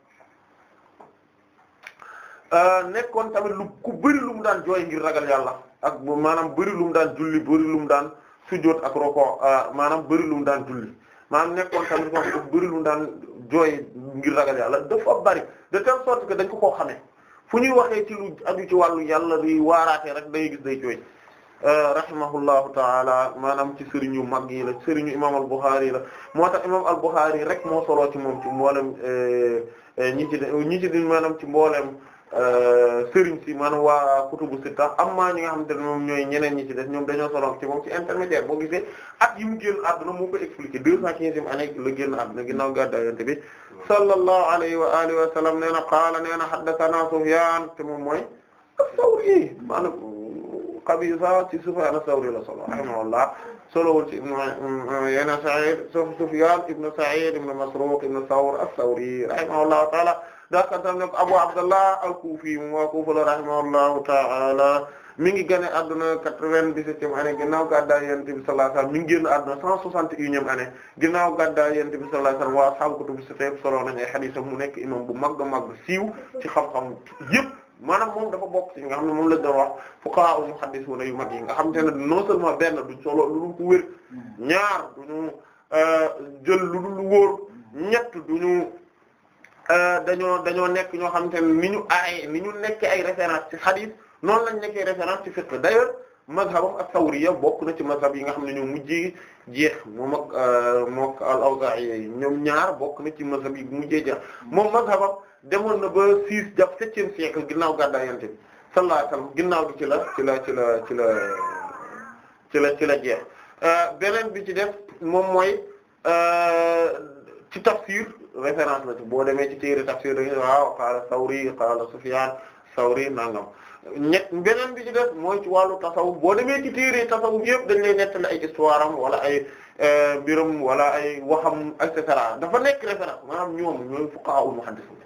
Speaker 2: euh, nekkoon tamit lu ku bëri lu mu daan jooy ngir ragal yàlla ak maanaam bëri lu mu daan julli bëri lu mu daan sujjóot ak roko maanaam bëri lu mu daan julli maanaam nekkoon tamit ko bëri lu mu daan jooy ngir ragal yàlla dafa bari de telle sorte que dañ ko koo xamee fu ñuy waxee ci lu aju ci wàllu yàlla di waaraatee rek day gis day jooy euh, rahimahullahu taala maanaam ci sëriñu mag yi la sëriñu imam al-Bukhari la moo tax imam al-Bukhari rek moo soloo ci moom ci mboolem euh, euh, ñi ci ñi ci di maanaam ci mboolem Euh, sëriñ si maanaam waa kutubu sitta amma ñi nga xamante ne moom ñooy ñeneen ñi ci def ñoom dañoo solo ci moom ci intermédiaire boo gisee at yi mu génn àdduna moo ko expliqué deux cent quinzième année la génn àdduna ginnaaw gàddaay Yonent bi sallallahu alayhi wa alihi wa sallam nee na qaala nee na haddathana Sufyaan moom mooy as-Sawri maanaam Qabisa ci Sufyaan as-Sawri la solo rahimahullah solowul ci ibnu yana Sa'id Sufyaan ibnu a ibnu Masruuq ibnu Thawr as-Sawri rahimahullahu ta'ala daa kantam ne Abu Abdallah al-Kufi waa Kufa rahimahullahu ta'ala mi ngi génn àdduna quatre-vingt-dix-septième année ginnaaw gàddaay Yonent bi sallallahu alayhi wasallam mi ngi génn àdduna cent soixante-et-unième année ginnaaw gàddaay Yonent bi sallallahu alayhi wasallam waa ashaabu kutubu sitta solo nañ mu nekk imam bu mag a siiw ci xam-xam yépp maanaam moom dafa bokk ci nga xam ne moom la doon wax fuqaha muhaddisuna yu mag yi xam te ne non seulement benn duñ solo lu dul ko wér ñaar duñu euh, jël lu dul wóor ñett Euh, dañoo dañoo nekk ñoo xamante ne ni ñu ay ni ñu nekkee ay référence ci hadith noonu lañ nekkee référence ci fiqh d'ailleurs mazhabam as-Sawriyya bokk na ci mazhab yi nga xam ne ñoo mujjee jeex moom ak euh, mook al-Awzaa'i yi ñoom ñaar bokk na ci mazhab yi mujjee jeex moom mazhabam demoon na ba six jàpp septième siècle ginnaaw gàddaay Yonent bi sallallahu alayhi wasallam ginnaaw gi ci la ci la ci la ci la ci la ci la jeex euh, beneen bi ci def moom mooy ci tafsir référence la te boo demee ci téere tafsir waaw qaala Sawri qaala Sufyaan Sawri nangam ñett beneen bi mooy ci wàllu tasawuf boo demee ci téere tasawuf yëpp dañ lay nettali ay histoire am wala ay euh, mbiram walla ay waxam et cetera dafa nekk référence maanaam ñoom ñooy fuqahaa'ul muhaddisuun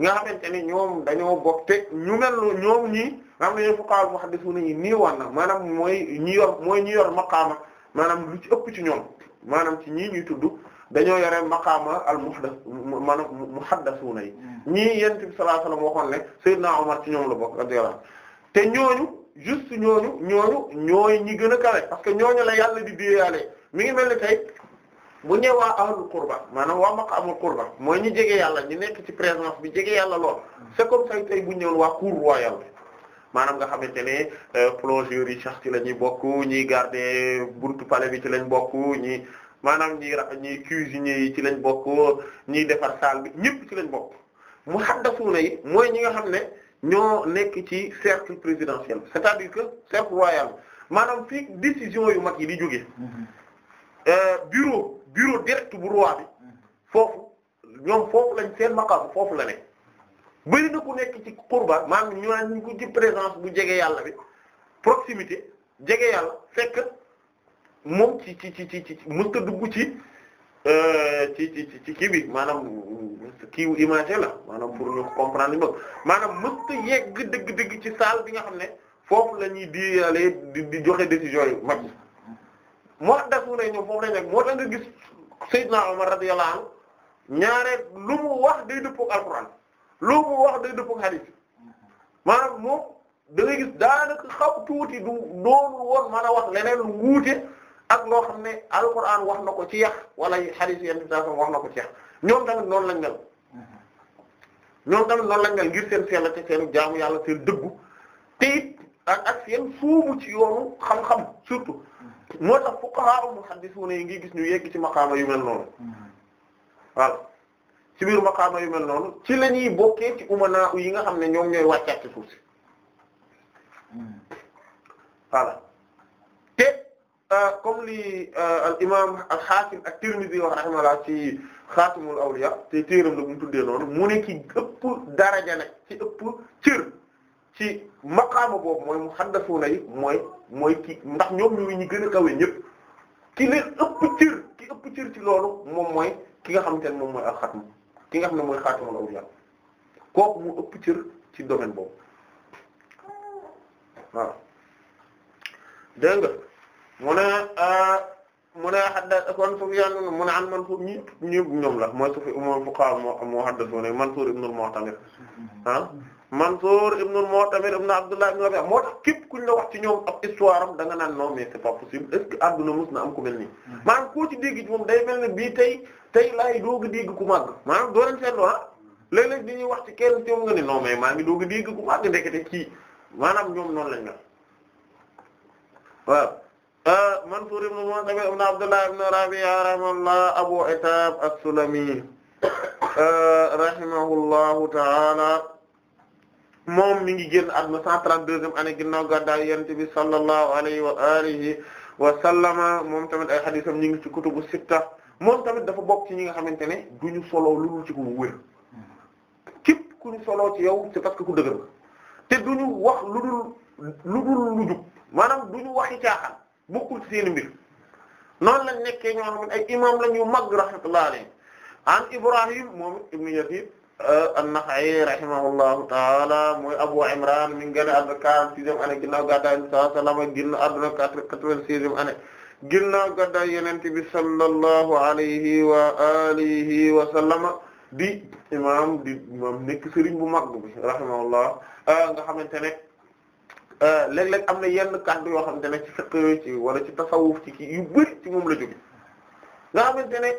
Speaker 2: nga xamante ni ñoom dañoo bokk te ñu mel ne ñoom ñii nga xam ne ñooy fuqahaa'ul muhaddisuun ñi nii woon na maanaam mooy ñi yor mooy ñi yor maqaama maanaam lu ci ëpp ci ñoom maanaam ci ñii ñuy tudd. dañoo yore maqaama al muhdas maanaam muhaddasuuna yi hmm. ñii yent bi sallallahu alayhi wasallam waxoon naa Seydina Omar ci ñoom la bokk radiyallahu anhu te ñooñu juste ñooñu ñooñu ñooy ñi gën a kawe parce que ñooñu la yàlla di déyaale mi ngi mel ni tey bu ñëw waa ahlul qurba maanaam waa maqaamul qurba mooy ñi jege yàlla ñu nekk ci présence mi jege yàlla lool hmm. c'est comme ça tey bu ñu ñëwoon waa yàlla maanaam nga xamante ne euh, plongeurs yi sax ci la ñuy bokk ñiy garder buntu palais bi ci lañ bokk ñi maanaam ñi ra ñi cuisiniers yi ci lañ bokk ñiy defar saal bi ñëpp ci lañ bokk muhaddasuna yi mooy ñi nga xam ne ñoo nekk ci cercle présidentiel c'est-à-dire que cercle royal maanaam fii décision yu mag yi di jógee mm-hmm. euh, bureau bureau direct bu roi bi mm-hmm. foofu ñoom foofu lañ seen maqaam foofu la ne bëri na ku nekk ci qurba maanaam ñu ñu ko ci présence bu jege yàlla bi proximité jege yàlla fekk moom ci ci ci ci mësta dugg euh, ci ci ci ci kii bi maanaam kii wu imagé la maanaam pour ñu comprendre li maanaam mësta yegg dëgg-dëgg ci salle bi nga xam ne foofu la ñuy di aller di joxe décision yu mag yi moo dasu ne ñoom foofu lañ nekk moo tax nga gis Seydina Omar radiyallahu anhu ñaareel lu mu wax day dëppoo ak lu mu wax day dëppoo ak hadith moom da gis daanaka xaw tuuti du doonul woon mën a wax leneen lu wuute. ak loo xam ne alquran wax na ko ci yàq wala hadith yenn situation wax na ko ci yàq ñoom tamit noonu lañ mel ñoom tamit noonu lañ mel ngir seen sell te seen jaamu yàlla seen dëggu te it ak ak seen suubu ci yoonu xam-xam surtout moo tax fuqaha muhaddisuna yi ngi gis ñu yegg ci maqaama yu mel noonu voilà ci biir maqaama yu mel noonu ci lañuy ñuy bokkee ci umana yi nga xam ne ñoom ñooy wàccaat ci suuf si hmm. voilà Euh, comme li euh, al imam al hakim ak Tirmidhi wax rahimahullah ci xaatimul awliya te téeram la mu tuddee noonu mu ne ki ëpp daraja nag ci ëpp cër ci maqaama boobu mooy muhaddasuna yi mooy mooy ki ndax ñoom ñooy ñi gën a kawe ñëpp ki leen ëpp cër ki ëpp cër ci loolu moom mooy ki nga xamante ne moom mooy al xaatim ki nga xam ne mooy xaatimul awliya kooku mu ëpp cër ci domaine boobu waaw nga mu ne euh, mu ne hadda kon Sufyaan mu ne an Mansuur ñi ñëpp ñoom la mooy sufi moom fuqahaa moo haddas mu ne Mansuur ibn al-Mu'tamir ah Mansuur ibn al-Mu'tamir ibn Abdullah ibn Rabi'a moo tax képp kuñ la wax ci ñoom ab histoire am da nga naan non mais c'est pas possible est-ce que àdduna mës na am ku mel nii maanaam koo ci dégg ci moom day mel ne bii tey tey laay dooga dégg ku màgg maanaam doo leen seetlu ah léeg-léeg di ñuy wax ci kenn ci moom nga ni non mais maa ngi dooga dégg ku màgg ndekete ci maanaam ñoom noonu lañ la waaw Ah, Mansuur ibn Mu'tamir ibn Abdullah ibn Rabi'a rahimahullah Abu Attaab as-Sulami ah, rahimahullahu ta'ala moom mi ngi génn àdduna 132e année ginnaaw gàddaay Yonent bi sallallahu alayhi wa alihi wa sallama moom tamit ay hadiisam ñu ngi ci kutubu sitta moom tamit dafa bokk ci ñi nga xamante ne du solo soloo lu dul ci ku wér képp ku ñu ci yow c'est parce que ku dëgër te du ñu wax lu dul lu dul lu jub maanaam du waxi caaxaan bokkul seen mbir noonu lañ nekkee ñoo xam ne ay la lañu mag rahmatullahi alayhi an Ibrahim moom ibnu Yazid euh, an-Nakha'i rahimahullahu taala mooy Abu Imran mi ngi gën a àdduna 46e année ginnaaw gàddaay bi sallallahu alayhi wa sallam génn àdduna 96e année bi sallallahu alayhi wa alihi wa sallam di imam di imam nekk sëriñ bu mag bi rahimahullah euh, nga xamante Euh, léeg-léeg am na yenn kàddu yoo xamante ne ci fiqh ci wala ci tasawuf ci kii yu moom la jóge nga xamante ne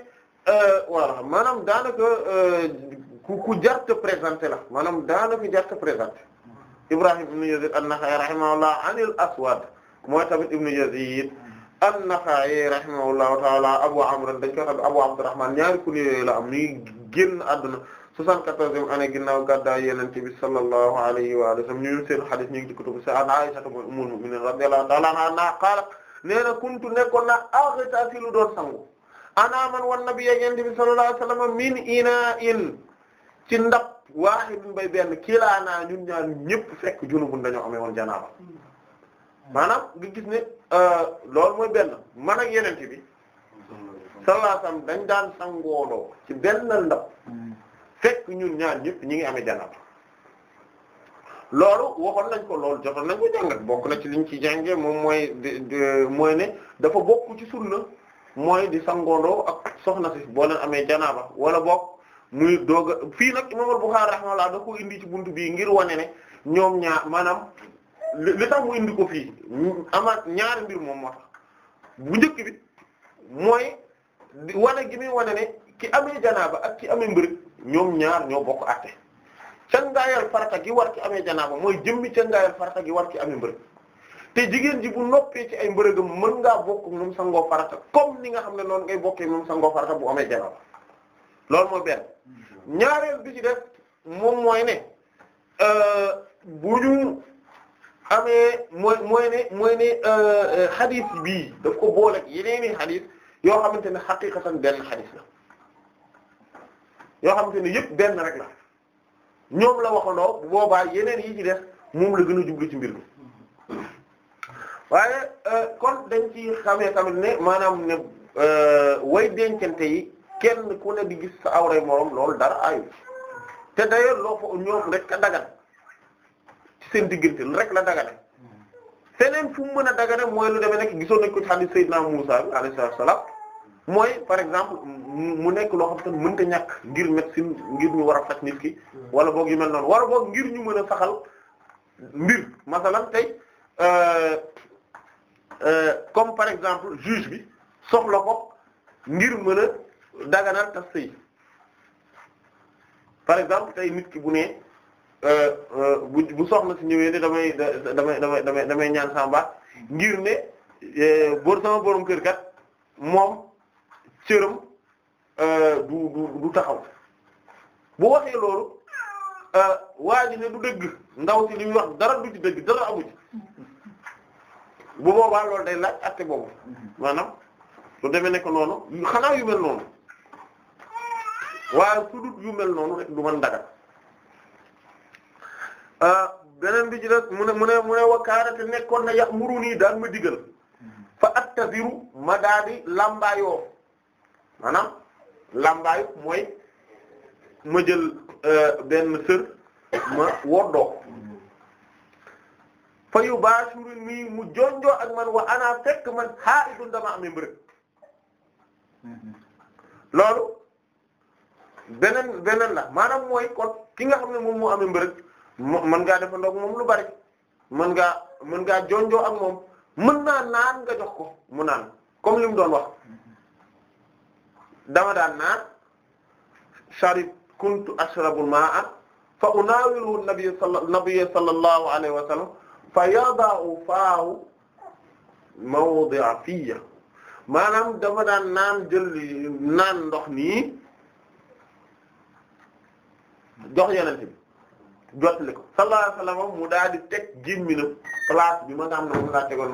Speaker 2: euh, voilà maanaam daanaka euh, ku ku jarte présenté la maanaam daanaka jarte présenté Ibrahim ibn Yazid an-Nakha'i rahimahullah anil Aswad mooy tamit ibn Yazid an-Nakha'i rahimahullahu ta'ala Abu Amr dañ koy xam Abu la am ni génn àdduna 74e année ginnaaw gàddaay Yonent bi sallallahu alayhi wa sallam ñu seen hadith ñu ngi ci kutubu sa an Aisha mooy ummul mu'minin radiyallahu ta'ala anha qaalat nee na kuntu nekkoon na aghtasilu doon sangu ana man wan nabiyya bi sallallahu alayhi wa sallam min ci ndab waahidun bay benn kilaanaa ñun ñaar ñëpp fekk junubun dañoo amee woon janaaba maanaam nga gis ne euh, loolu mooy benn man ak Yonent bi sallallahu alayhi daan sangoodoo ci benn ndab hmm. fekk ñun ñaar ñëpp ñi ngi amee janaaba loolu waxoon nañ ko lool jotoon nañ ko jàngat bokk na ci liñ ci jànge moom mooy mooy ne dafa bokk ci sunna mooy di sangoondoo ak soxna si boo leen amee janaaba wala bokk muy doog a fii nag imam al-Bukhari rahimahullah da ko indi ci bunt bii ngir wane ne ñoom ñaar maanaam li tax mu indi ko fii ama ñaari mbir moom moo bu njëkk bi mooy wane gi muy wane ne ki amee janaaba ak ki amee mbërëg ñoom ñaar ñoo bokk àtte cangaayal farata gi war ci amee janaaba mooy jëmmi cangaayal farata gi war ci amee mbërëg te jigéen ji bu noppee ci ay mbërëgam mën ngaa bokk ñoom sangoo farata comme ni nga xam ne noonu ngay bokkee ñoom sangoo farata bu amee janaaba loolu mooy benn ñaareel bi ci def moom mooy ne euh, bu ñu amee mooy euh, xadis bii daf ko boole ak yeneeni xadis yoo xamante ne xaqiqatan benn xadis la yoo xam te ne yëpp benn rek la ñoom la waxandoo bu boobaa yeneen yi ci def moom la gën a jublu ci mbir mi waaye euh, kon dañ ci xamee tamit ne maanaam ne euh, way dencante yi kenn ku ne di gis sa awray morom loolu dara ayu te d'ailleurs loo fa ñoom rek a dagan ci seen diggante rek la dagane hmm. feneen fu mu mën a dagane mooy lu demee nekk gisoon nañ ko ci hadith Seydina Musa alayhi salaam mooy par exemple mu nekk loo xam te mënta ñàkk ngir médecine ngir ñu war a faj nit ki hmm. wala boog yu mel noonu wala boog ngir ñu mën a saxal mbir masalan tey euh, euh, comme par exemple juge bi soxla ko ngir mën a daganal tas sëy par exemple tey nit ki bu ne euh, bu bu soxna si ñëwee ne damay damay damay damay damay ñaan sama ngir ne bor sama borom kër kat moom. cëram euh, du du taxaw bu waxee loolu euh, waa ji ne du dëgg ndaw si li muy wax dara du ci dëgg dara amu ci bu boobaa loolu day laaj atte boobu maanaam su demee nekk noonu xanaa yu mel noonu waaye su dut yu mel noonu rek du mën dagat euh, beneen bi ci mu ne mu ne mu ne wakkaarate nekkoon na yax muru nii daan ma digal fa attaziru ma daa di maanaam làmbaay mooy ma jël euh, benn sër ma woddoo fa yubashuru nii mu jonjoo ak man wa ana fekk man haidun dama amee mbërëg loolu beneen beneen la maanaam mooy kon ki nga xam ne moom moo amee mbërëg mën ngaa defandoog moom lu bari mën ngaa mën ngaa jonjoo ak moom mën naa naan nga jox ko mu naan comme lim dool doon wax dama daan naan sharib kuntu ashrabul ma'a fa unawilu nabiy nabiy sallallahu alayhi wa sallam fa yada'u faahu mawdi'a fiyya dama daan naan jël naan ndox nii jox yenente bi jotli ko mu daal di teg gémmi place bi ma nga xam ne moom laa tegoon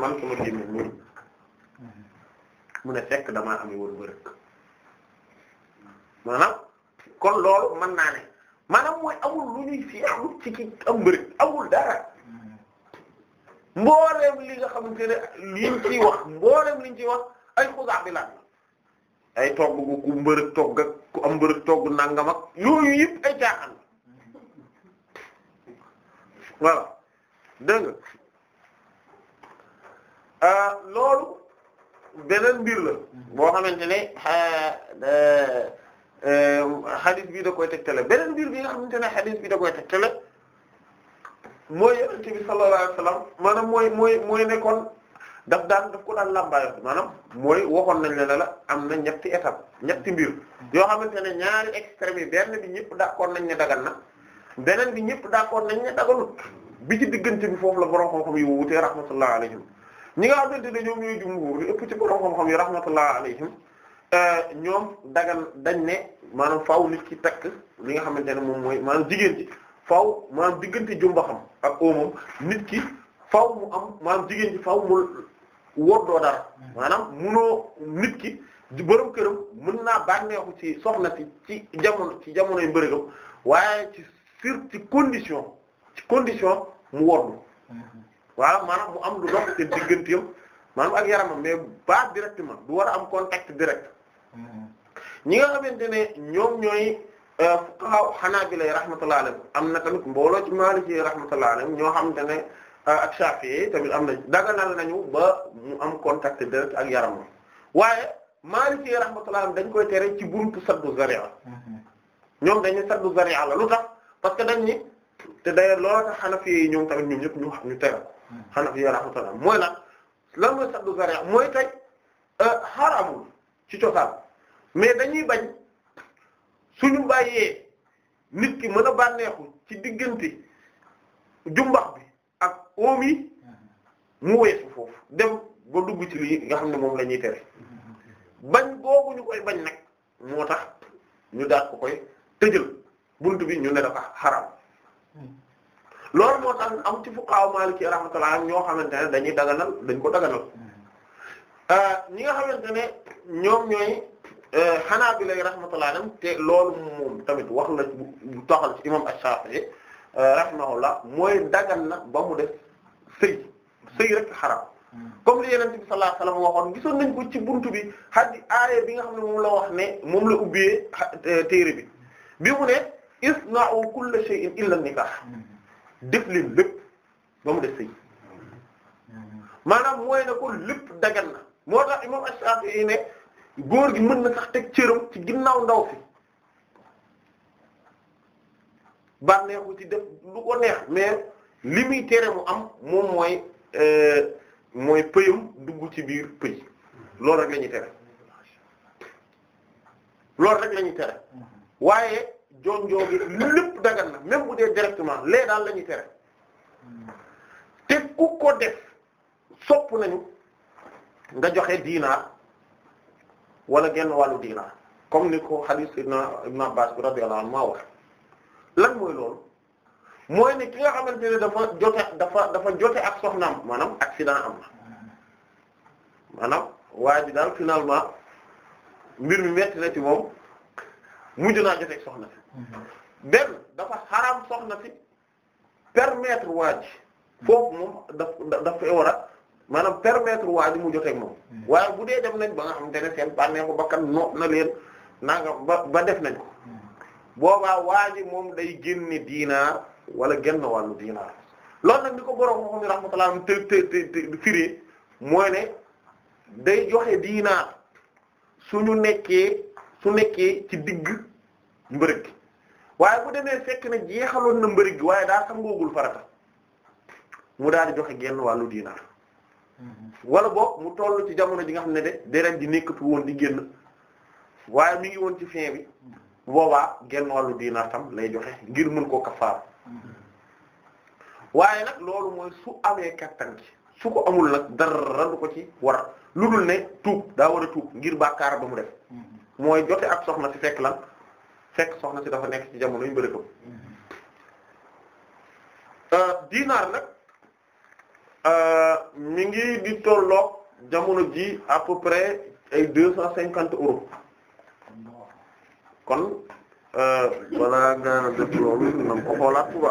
Speaker 2: mu ne fekk damaa amee woon ba maanaam kon loolu mën naa ne maanaam mooy amul lu ñuy seexlu ci ki am mbëri amul dara mbooleem li nga xamante ne liñ ciy wax mbooleem liñ ciy wax ay xusaa bi la ay togg gu ku mbërëg togg ak ku am mbërëg togg nangam ak yooyu ay caaxaan voilà dégg euh, loolu beneen mbir la boo xamante ne euh, Euh, hadith bii da koy tegtale beneen mbir bi nga xamante ne hadith bi da koy tegtale mooy yonent bi sallallahu alayhi wasallam maanaam mooy mooy mooy nekkoon daf daan daf ko maanaam mooy waxoon nañ ne la am na ñetti étape ñetti mbir yoo xamante ne ñaari extrêmes yi benn bi ñëpp d'accord nañ ne dagan beneen bi ñëpp d'accord nañ ne daganut bi ci bi foofu la borom xam-xam yi wuutee rahmatullah alayhim ñi nga xamante ne ñoom ñooy jumhuur li ëpp ci borom xam-xam yi rahmatullah alayhim Euh, ñoom dagan dañ ne maanaam faw nit ki takk li nga xamante ne moom mooy maanaam jigéen ci faaw maanaam diggante jumbaxam ak oomam nit ki faaw mu am jigéen ci faw mu woddoo dara maanaam munoo nit ki boroom këram mën naa neexu ci soxna si ci jamono ci jamonoy mbërëgam waaye ci ci condition condition mu woddu waaw maanaam mu am lu dox te digganteem maanaam ak yaramam mais ba directement du war a am contact direct ñi nga xamante ne ñoom ñooy euh, fuqaha hanabila rahmatullahi alayhim am na tamit mbooloo ci maliki rahmatullahi ñoo xamante ne euh, ak shafi'i tamit am na daganal nañu ba mu am contact direct ak yaram waaye maliki rahmatullahi alayhim dañ koy tere ci buntu saddu zari'a ñoom dañu saddu zari'a la lu tax parce que dañ ni te d'ailleurs loolu tax hanafi yi ñoom tamit ñoom ñëpp ñu xam ñu tere hanafi rahmatullahi mooy la lan mooy saddu zari'a mooy tey euh, xaraamul ci cosaan mais dañuy bañ suñu bàyyee nit ki mën a bànneexu ci diggante jumbax bi ak oom yi mu weesu foofu dem ba dugg ci lii nga xam ne moom lañuy tere bañ googu ñu koy bañ nag moo tax ñu daal ko koy tëjal buntu bi ñu ne dafa xaram loolu moo tax am ci fuqaha Maliki rahmatullah ñoo xamante ne dañuy daganal dañ ko daganal
Speaker 3: mm-hmm.
Speaker 2: euh, ñi nga xamante ne ñoom ñooy Euh, Hanaabila rahmatullahi alayhim te loolu moom tamit wax la bu toxal ci imam Ash-Shafi'i euh, rahimahullah mooy dagan na ba mu def sëy sëy rek xaram comme li Yonent bi sallallahu alayhi waxoon gisoon nañ ko ci buntu bi haddi aaya bi nga xam ne moom la wax ne moom la ubbee euh, téere bi bi mu ne isna'u kulla shay'in illa an-nikaah def ba mu def sëy maanaam mooy ne ko lépp dagan na moo tax imam Ash-Shafi'i góor gi mën na sax teg cëram ci ginnaaw ndaw si bànneexu ci def lu ko neex mais li muy tere mu am moom mooy euh, mooy pëyam dugg ci biir pëy loolu rek la ñuy tere loolu rek la ñuy tere waaye jonjoo bi lépp dagan na même bu dee directement lee daal lañuy tere te ku ko def sopp nañu nga joxe diinaar wala genn wàllu diinaar comme ni hadith Ibn Ibn Abbas bi radiyallahu anhu maa wax lan mooy loolu mooy ne ki nga xamante ne dafa jote ak dafa jote ak soxnaam maanaam accident am na waa ji daal finalement mbir mi metti na ci moom mujj naa jote ak soxna si mm-hmm. benn dafa xaraam soxna si permettre waa ji moom daf daf war a maanaam permettre waa ji mu joteeg moom hmm. waaye bu dee dem nañ ba nga xamante ne seen bànneexu bakkan noot na leen nanga ba def nañ ko hmm. boobaa waa moom day génne diinaar wala genn wàllu diinaar loolu nag ni ko borom moom rahmatullah te te te firi mooy ne day joxe diinaar suñu nekkee su nekkee ci digg mbërëg gi waaye fekk na jeexaloon na mbërëg gi waaye daa sangoogul farata mu daal di joxe genn wàllu diinaar wala boog mu toll ci jamono ji nga xam ne de deret ji nekkatu woon di génn waaye mu ngi woon ci fin bi boobaa genn wàllu diinaar tam lay joxe ngir mën koo kafaar waaye nag loolu mooy su amee kattan ci su ko amul nag dara du ko ci war lu dul ne tuub daa war tuub ngir bàkkaar ba mu def mooy jote ak soxna si fekk lan fekk soxna si dafa nekk ci jamono yu bëri euh, ko nag Euh, mi ngi di tolloog jamono ji à peu près ay deux cent cinquante euros kon euh, balaa nga na def loolu na ko xoolaat bu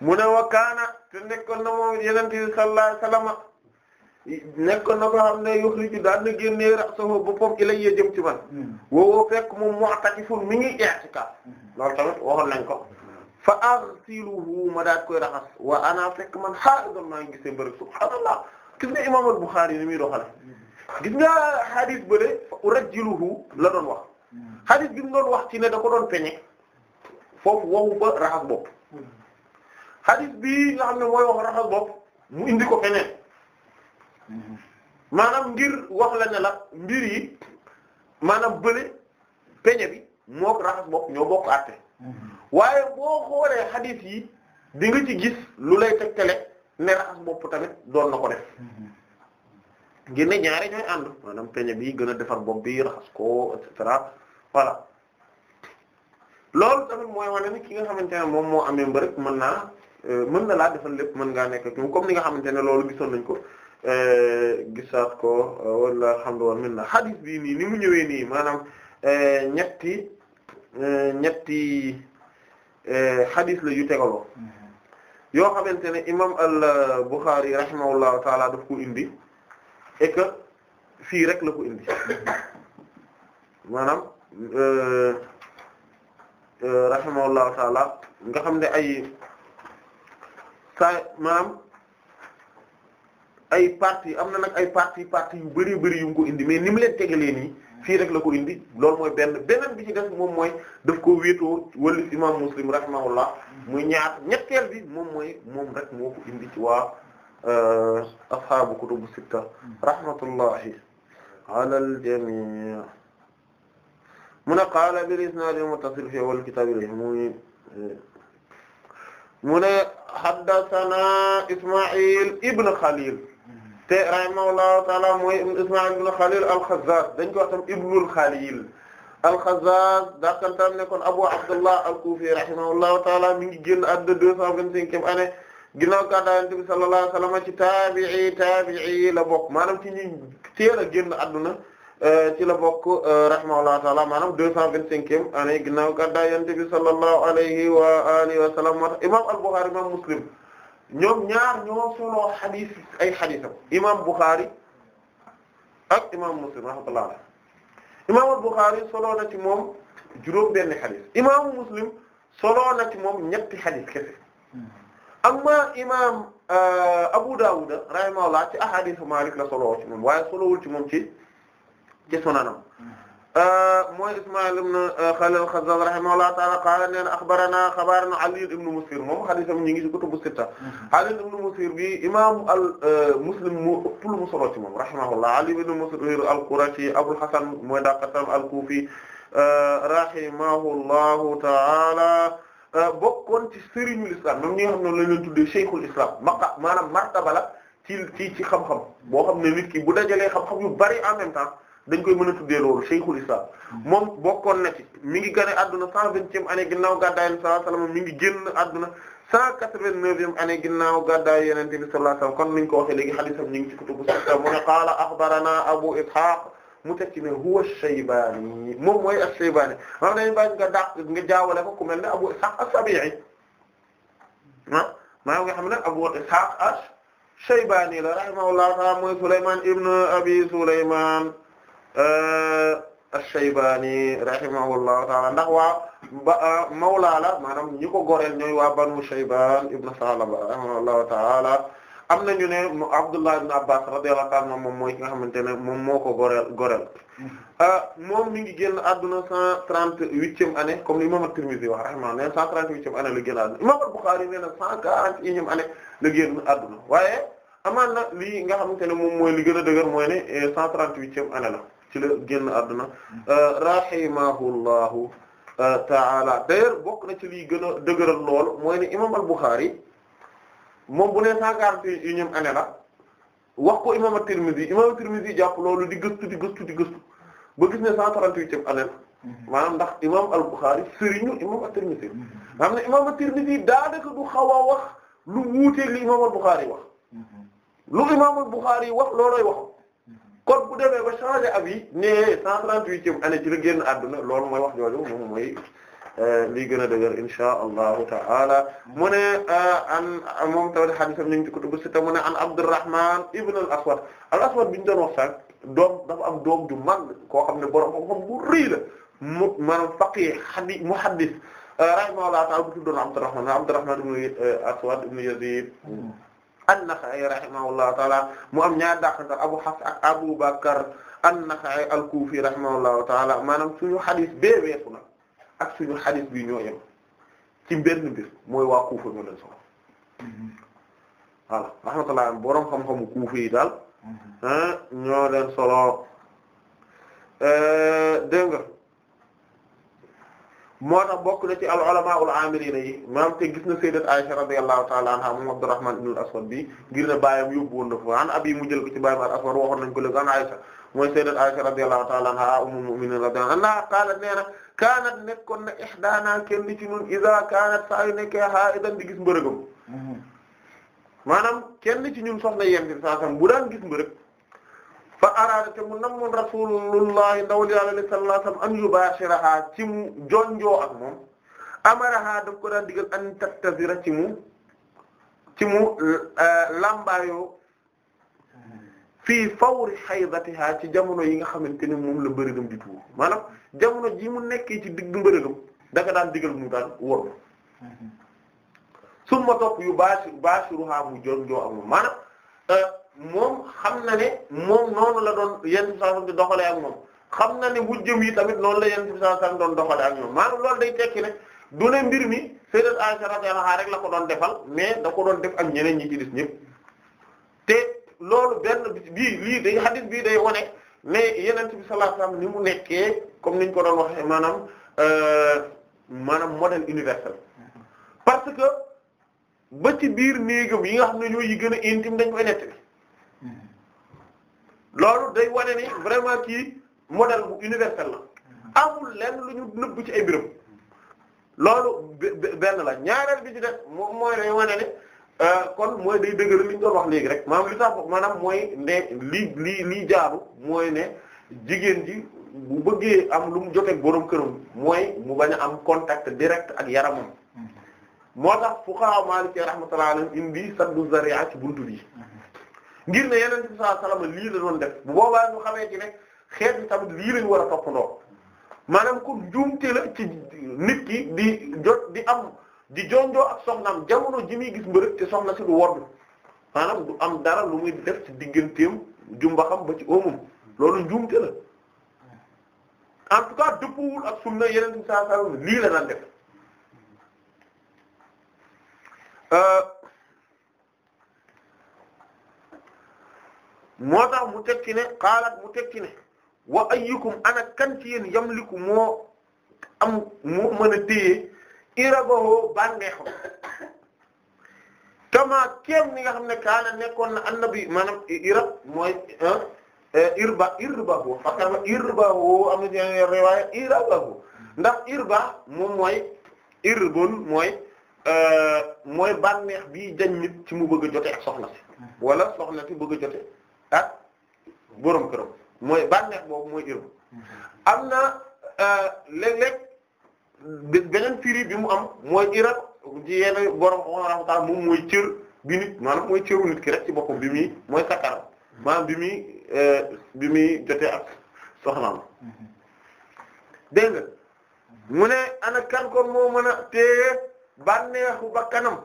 Speaker 2: mu ne wa te nekkoon na moom yenente bi nekkoon na ko xam ne yuxriju daan na génnee ra'sahu boppam ya jëm ci man hmm. woowoo fekk moom mu'takifun mi ngi i'tikaf hmm. loolu tamit waxoon nañ ko fa arsiluhu ma daat koy raxas wa ana fekk man xaaral maa ngi gisee mbërëg subhaanallah gis nga imam al-Bukhari ni muy doxale hmm. gis nga hadith bële urajjiluhu la doon wax hadith bi mu doon wax ci ne da ko doon peñe foofu waxu ba raxas bopp hadith bii nga xam ne mooy wax raxas bopp mu indi feneen maanaam ngir wax la ne la mbir yi maanaam bële peñe bi mook raxas bopp ñoo bokk àtte waaye boo xoolee xadiis yi di nga ci gis lu lay tegtale ne raxas bopp tamit doon na ko def ngir ne ñaari ñooy ànd maanaam peñe bi gën a defar bopp bi raxas ko et cetera voilà loolu tamit mooy wane ni ki nga xamante ne moom moo amee mbërëk mën naa mën na laa defal lépp mën ngaa nekk ak moom comme ni nga xamante ne loolu gisoon nañ ko gisaat ko walla alhamdu minna hadith bii nii ni mu ñëwee nii maanaam e, ñetti e, ñetti e, hadith la yu tegaloo yoo xamante ne imam al-Bukhari rahimahullahu taala daf ko indi et fii rek la ko indi maanaam rahimahullahu taala nga xam ne ay saa maanaam ay parti am na nag ay parti parti yu bari bari yu mu ko indi mais ni mu leen tegalee nii fii rek la ko indi loolu mooy benn beneen bi ci def moom mooy def ko wéetoo wëllis imam muslim rahimahullah muy ñaar ñettel bi moom mooy moom rek moo ko indi ci waa euh, ashaabu kutubu sitta rahmatullahi ala jamii mu ne qaala bil isnaad al-muttasil fi awwal kitaab muy mu ne haddathana isma'il ibn Khalil te rahimahullahu taala mooy Ismaïl ibn Khalil al-Khazzaz dañ ko wax tam ibnul Khalil al-Khazzaz daakantaan ne kon Abu Abdullah al-Kufi rahimahullahu taala mi ngi génn àdduna deux cent vingt-cinquième année ginnaaw gàddaay Yonent bi sallallahu alayhi wa sallam ci taabi'i taabi'i la bokk maanaam ci ñi teel a génn àdduna euh, ci la bokk euh, rahimahullahu taala maanaam deux cent vingt-cinquième année ginnaaw gàddaay Yonent bi sallallahu alayhi wa alihi wa sallam moo tax imam al-Bukhari imam Muslim ñoom ñaar ñoo solo xadis ay xadisam imam Bukhari imam Muslim rahmatullah imam Bukhari solo ci moom juróom benn xadis imam Muslim solo na ci moom ñetti xadis kese amma imam euh, Abu Dawud rahimahullah ci ahadith Malik la solo ci moom waaye solowul ci ci ci mooy Ismaïl ibn Khalil euh, al-Khazzaz rahimahullahu ta'ala qaala nee na akhbarana xabaarana Ali ibn Musir moom hadiisam ñu ngi ci kutubu sitta mhm. Ali ibn Musir bi imaam al euh, Muslim moo ëpp lu mu solo ci moom rahimahullah Ali ibn Musir al-Qurashi Abul Hasan mooy daqatam al-Kufi euh, rahimahullahu ta'ala bokkoon ci sëriñu l'islam moom ñi nga xam ne lañ leen tuddee Shaykhul Islam maqa maanaam martaba la ci ci ci xam-xam boo xam ne nit ki bu dajalee xam-xam yu bari en même temps dañ koy mën a tuddee loolu hmm. moom bokkoon na ci mi ngi gane adduna cent vingtième année ginnaaw gàddaay Yonent bi sallallahu alayhi wasallam mi ngi génn adduna cent quatre-vingt-neuvième année ginnaaw gàddaay Yonent bi sallallahu alayhi wasallam kon niñ ko waxee léegi hadith mu ne qaala akhbarana Abu Ishaq mu teg ci ne huwa Shaybani moom mooy Ash-Shaybani maam jaawale ko ku mel ne Abu Ishaq As-Sabi'i ah maa nga xam ne Abu Ishaq Ash-Shaybani la rahimahullahu ta'ala mooy Sulayman ibn Abi Sulayman Euh, ash-Shaybani rahimahullahu taala ndax waa ba euh, mawlaa la maanaam ñi ko goreel ñooy waa banu Shayban ibn Salaba rahimahullahu taala am na ñu ne Abdullah ibn Abbas radiyallahu ta'ala moom mooy ki nga xamante ne moom moo ko goreel goreel
Speaker 3: mm-hmm.
Speaker 2: euh, moom mi ngi génn àdduna cent trente-huitième année comme l'imam a tirmidhi wax rahimahullah nee cent trente-huitième année la génn àdduna imam al-Bukhari nee na cent quarante-unième année la génn àdduna waaye amaan na lii nga xamante ne moom mooy li gën a dëgër la ci la génn àdduna euh, rahimahullahu euh, ta'ala d'ailleurs bokk na ci liy gën a lool mooy ne imam al-Bukhari bu ne cent quarante-et-unième année la wax ko imam at-Tirmidhi imam at-Tirmidhi loolu di gëstu di gëstu di gëstu ba gis ne cent trente-huitième année la mm-hmm. maanaam ndax imam al-Bukhari sëriñu imam at-Tirmidhi mm-hmm. imam at-Tirmidhi daanaka du xaw a wax lu wuuteeg li imam al-Bukhari wax
Speaker 3: mm-hmm.
Speaker 2: lu imam al wax loolooy wax kon bu demee ba changer avis ne 138e année ci la génn àdduna loolu mooy wax jooju moom mooy euh, lii gën a dëgër insha allahu ta'ala mu ne euh, an moom tamit hadisam ñu ngi ci kutubu sitta mu ne an Abdurrahman ibn al-Aswad al-Aswad bi ñu doon wax sànq doom dafa am doom ju mag koo xam ne borom xam-xam bu rëy la mu maanaam faqih hadi muhaddis euh, rahimahullahu ta'ala bu tuddoon Abdurrahman Abdurrahman ibn al-Aswad ibn Yazid an-Naxa'i rahimahullahu taala mu am ñaar dàqanta Abu Hafs ak Abu Bakr an-Naxa'i al-Kufi rahimahullahu taala maanaam suñu xadis bee weesu na ak suñu xadis bi ñoo yem ci benn mbir mooy waa Kufa ñoo leen soxla voilà rahmatullah borom xam-xamu Kufa yi daal mhm. ah, ñoo leen solo euh, dégg nga moo tax bokk na ci al ulama ul amirina yi maam te gis na sayyidat Aisha radiyallahu ta'ala anha moom Abdurrahman ibn al-Aswad bi ngir ne bàyyam yóbbu woon na fa an abi mu jël ko ci bàyyam al-Aswad waxoon nañ ko léegi an Aisha mooy sayyidat Aisha radiyallahu ta'ala anha ummul mu'minin radiyallahu anha qalat nee na kaanat nekkoon na ihdaana kenn ci ñun iza kaanat saa yu nekkee haa'idan di gis mbërëgam mm-hmm. maanaam kenn ci ñun soxna yéen bi saa bu daan gis mbërëg fa araada te mu namoon rasulullahi ndawal yàlla li sallallahu alayhi wasallam an yubashiraha ci mu jonjoo ak moom amaraha daf ko daan digal an tattazira ci mu ci mu eh, lambaayoo fii fawri haydatiha ci jamono yi nga xamante ni moom la mbërëgam di tuur maanaam jamono ji mu nekkee ci digg mbërëgam daka daan digal mu daan wor mm-hmm. summa topp yu baasi baasiruha mu jonjoo ak moom maanaam eh, moom xam na ne moom noonu la doon yenn saa di doxalee ak moom xam na ne wujjëm yi tamit noonu la yenn saa saa doon doxalee ak moom maanaam loolu day tekki ne du ne mbir mi sayyidat Aisha radiyallahu anha rek la ko doon defal mais da ko doon def ak ñeneen ñi ci gis ñëpp te loolu benn bii lii day hadith bii day wone ne yeneen bi sallallahu alayhi wasallam ni mu nekkee comme niñ ko doon waxee maanaam euh, maanaam modèle universel parce que ba ci biir néegam yi nga xam ne ñooy yi gën dañ loolu day wane ni vraiment kii modèle bu universel la amul lenn lu ñu nëbb ci ay mbiram loolu benn la ñaareel bi ci de moom mooy day wane ne euh, kon mooy day dëggal li ñu doon wax léegi rek maanaam li tax maanaam mooy ne lii lii lii jaaru mooy ne jigéen ji bu bëggee am lu mu joteeg borom këram mooy mu bañ a am contact direct ak yaramam mm-hmm. moo tax fuqaha Maliki rahmatullahi alayhi indi saddu zari'a ci buntu bi. Mm-hmm. ngir ne yeneen bi sallallahu alayhi wasallam lii la doon def bu boobaa ñu xamee ci ne xeet bi tamit lii lañ war a toppandoo maanaam ku njuumte la ci nit ki di jot di am di jonjoo ak soxnaam jamono ji muy gis mbërëg te soxna si du wodd maanaam du am dara lu muy def ci digganteem jumbaxam ba ci óomam loolu njuumte la en tout cas dëppwul ak sunna yeneen bi sallallahu alayhi wasallam lii la daan def euh, moo tax mu tekki ne xaalaat mu tekki ne wa ayyukum ana kan ci yéen yamliku moo am moo mën a téye irabahoo kama kéem ni nga xam ne kaana nekkoon na annabi maanaam irab mooy ah, eh, irba irbahu fakama irbahu am na ci riwaaya irabahu ndax irba moom mooy irbun mooy eh, mooy bànneex bi jañ nit ci mu bëgg jote ak soxna si hmm. wala soxna si bëgg a jote ak ah, borom këram mooy bànneex boobu mooy irm am na euh, léeg-léeg beneen firi bi mu am mooy iram ci yenn borom xooxam taal moom mooy cër bi nit maanaam mooy cëru nit ki rek ci boppam bi mi mooy sakkaram maanaam bi muy euh, bi muy jotee ak soxnaam dégg nga mu ne ana kan kon moo mën a téye bànneexu ba kanam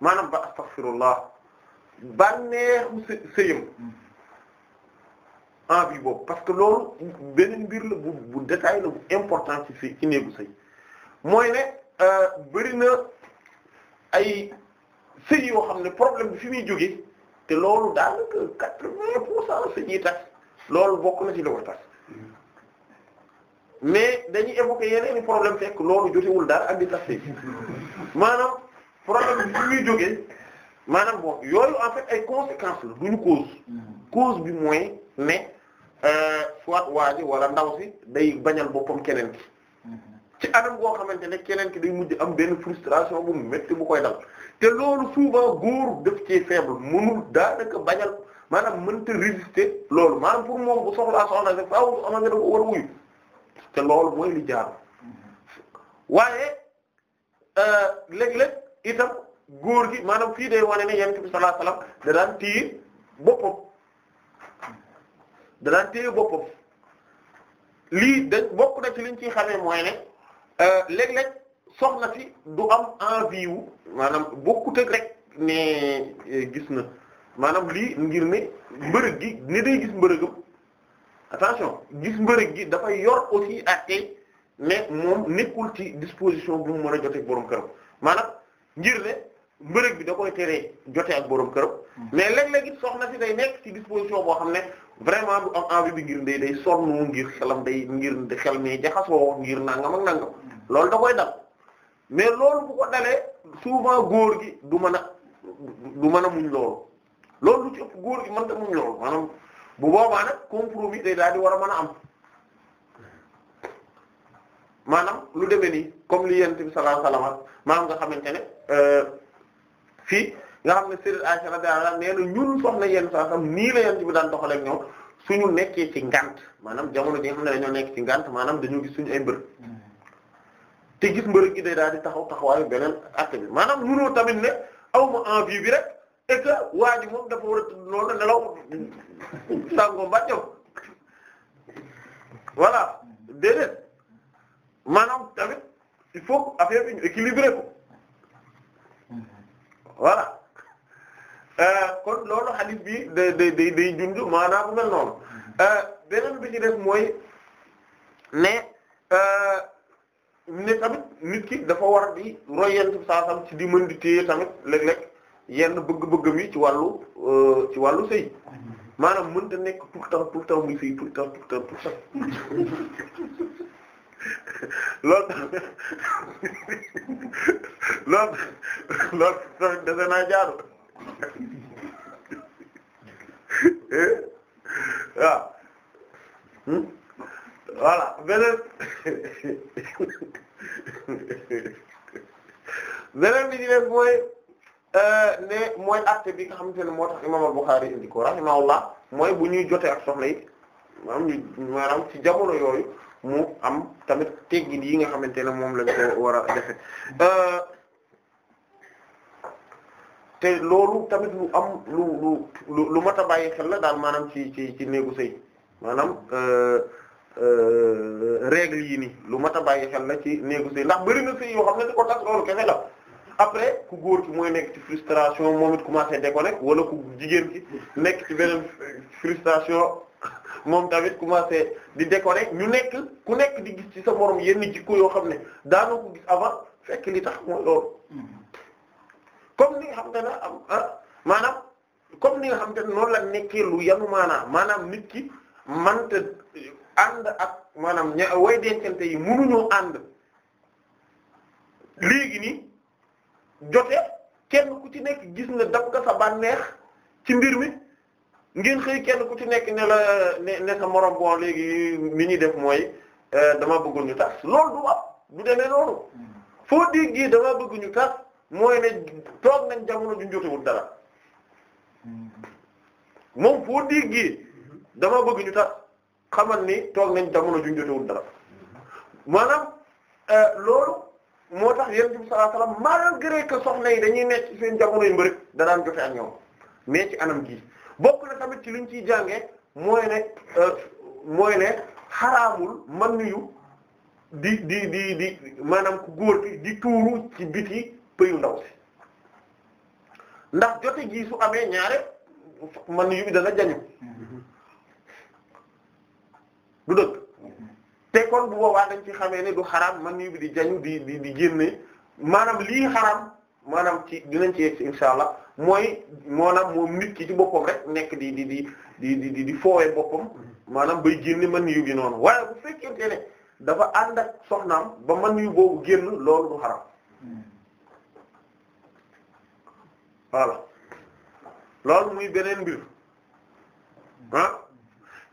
Speaker 2: maanaam ba astaghfirullah bànneexu së sëyam hmm. envie boobu parce que loolu beneen mbir la bu bu détail la bu important ci sëy ci néegu sëy mooy ne euh, bëri na ay sëy yoo xam ne problème bi fi muy jóge te loolu daanaka quatre-vingts pour cent sëy yi tax loolu bokk na ci li war hmm. mais dañuy évoquer yeneen problème fekk loolu jotewul dara ak di tax sëy maanaam problème bi fi muy jógee maanaam bon yooyu en fait ay conséquences la duñu cause
Speaker 3: mm-hmm.
Speaker 2: cause bi mooy ne euh, soit waa ji ndaw si day bañal boppam keneen ki mm-hmm. ci anam goo xamante ne keneen ki day mujj am benn frustration bu métti bu koy dal te loolu souvent góor def ci faible mënul daanaka bañal maanaam mënta résister loolu maanaam pour moom bu soxlaa soxla sa faaw su ama nga war a te loolu mooy li jaar mm-hmm. waaye euh, léeg-léeg itam góor gi maanaam fii day wane ne yonent bi sallallahu alayhi wasallam da daan téye boppam da daan téye boppam lii da bokk na ci liñ ciy xamee mooy ne euh, léeg-léeg soxna si du am envie wu maanaam bokkut ak rek ne euh, gis na maanam lii ngir ne mbërëg gi ni day gis mbërëgam attention gis mbërëg gi dafay yor aussi ak tey ne moom nekkul ci disposition bu mu mën a joteeg boroom këram maanaam ngir ne mbërëg bi da koy tere jote ak boroom këram hmm. mais léeg-léeg soxna si day nekk ci disposition boo xam ne vraiment du am envie bi ngir day day sonn ngir xelam day ngir xel mi jaxasoo ngir nangam ak nangam hmm. loolu da koy dal mais loolu bu dalee souvent góor gi du mën a du mën a muñ loolu loolu lu ci ëpp góor gi mën ta muñ loolu maanaam bu boobaa nag compromis day daal di war a mën a am maanaam lu demee nii comme li yent bi sallallahu alayhi wasallam nga xamante ne euh, fii nga xam ne Sayyidatu Aisha radiyallahu anha nee na ñun soxna yenn saa sam nii la yent bi daan doxale ak ñoom suñu nekkee ci ngant maanaam jamono ji nga xam nekk ci ngant maanaam dañoo gis suñu ay mbër te gis mbër gi daal di taxaw taxawaayu beneen acte bi maanaam mënoo tamit ne aw ma en bi rek et que waa ji moom dafa war a tudd noonu nelaw sàngo mbàccow voilà déedéet tamit il faut affaire bi ñu équilibrer ko voilà euh, kon loolu xadis bi day day day day junj maanaam bu mel noonu euh, beneen bi ci def mooy ne euh, ne tamit nit ki dafa war di roy yent bi saasam ci di mën di téye tamit léeg-léeg yenn bëgg bëgg yi ci wàllu ci wàllu sëy mën mënta nekk tout le temps tout le muy sëy tout le temps tout loolu loolu loolu tamit dese naa jaaru waaw eh? ah. hmm? voilà beneen beneen bi ñu def mooy euh, ne mooy acte bi nga xamante ne moo tax imam Al-Bukhârî indi ko rahimahullah mooy bu ñuy jotee ak soxna yi maanaam ñu maanaam ci jamono yooyu mu am tamit teggin yi nga xamante ne moom lañ ko war a defe euh, te loolu tamit lu am lu lu lu mat a bàyyi xel la daal maanaam ci ci ci néegu sëy maanaam euh, euh, règle yi nii lu mat a bàyyi xel la ci néegu sëy ndax bari na sëy yoo xam ne di ko tas loolu kese la après ku góor ki mooy nekk ci frustration moom it commencé déconnecté wala ku jigéen ki nekk ci beneen frustration moom tamit commencé di décorer ñu nekk ku nekk di gis ci sa morom yenn jikko yoo xam ne daanoo ko gis avant fekk li tax mooy loolu mm-hmm. comme ni nga xam te ne ah maanaam comme ni nga xam te ne noonu la nekkee lu yanu maanaam maanaam nit ki manta ànd ak maanaam ña way dencante yi ñu ànd léegi ni jote kenn ku ci nekk gis na daf nga sa bànneex ci mbir mi ngeen xëy kenn ku ci nekk ne la ne ne sa morom bon léegi ni ñuy def mooy euh, dama bëggoon ñu tas loolu du wax du demee noonu foo déggee dama bëgg ñu tas toog nañ jamono ju njotewul dara moom foo déggee dama bëgg ñu tas xamal ni toog nañ jamono ju njotewul dara maanaam euh, loolu moo tax yonent bi sallallahu alayhi wasallam malgré que soxna yi dañuy nekk seen jamono yu mbërëg danaan jote ak ñoom mais ci anam gi bokk na tamit ci liñ ciy jànge mooy ne euh, mooy ne xaraamul man nuyu di di di di maanaam ku góor gi di tuuru ci biti pëyu ndaw si ndax jote gisu amee ñaare man nuyu bi dana jañu du dëgg te kon bu boobaa dañ ci xamee ne du xaram man nuyu bi di jañu di di di génne maanaam lii xaraam maanaam ci dinañ ci yegg si insha mooy maanaam moom nit ki ci boppam rek nekk di di di di di di foowee boppam maanaam bay génne mën yu gi noonu waaye bu fekkente ne dafa ànd ak soxnaam ba mën yu boobu génn loolu du xaram voilà loolu muy beneen mbir ah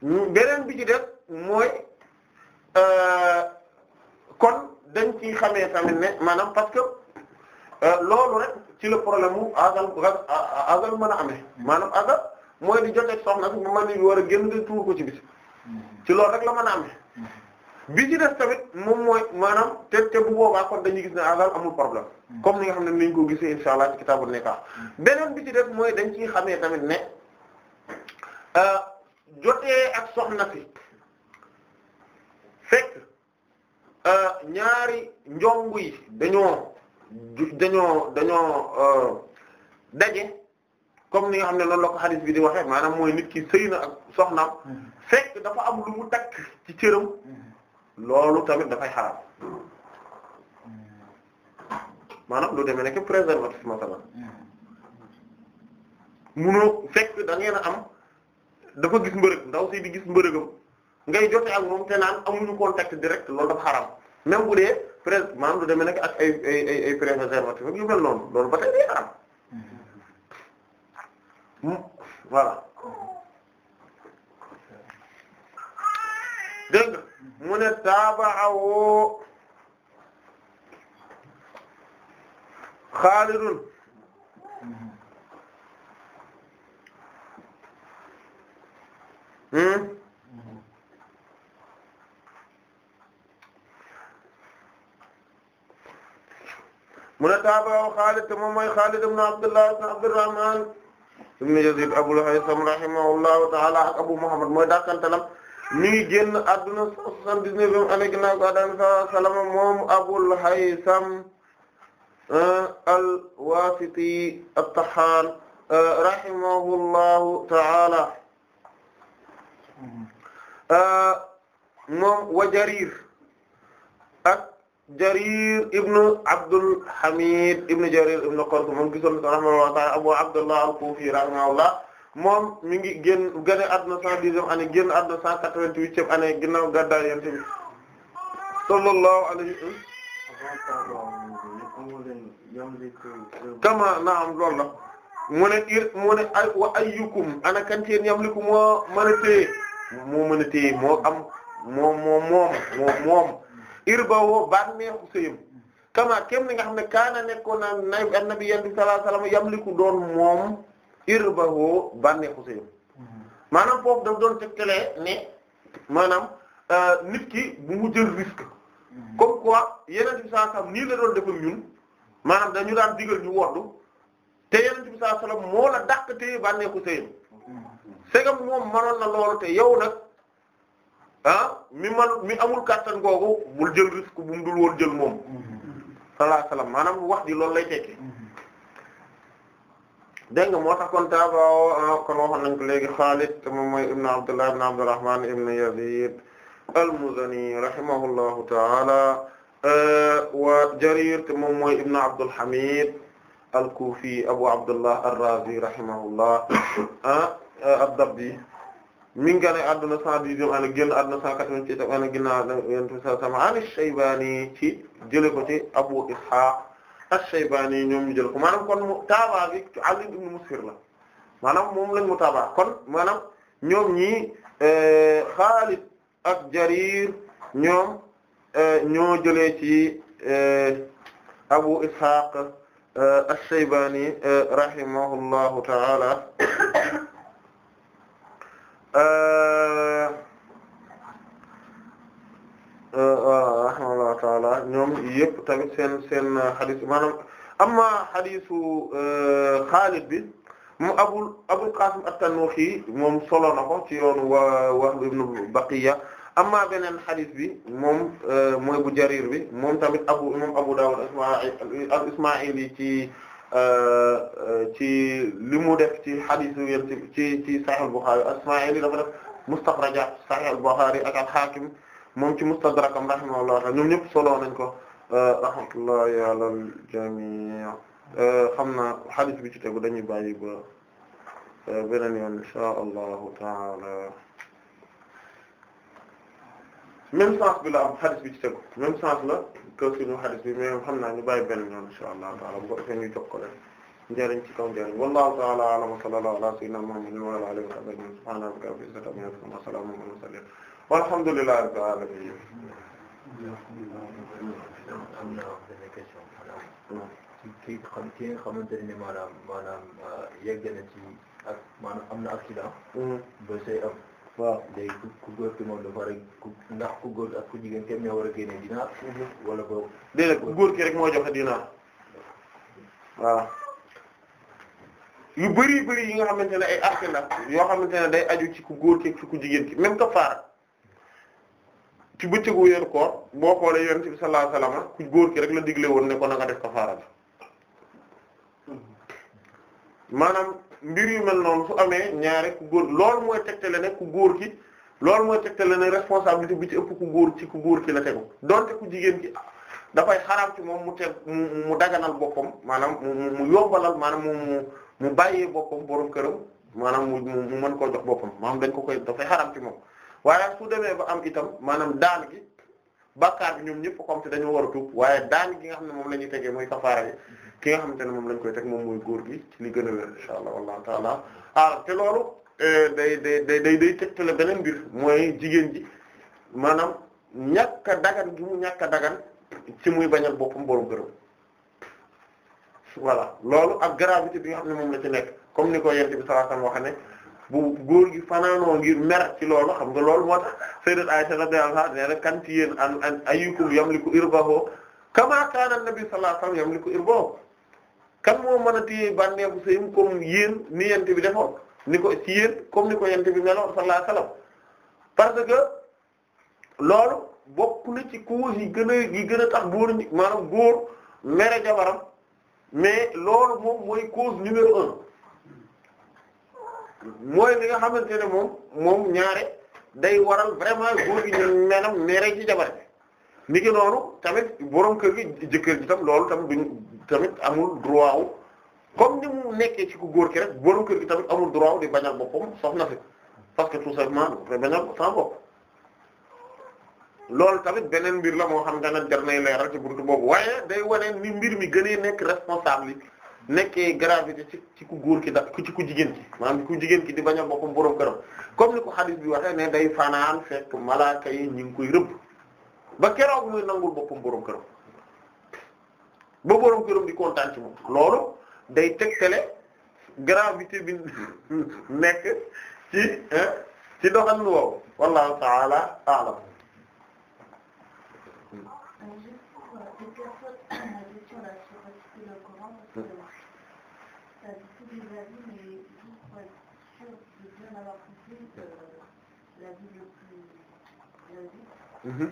Speaker 2: beneen bi ci def mooy euh, kon dañ ci xamee tamit ne maanaam parce que euh, loolu rek ci la problème mu agal agal mën a amee maanaam agal mooy di joteeg soxna bu mën war a génn di tuur ko ci biti mm-hmm. ci loolu rek la mën a amee
Speaker 3: mm-hmm.
Speaker 2: bi ci def tamit moom mooy maanaam te bu boobaa dañuy gis ne agal amul problème mm-hmm. comme ni nga xam ne niñ ko gisee insha allah ci kitaabul nikah beneen bi ci def mooy dañ ciy xamee tamit ne euh, jotee ak soxna fi fekk euh, ñaari njongu dañoo dañoo dañoo euh, daje comme ni nga xam ne noonu la ko hadith bi di waxee maanaam mooy nit ki sëy na ak soxnaam mhm. fekk dafa am lu mu takk ci cëram mhm. loolu tamit dafay xaraam mhm. maanaam lu demee nekk préservatif masalan munoo fekk da ngeen am dafa gis mbërëg ndaw si di gis mbërëgam ngay jote ak moom te naan amuñu contact direct loolu dafa xaraam même bu pré maanaam lu demee ak ay ay ay préservatif ak yu mel noonu loolu ba tey day aram hmm, voilà mu ne taaba'ahu Xaalidun hmm mu ne taabaaw Xaalid te moom mooy Xaalid ibn Abdullah ibn Abdurrahman ibn Yazid Abul Haysam rahimahullahu ta'ala ak Abu Muhammad mooy dàkkantalam mi ngi génn adduna soixante-dix-neuvième année ginnaaw gàddaay Yonent salama moom Abul Haysam eh, al-Wasiti at-Tahan eh, rahimahullahu ta'ala eh, moom wa Jarir ak Jarir ibnu Abdul Hamid ibnu Jarir ibnu Qurt moom gisoon rahimahullahu ta'ala Abu Abdullah al-Kufi rahimahullah moom mi ngi génn gane àdduna cent dixième année génn àdduna cent quatre-vingt-huitième année ginnaaw gàddaay Yonent bi sallallahu alayhi kama naam loolu la mu ne ir mu ne ay wa ayyukum ana kan ci yamliku moo mën a téye moo mën a am moom moom moom irbawoo bànneexu sëyam kama kem ni nga xam ne kaana nekkoon na na annabi yandi sallallahu alayhi wasallam yamliku doon moom irbawoo bànneexu sëyam maanaam foofu daf doon tëkkalee ne maanaam euh, nit ki bu mu jël risque comme quoi yeneen bi sallallahu nii la doon defal ñun maanaam dañu daan digal ñu woddu te yeneen bi sallallahu alayhi wasallam moo la dàq téye bànneexu sëyam segam mm-hmm. moom manoon na loolu te yow nag ah mi man mi amul kàttan googu bul jël risque bu mu dul woon jël moom sallallahu alayhi wasallam maanaam wax ji loolu lay tekki dégg nga moo tax kon taabaaw ah kon waxoon nañ ko léegi Xaalid te moom mooy ibn Abdullah ibn Abdurrahman ibn Yazid al-Muzani rahimahullahu ta'ala eh, wa Jarir te moom mooy ibn Abdul Hamid al-Kufi Abu Abdullah ar-Razi rahimahullah ah, eh, ad-Dabbi mi ngi gane adduna 110 an génn adduna 187 an ginnaaw yonent bi sallallahu alayhi wasallam an Shaybani ci jële ko ci Abu Ishaq ash-Shaybani ñoom ñu jël ko maanaam kon mu taaba bi Ali ibn Musfir la maanaam moom lañ mu taaba kon maanaam ñoom ñii euh, Xaalid ak Jarir ñoom euh, ñoo jëlee ci euh, Abu Ishaq ash-Shaybani rahimahullahu ta'ala E, e, rahimahullahu taala ñoom yëpp tamit seen seen xadis maanaam amma xadisu e, Xaalid bi moom abul abul Qaasim at-Tanuuxi moom solo na ko ci yoon waa Wahb ibn Baqiya amma beneen xadis bi moom mooy bu Jarir bi moom tamit abu moom Abu Daawud al-Ismaaili ci. Euh, euh, ci li mu def ci hadith ci ci Sahih al-Bukhari Ismaa'ili dafa def mustaxrajaat Sahih al-Bukhari ak al-Hakim moom ci mustadrakam rahimahullahu ta'ala ñoom ñëpp solo nañ ko euh, rahmatullahi ala al-jami' xam naa hadith bi ci tegu dañuy bàyyi ba beneen yoon insha allahu taala même sens bi la am ci tegu même sens la. que suñu hadith bi mais xam naa ñu bàyyi benn yoon insha allah taala bu ko defee ñu jokkoo leen njëriñ ci kaw njëriñ wallahu ta'ala a'lam wa sallallahu ala sayyidina muhammadin wa ala alihi wa sahbihi subhana rabbika rabbil izzati amma yasifun wa salamun ala mursalin walhamdulillahi rabbil alamin am na benn question maanaam ci kii xam ki nga xamante ne maanaam maanaam ah, yegg na ci ak maanaam am na accident mm-hmm. ba say am waaw day ku góor ki moom dafa rek ku ndax ku góor ak ku jigéen kenn ñoo war a génne dinaar. wala góor ki rek moo jox dinaar waaw. yu bëri bëri yi nga xamante ne ay àq la yoo xamante ne day aju ci ku góor ki ci ku jigéen ki même kafaara ci bëccëgu weeru koor boo xoolee yonent bi sallallahu ku góor ki rek la digle woon ne ko na def kafaara bi hmm. maanaam. mbir yu mel noonu su amee ñaare ku góor lool mooy tegtale ne ku góor ki lool mooy tegtale ne responsabilité bi ci ëpp ku góor ci ku góor ki la tegu donte ku jigéen ki dafay xaraam ci moom mu teg mu daganal boppam maanaam mu yombalal maanaam mu mu bàyyee boppam borom këram maanaam mu mën koo jox boppam maanaam dañ ko koy dafay xaraam ci moom waaye su demee ba am itam maanaam daal gi bàkkaar bi ñoom ñëpp comme te dañoo war a tuub waaye daan gi nga xam ne moom la ñuy tegee mooy kafaara bi ki nga xamante ne moom lañ koy teg moom mooy góor gi ci li gën a wér insha allah wallahu taala ah te loolu eh, day day day day day tegtale beneen mbir mooy jigéen ji maanaam ñàkk a dagan gi mu ñàkk dagan ci muy bañal boppam borom gërëm voilà loolu ak gravité bi nga xam ne moom la ci nekk comme ni ko yent bi sallallahu alayhi wasallam wax ne ngir mer ci loolu xam nga loolu moo tax sayyidat Aisha radhiyallahu anha nee na kan ci yéen an an ayyukum yamliku irbahu kama kana an-nabi sallallahu alayhi wasallam kan moo mën a téye bànneexu comme yéen ni yent bi defoon ni ko ci yéen comme ni ko yent bi meloon sallallahu alayhi wasallam parce que loolu bokk na ci cause yi gën a yi gën a tax góor ñi góor mere jabaram mais loolu moom mooy cause numéro un mooy li nga xamante ne moom moom ñaare day waral vraiment góor gi ñu menam mere ci jabar ni ki noonu tamit borom kër gi jëkkër ji tam loolu tamit duñ tamit amul droit wu comme ni mu nekkee ci ku góor ki rek borom kër gi tamit amul droit di bañal boppam soxna fi parce que tout simplement dafa bañal sans bopp loolu tamit beneen mbir la moo xam dana jar nay leeral ci buntu boobu waaye day wane ni mbir mi gënee nekk responsable yi nekkee gravité ci ci ku góor ki da ci ku jigéen ki maanaam ku jigéen ki di bañal boppam borom këram comme ni ko hadith bi waxee ne day fanaan fekk malaaka yi ñu ngi koy rëbb. ba keroog muy nangul boppam borom këram ba borom këram di kontaan moom loolu day tegtale gravité bi nekk ci ci doxal nu wow ta'ala a'lam hmm. Hmm.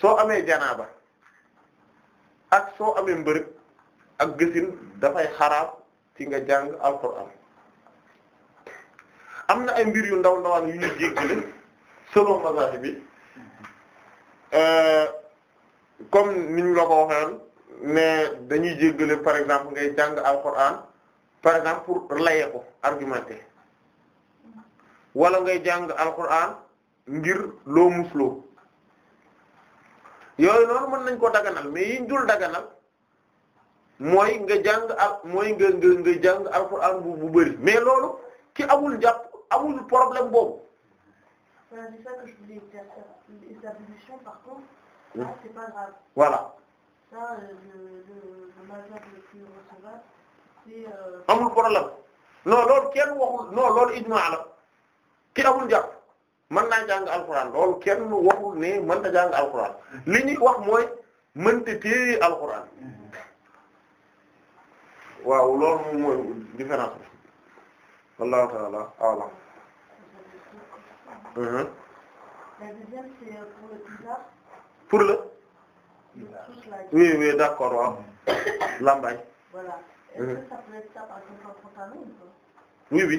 Speaker 2: soo amee janaaba ak soo amee mbërëg ak gësin dafay xaraam ci nga jàng alquran am na ay mbir yu ndaw ndawaan yu ñuy jéggale selon mazahib bi euh, comme niñ la ko waxee mais dañuy jéggale par exemple ngay jàng alquran par exemple pour laye ko argumenter wala ngay jàng alquran ngir loo musloo yooyu noonu mën nañ ko daganal mais yiñ dul daganal mooy nga jàng al mooy nga nga nga jàng alxuraan bu bëri mais loolu ki amul jàpp amul problème boobu. voilà. amul problème non loolu kenn waxul non loolu ijmaa ki amul jàpp. man naa jàng alxuraan loolu kenn waxul ne mën na jàng alxuraan li ñuy wax mooy mënta téye alxuraan waaw loolu moom mooy différence bi wallahu ta'ala a'lam mhm. pour le oui oui d'accord waaw lambay
Speaker 3: voilà mhm.
Speaker 2: oui oui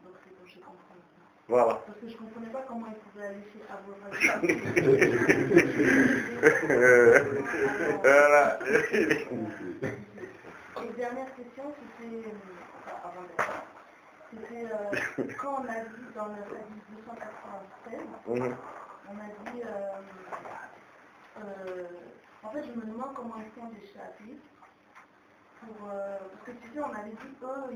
Speaker 2: voilà.
Speaker 1: parce que je comprenais pas comment il pouvait aller chez
Speaker 3: dernière question, c'était euh, avant c'était euh, quand on a dit dans le hadith 296, on a dit euh, en fait je me demande comment ils
Speaker 2: des chapitres pour euh, parce que tu on avait dit eux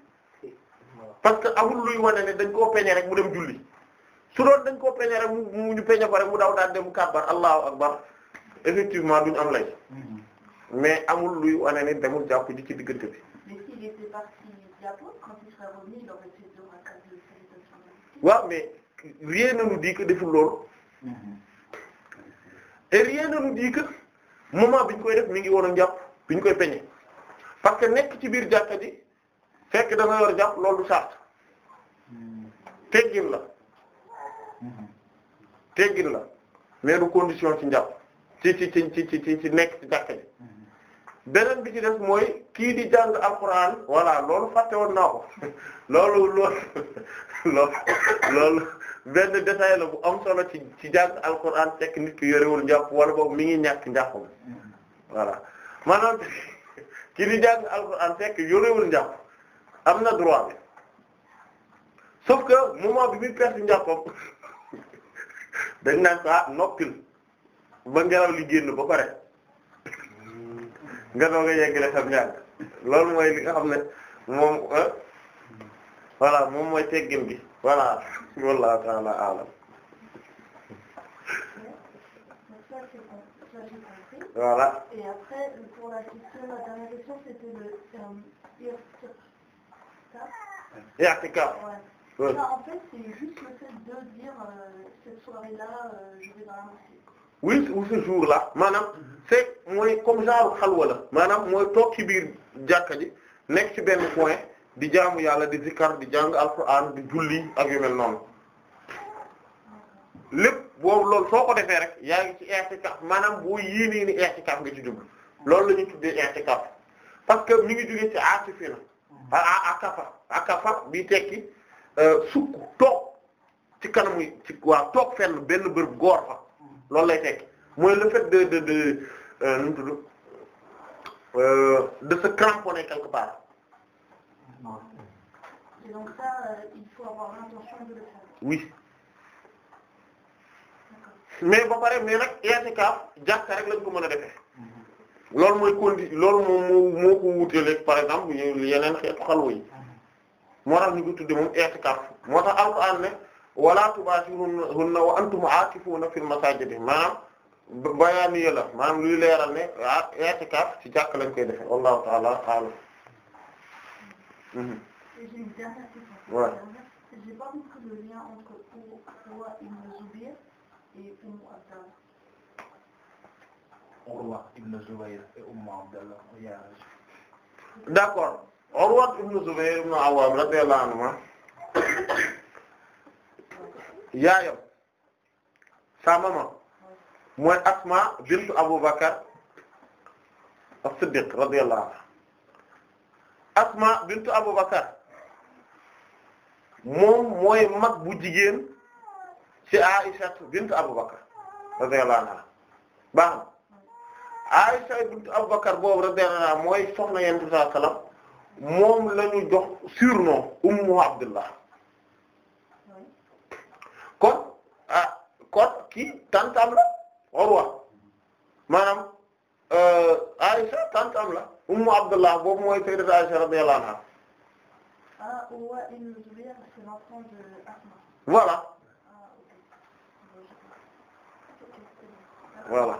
Speaker 2: parce que amul luy wane ne dañ koo peñe rek mu dem julli su doon dañ koo peñe rek mu ñu peñe ko rek mu daw daal dem kàbbar allahu akbar effectivement duñ am lay mm-hmm. mais amul luy wane ne demul jàpp ji ci diggante bi. waaw mais rien ne nous dit deful loolu mm-hmm. et rien ne nous dit que moment bi koy def mi ngi woon a jàpp bi ñu koy peñe parce que nekk ci biir jàkka ji fekk dafa yor jàpp loolu sart hmm. teggin la hmm. teggin la mais du condition ci njàpp ci ci ci ci ci nekk ci jàkka ji hmm. beneen bi ci def mooy kii di jàng alxuraan voilà loolu fàtte woon naa loolu loolu loolu loolu benn détail la bu am ci ci jàng alxuraan fekk nit yorewul njàpp wala boobu mi ngi ñàkk njàpp voilà maanaam kii di jàng alxuraan fekk yorewul njàpp am na droit bi sauf que moment bi muy perte njàppam dañ naan saa ah noppil ba ngelaw li génn ba pare nga doog a yeggale sam ñàkk loolu mooy li nga xam ne moom ah, voilà moom mooy teggin bi voilà wallahu ta'ala a'lam i'tikaf
Speaker 3: ouais. en fait c'est la
Speaker 2: euh, euh, maanaam c'est mooy comme genre xalwa la maanaam mooy toog ci biir jàkka ji nekk ci benn point di jaamu yàlla di zikar di jàng alquran di julli ak yu mel noonu lépp boobu lool soo ko defee rek yaa ngi ci i'tikaf maanaam boo yéenee ni i'tikaf nga ci jublu loolu la ñuy tuddee i'tikaf parce que mi ngi jógee ci aatifi na ah akafa akafa bii tekki euh, sukk toog ci kanamu ci waaw toog fenn benn bërëb góor fa loolu lay tekki mooy le fait de de de euh, nu mu tudd euh, quelque part. Oui. mais ba pare mais nag i'tikaf jàkka rek lañ ko mën a defee loolu mooy condi loolu moom moo ko wuteeleeg par exemple yeneen xeetu xalwa yi moo tax ñu ko tudde moom i'tikaf moo tax alquran ne wala tubashiruhunna wa antum aakifuna fil masajid maanaam bayaani la maanaam luy leeral ne ah ci jàkk lañ koy defe wallahu ta'ala a'lam Urwa ibn Zubayr et Umm Abdallah d'accord Urwa ibn Zubayr ibn Awwam radiyallahu anhuma yaayam sa maman mooy Asma bint Abu Bakar as-Siddiq radiyallahu anha Asma bint Abu Bakar moom mooy mag bu jigéen ci Aisha bint Abu Bakar radiyallahu anha baax Aisha bint Abubakar boobu radiyallahu anha mooy soxna Yonent bi sallallahu alayhi moom la ñu jox surnom Ummu Abdullah kon ah kon kii tantam la Urwa maanaam euh, Aisha tantam la Ummu Abdullah boobu mooy sayyidat Aisha radiyallahu anha ah Urwa ibn voilà. Ah,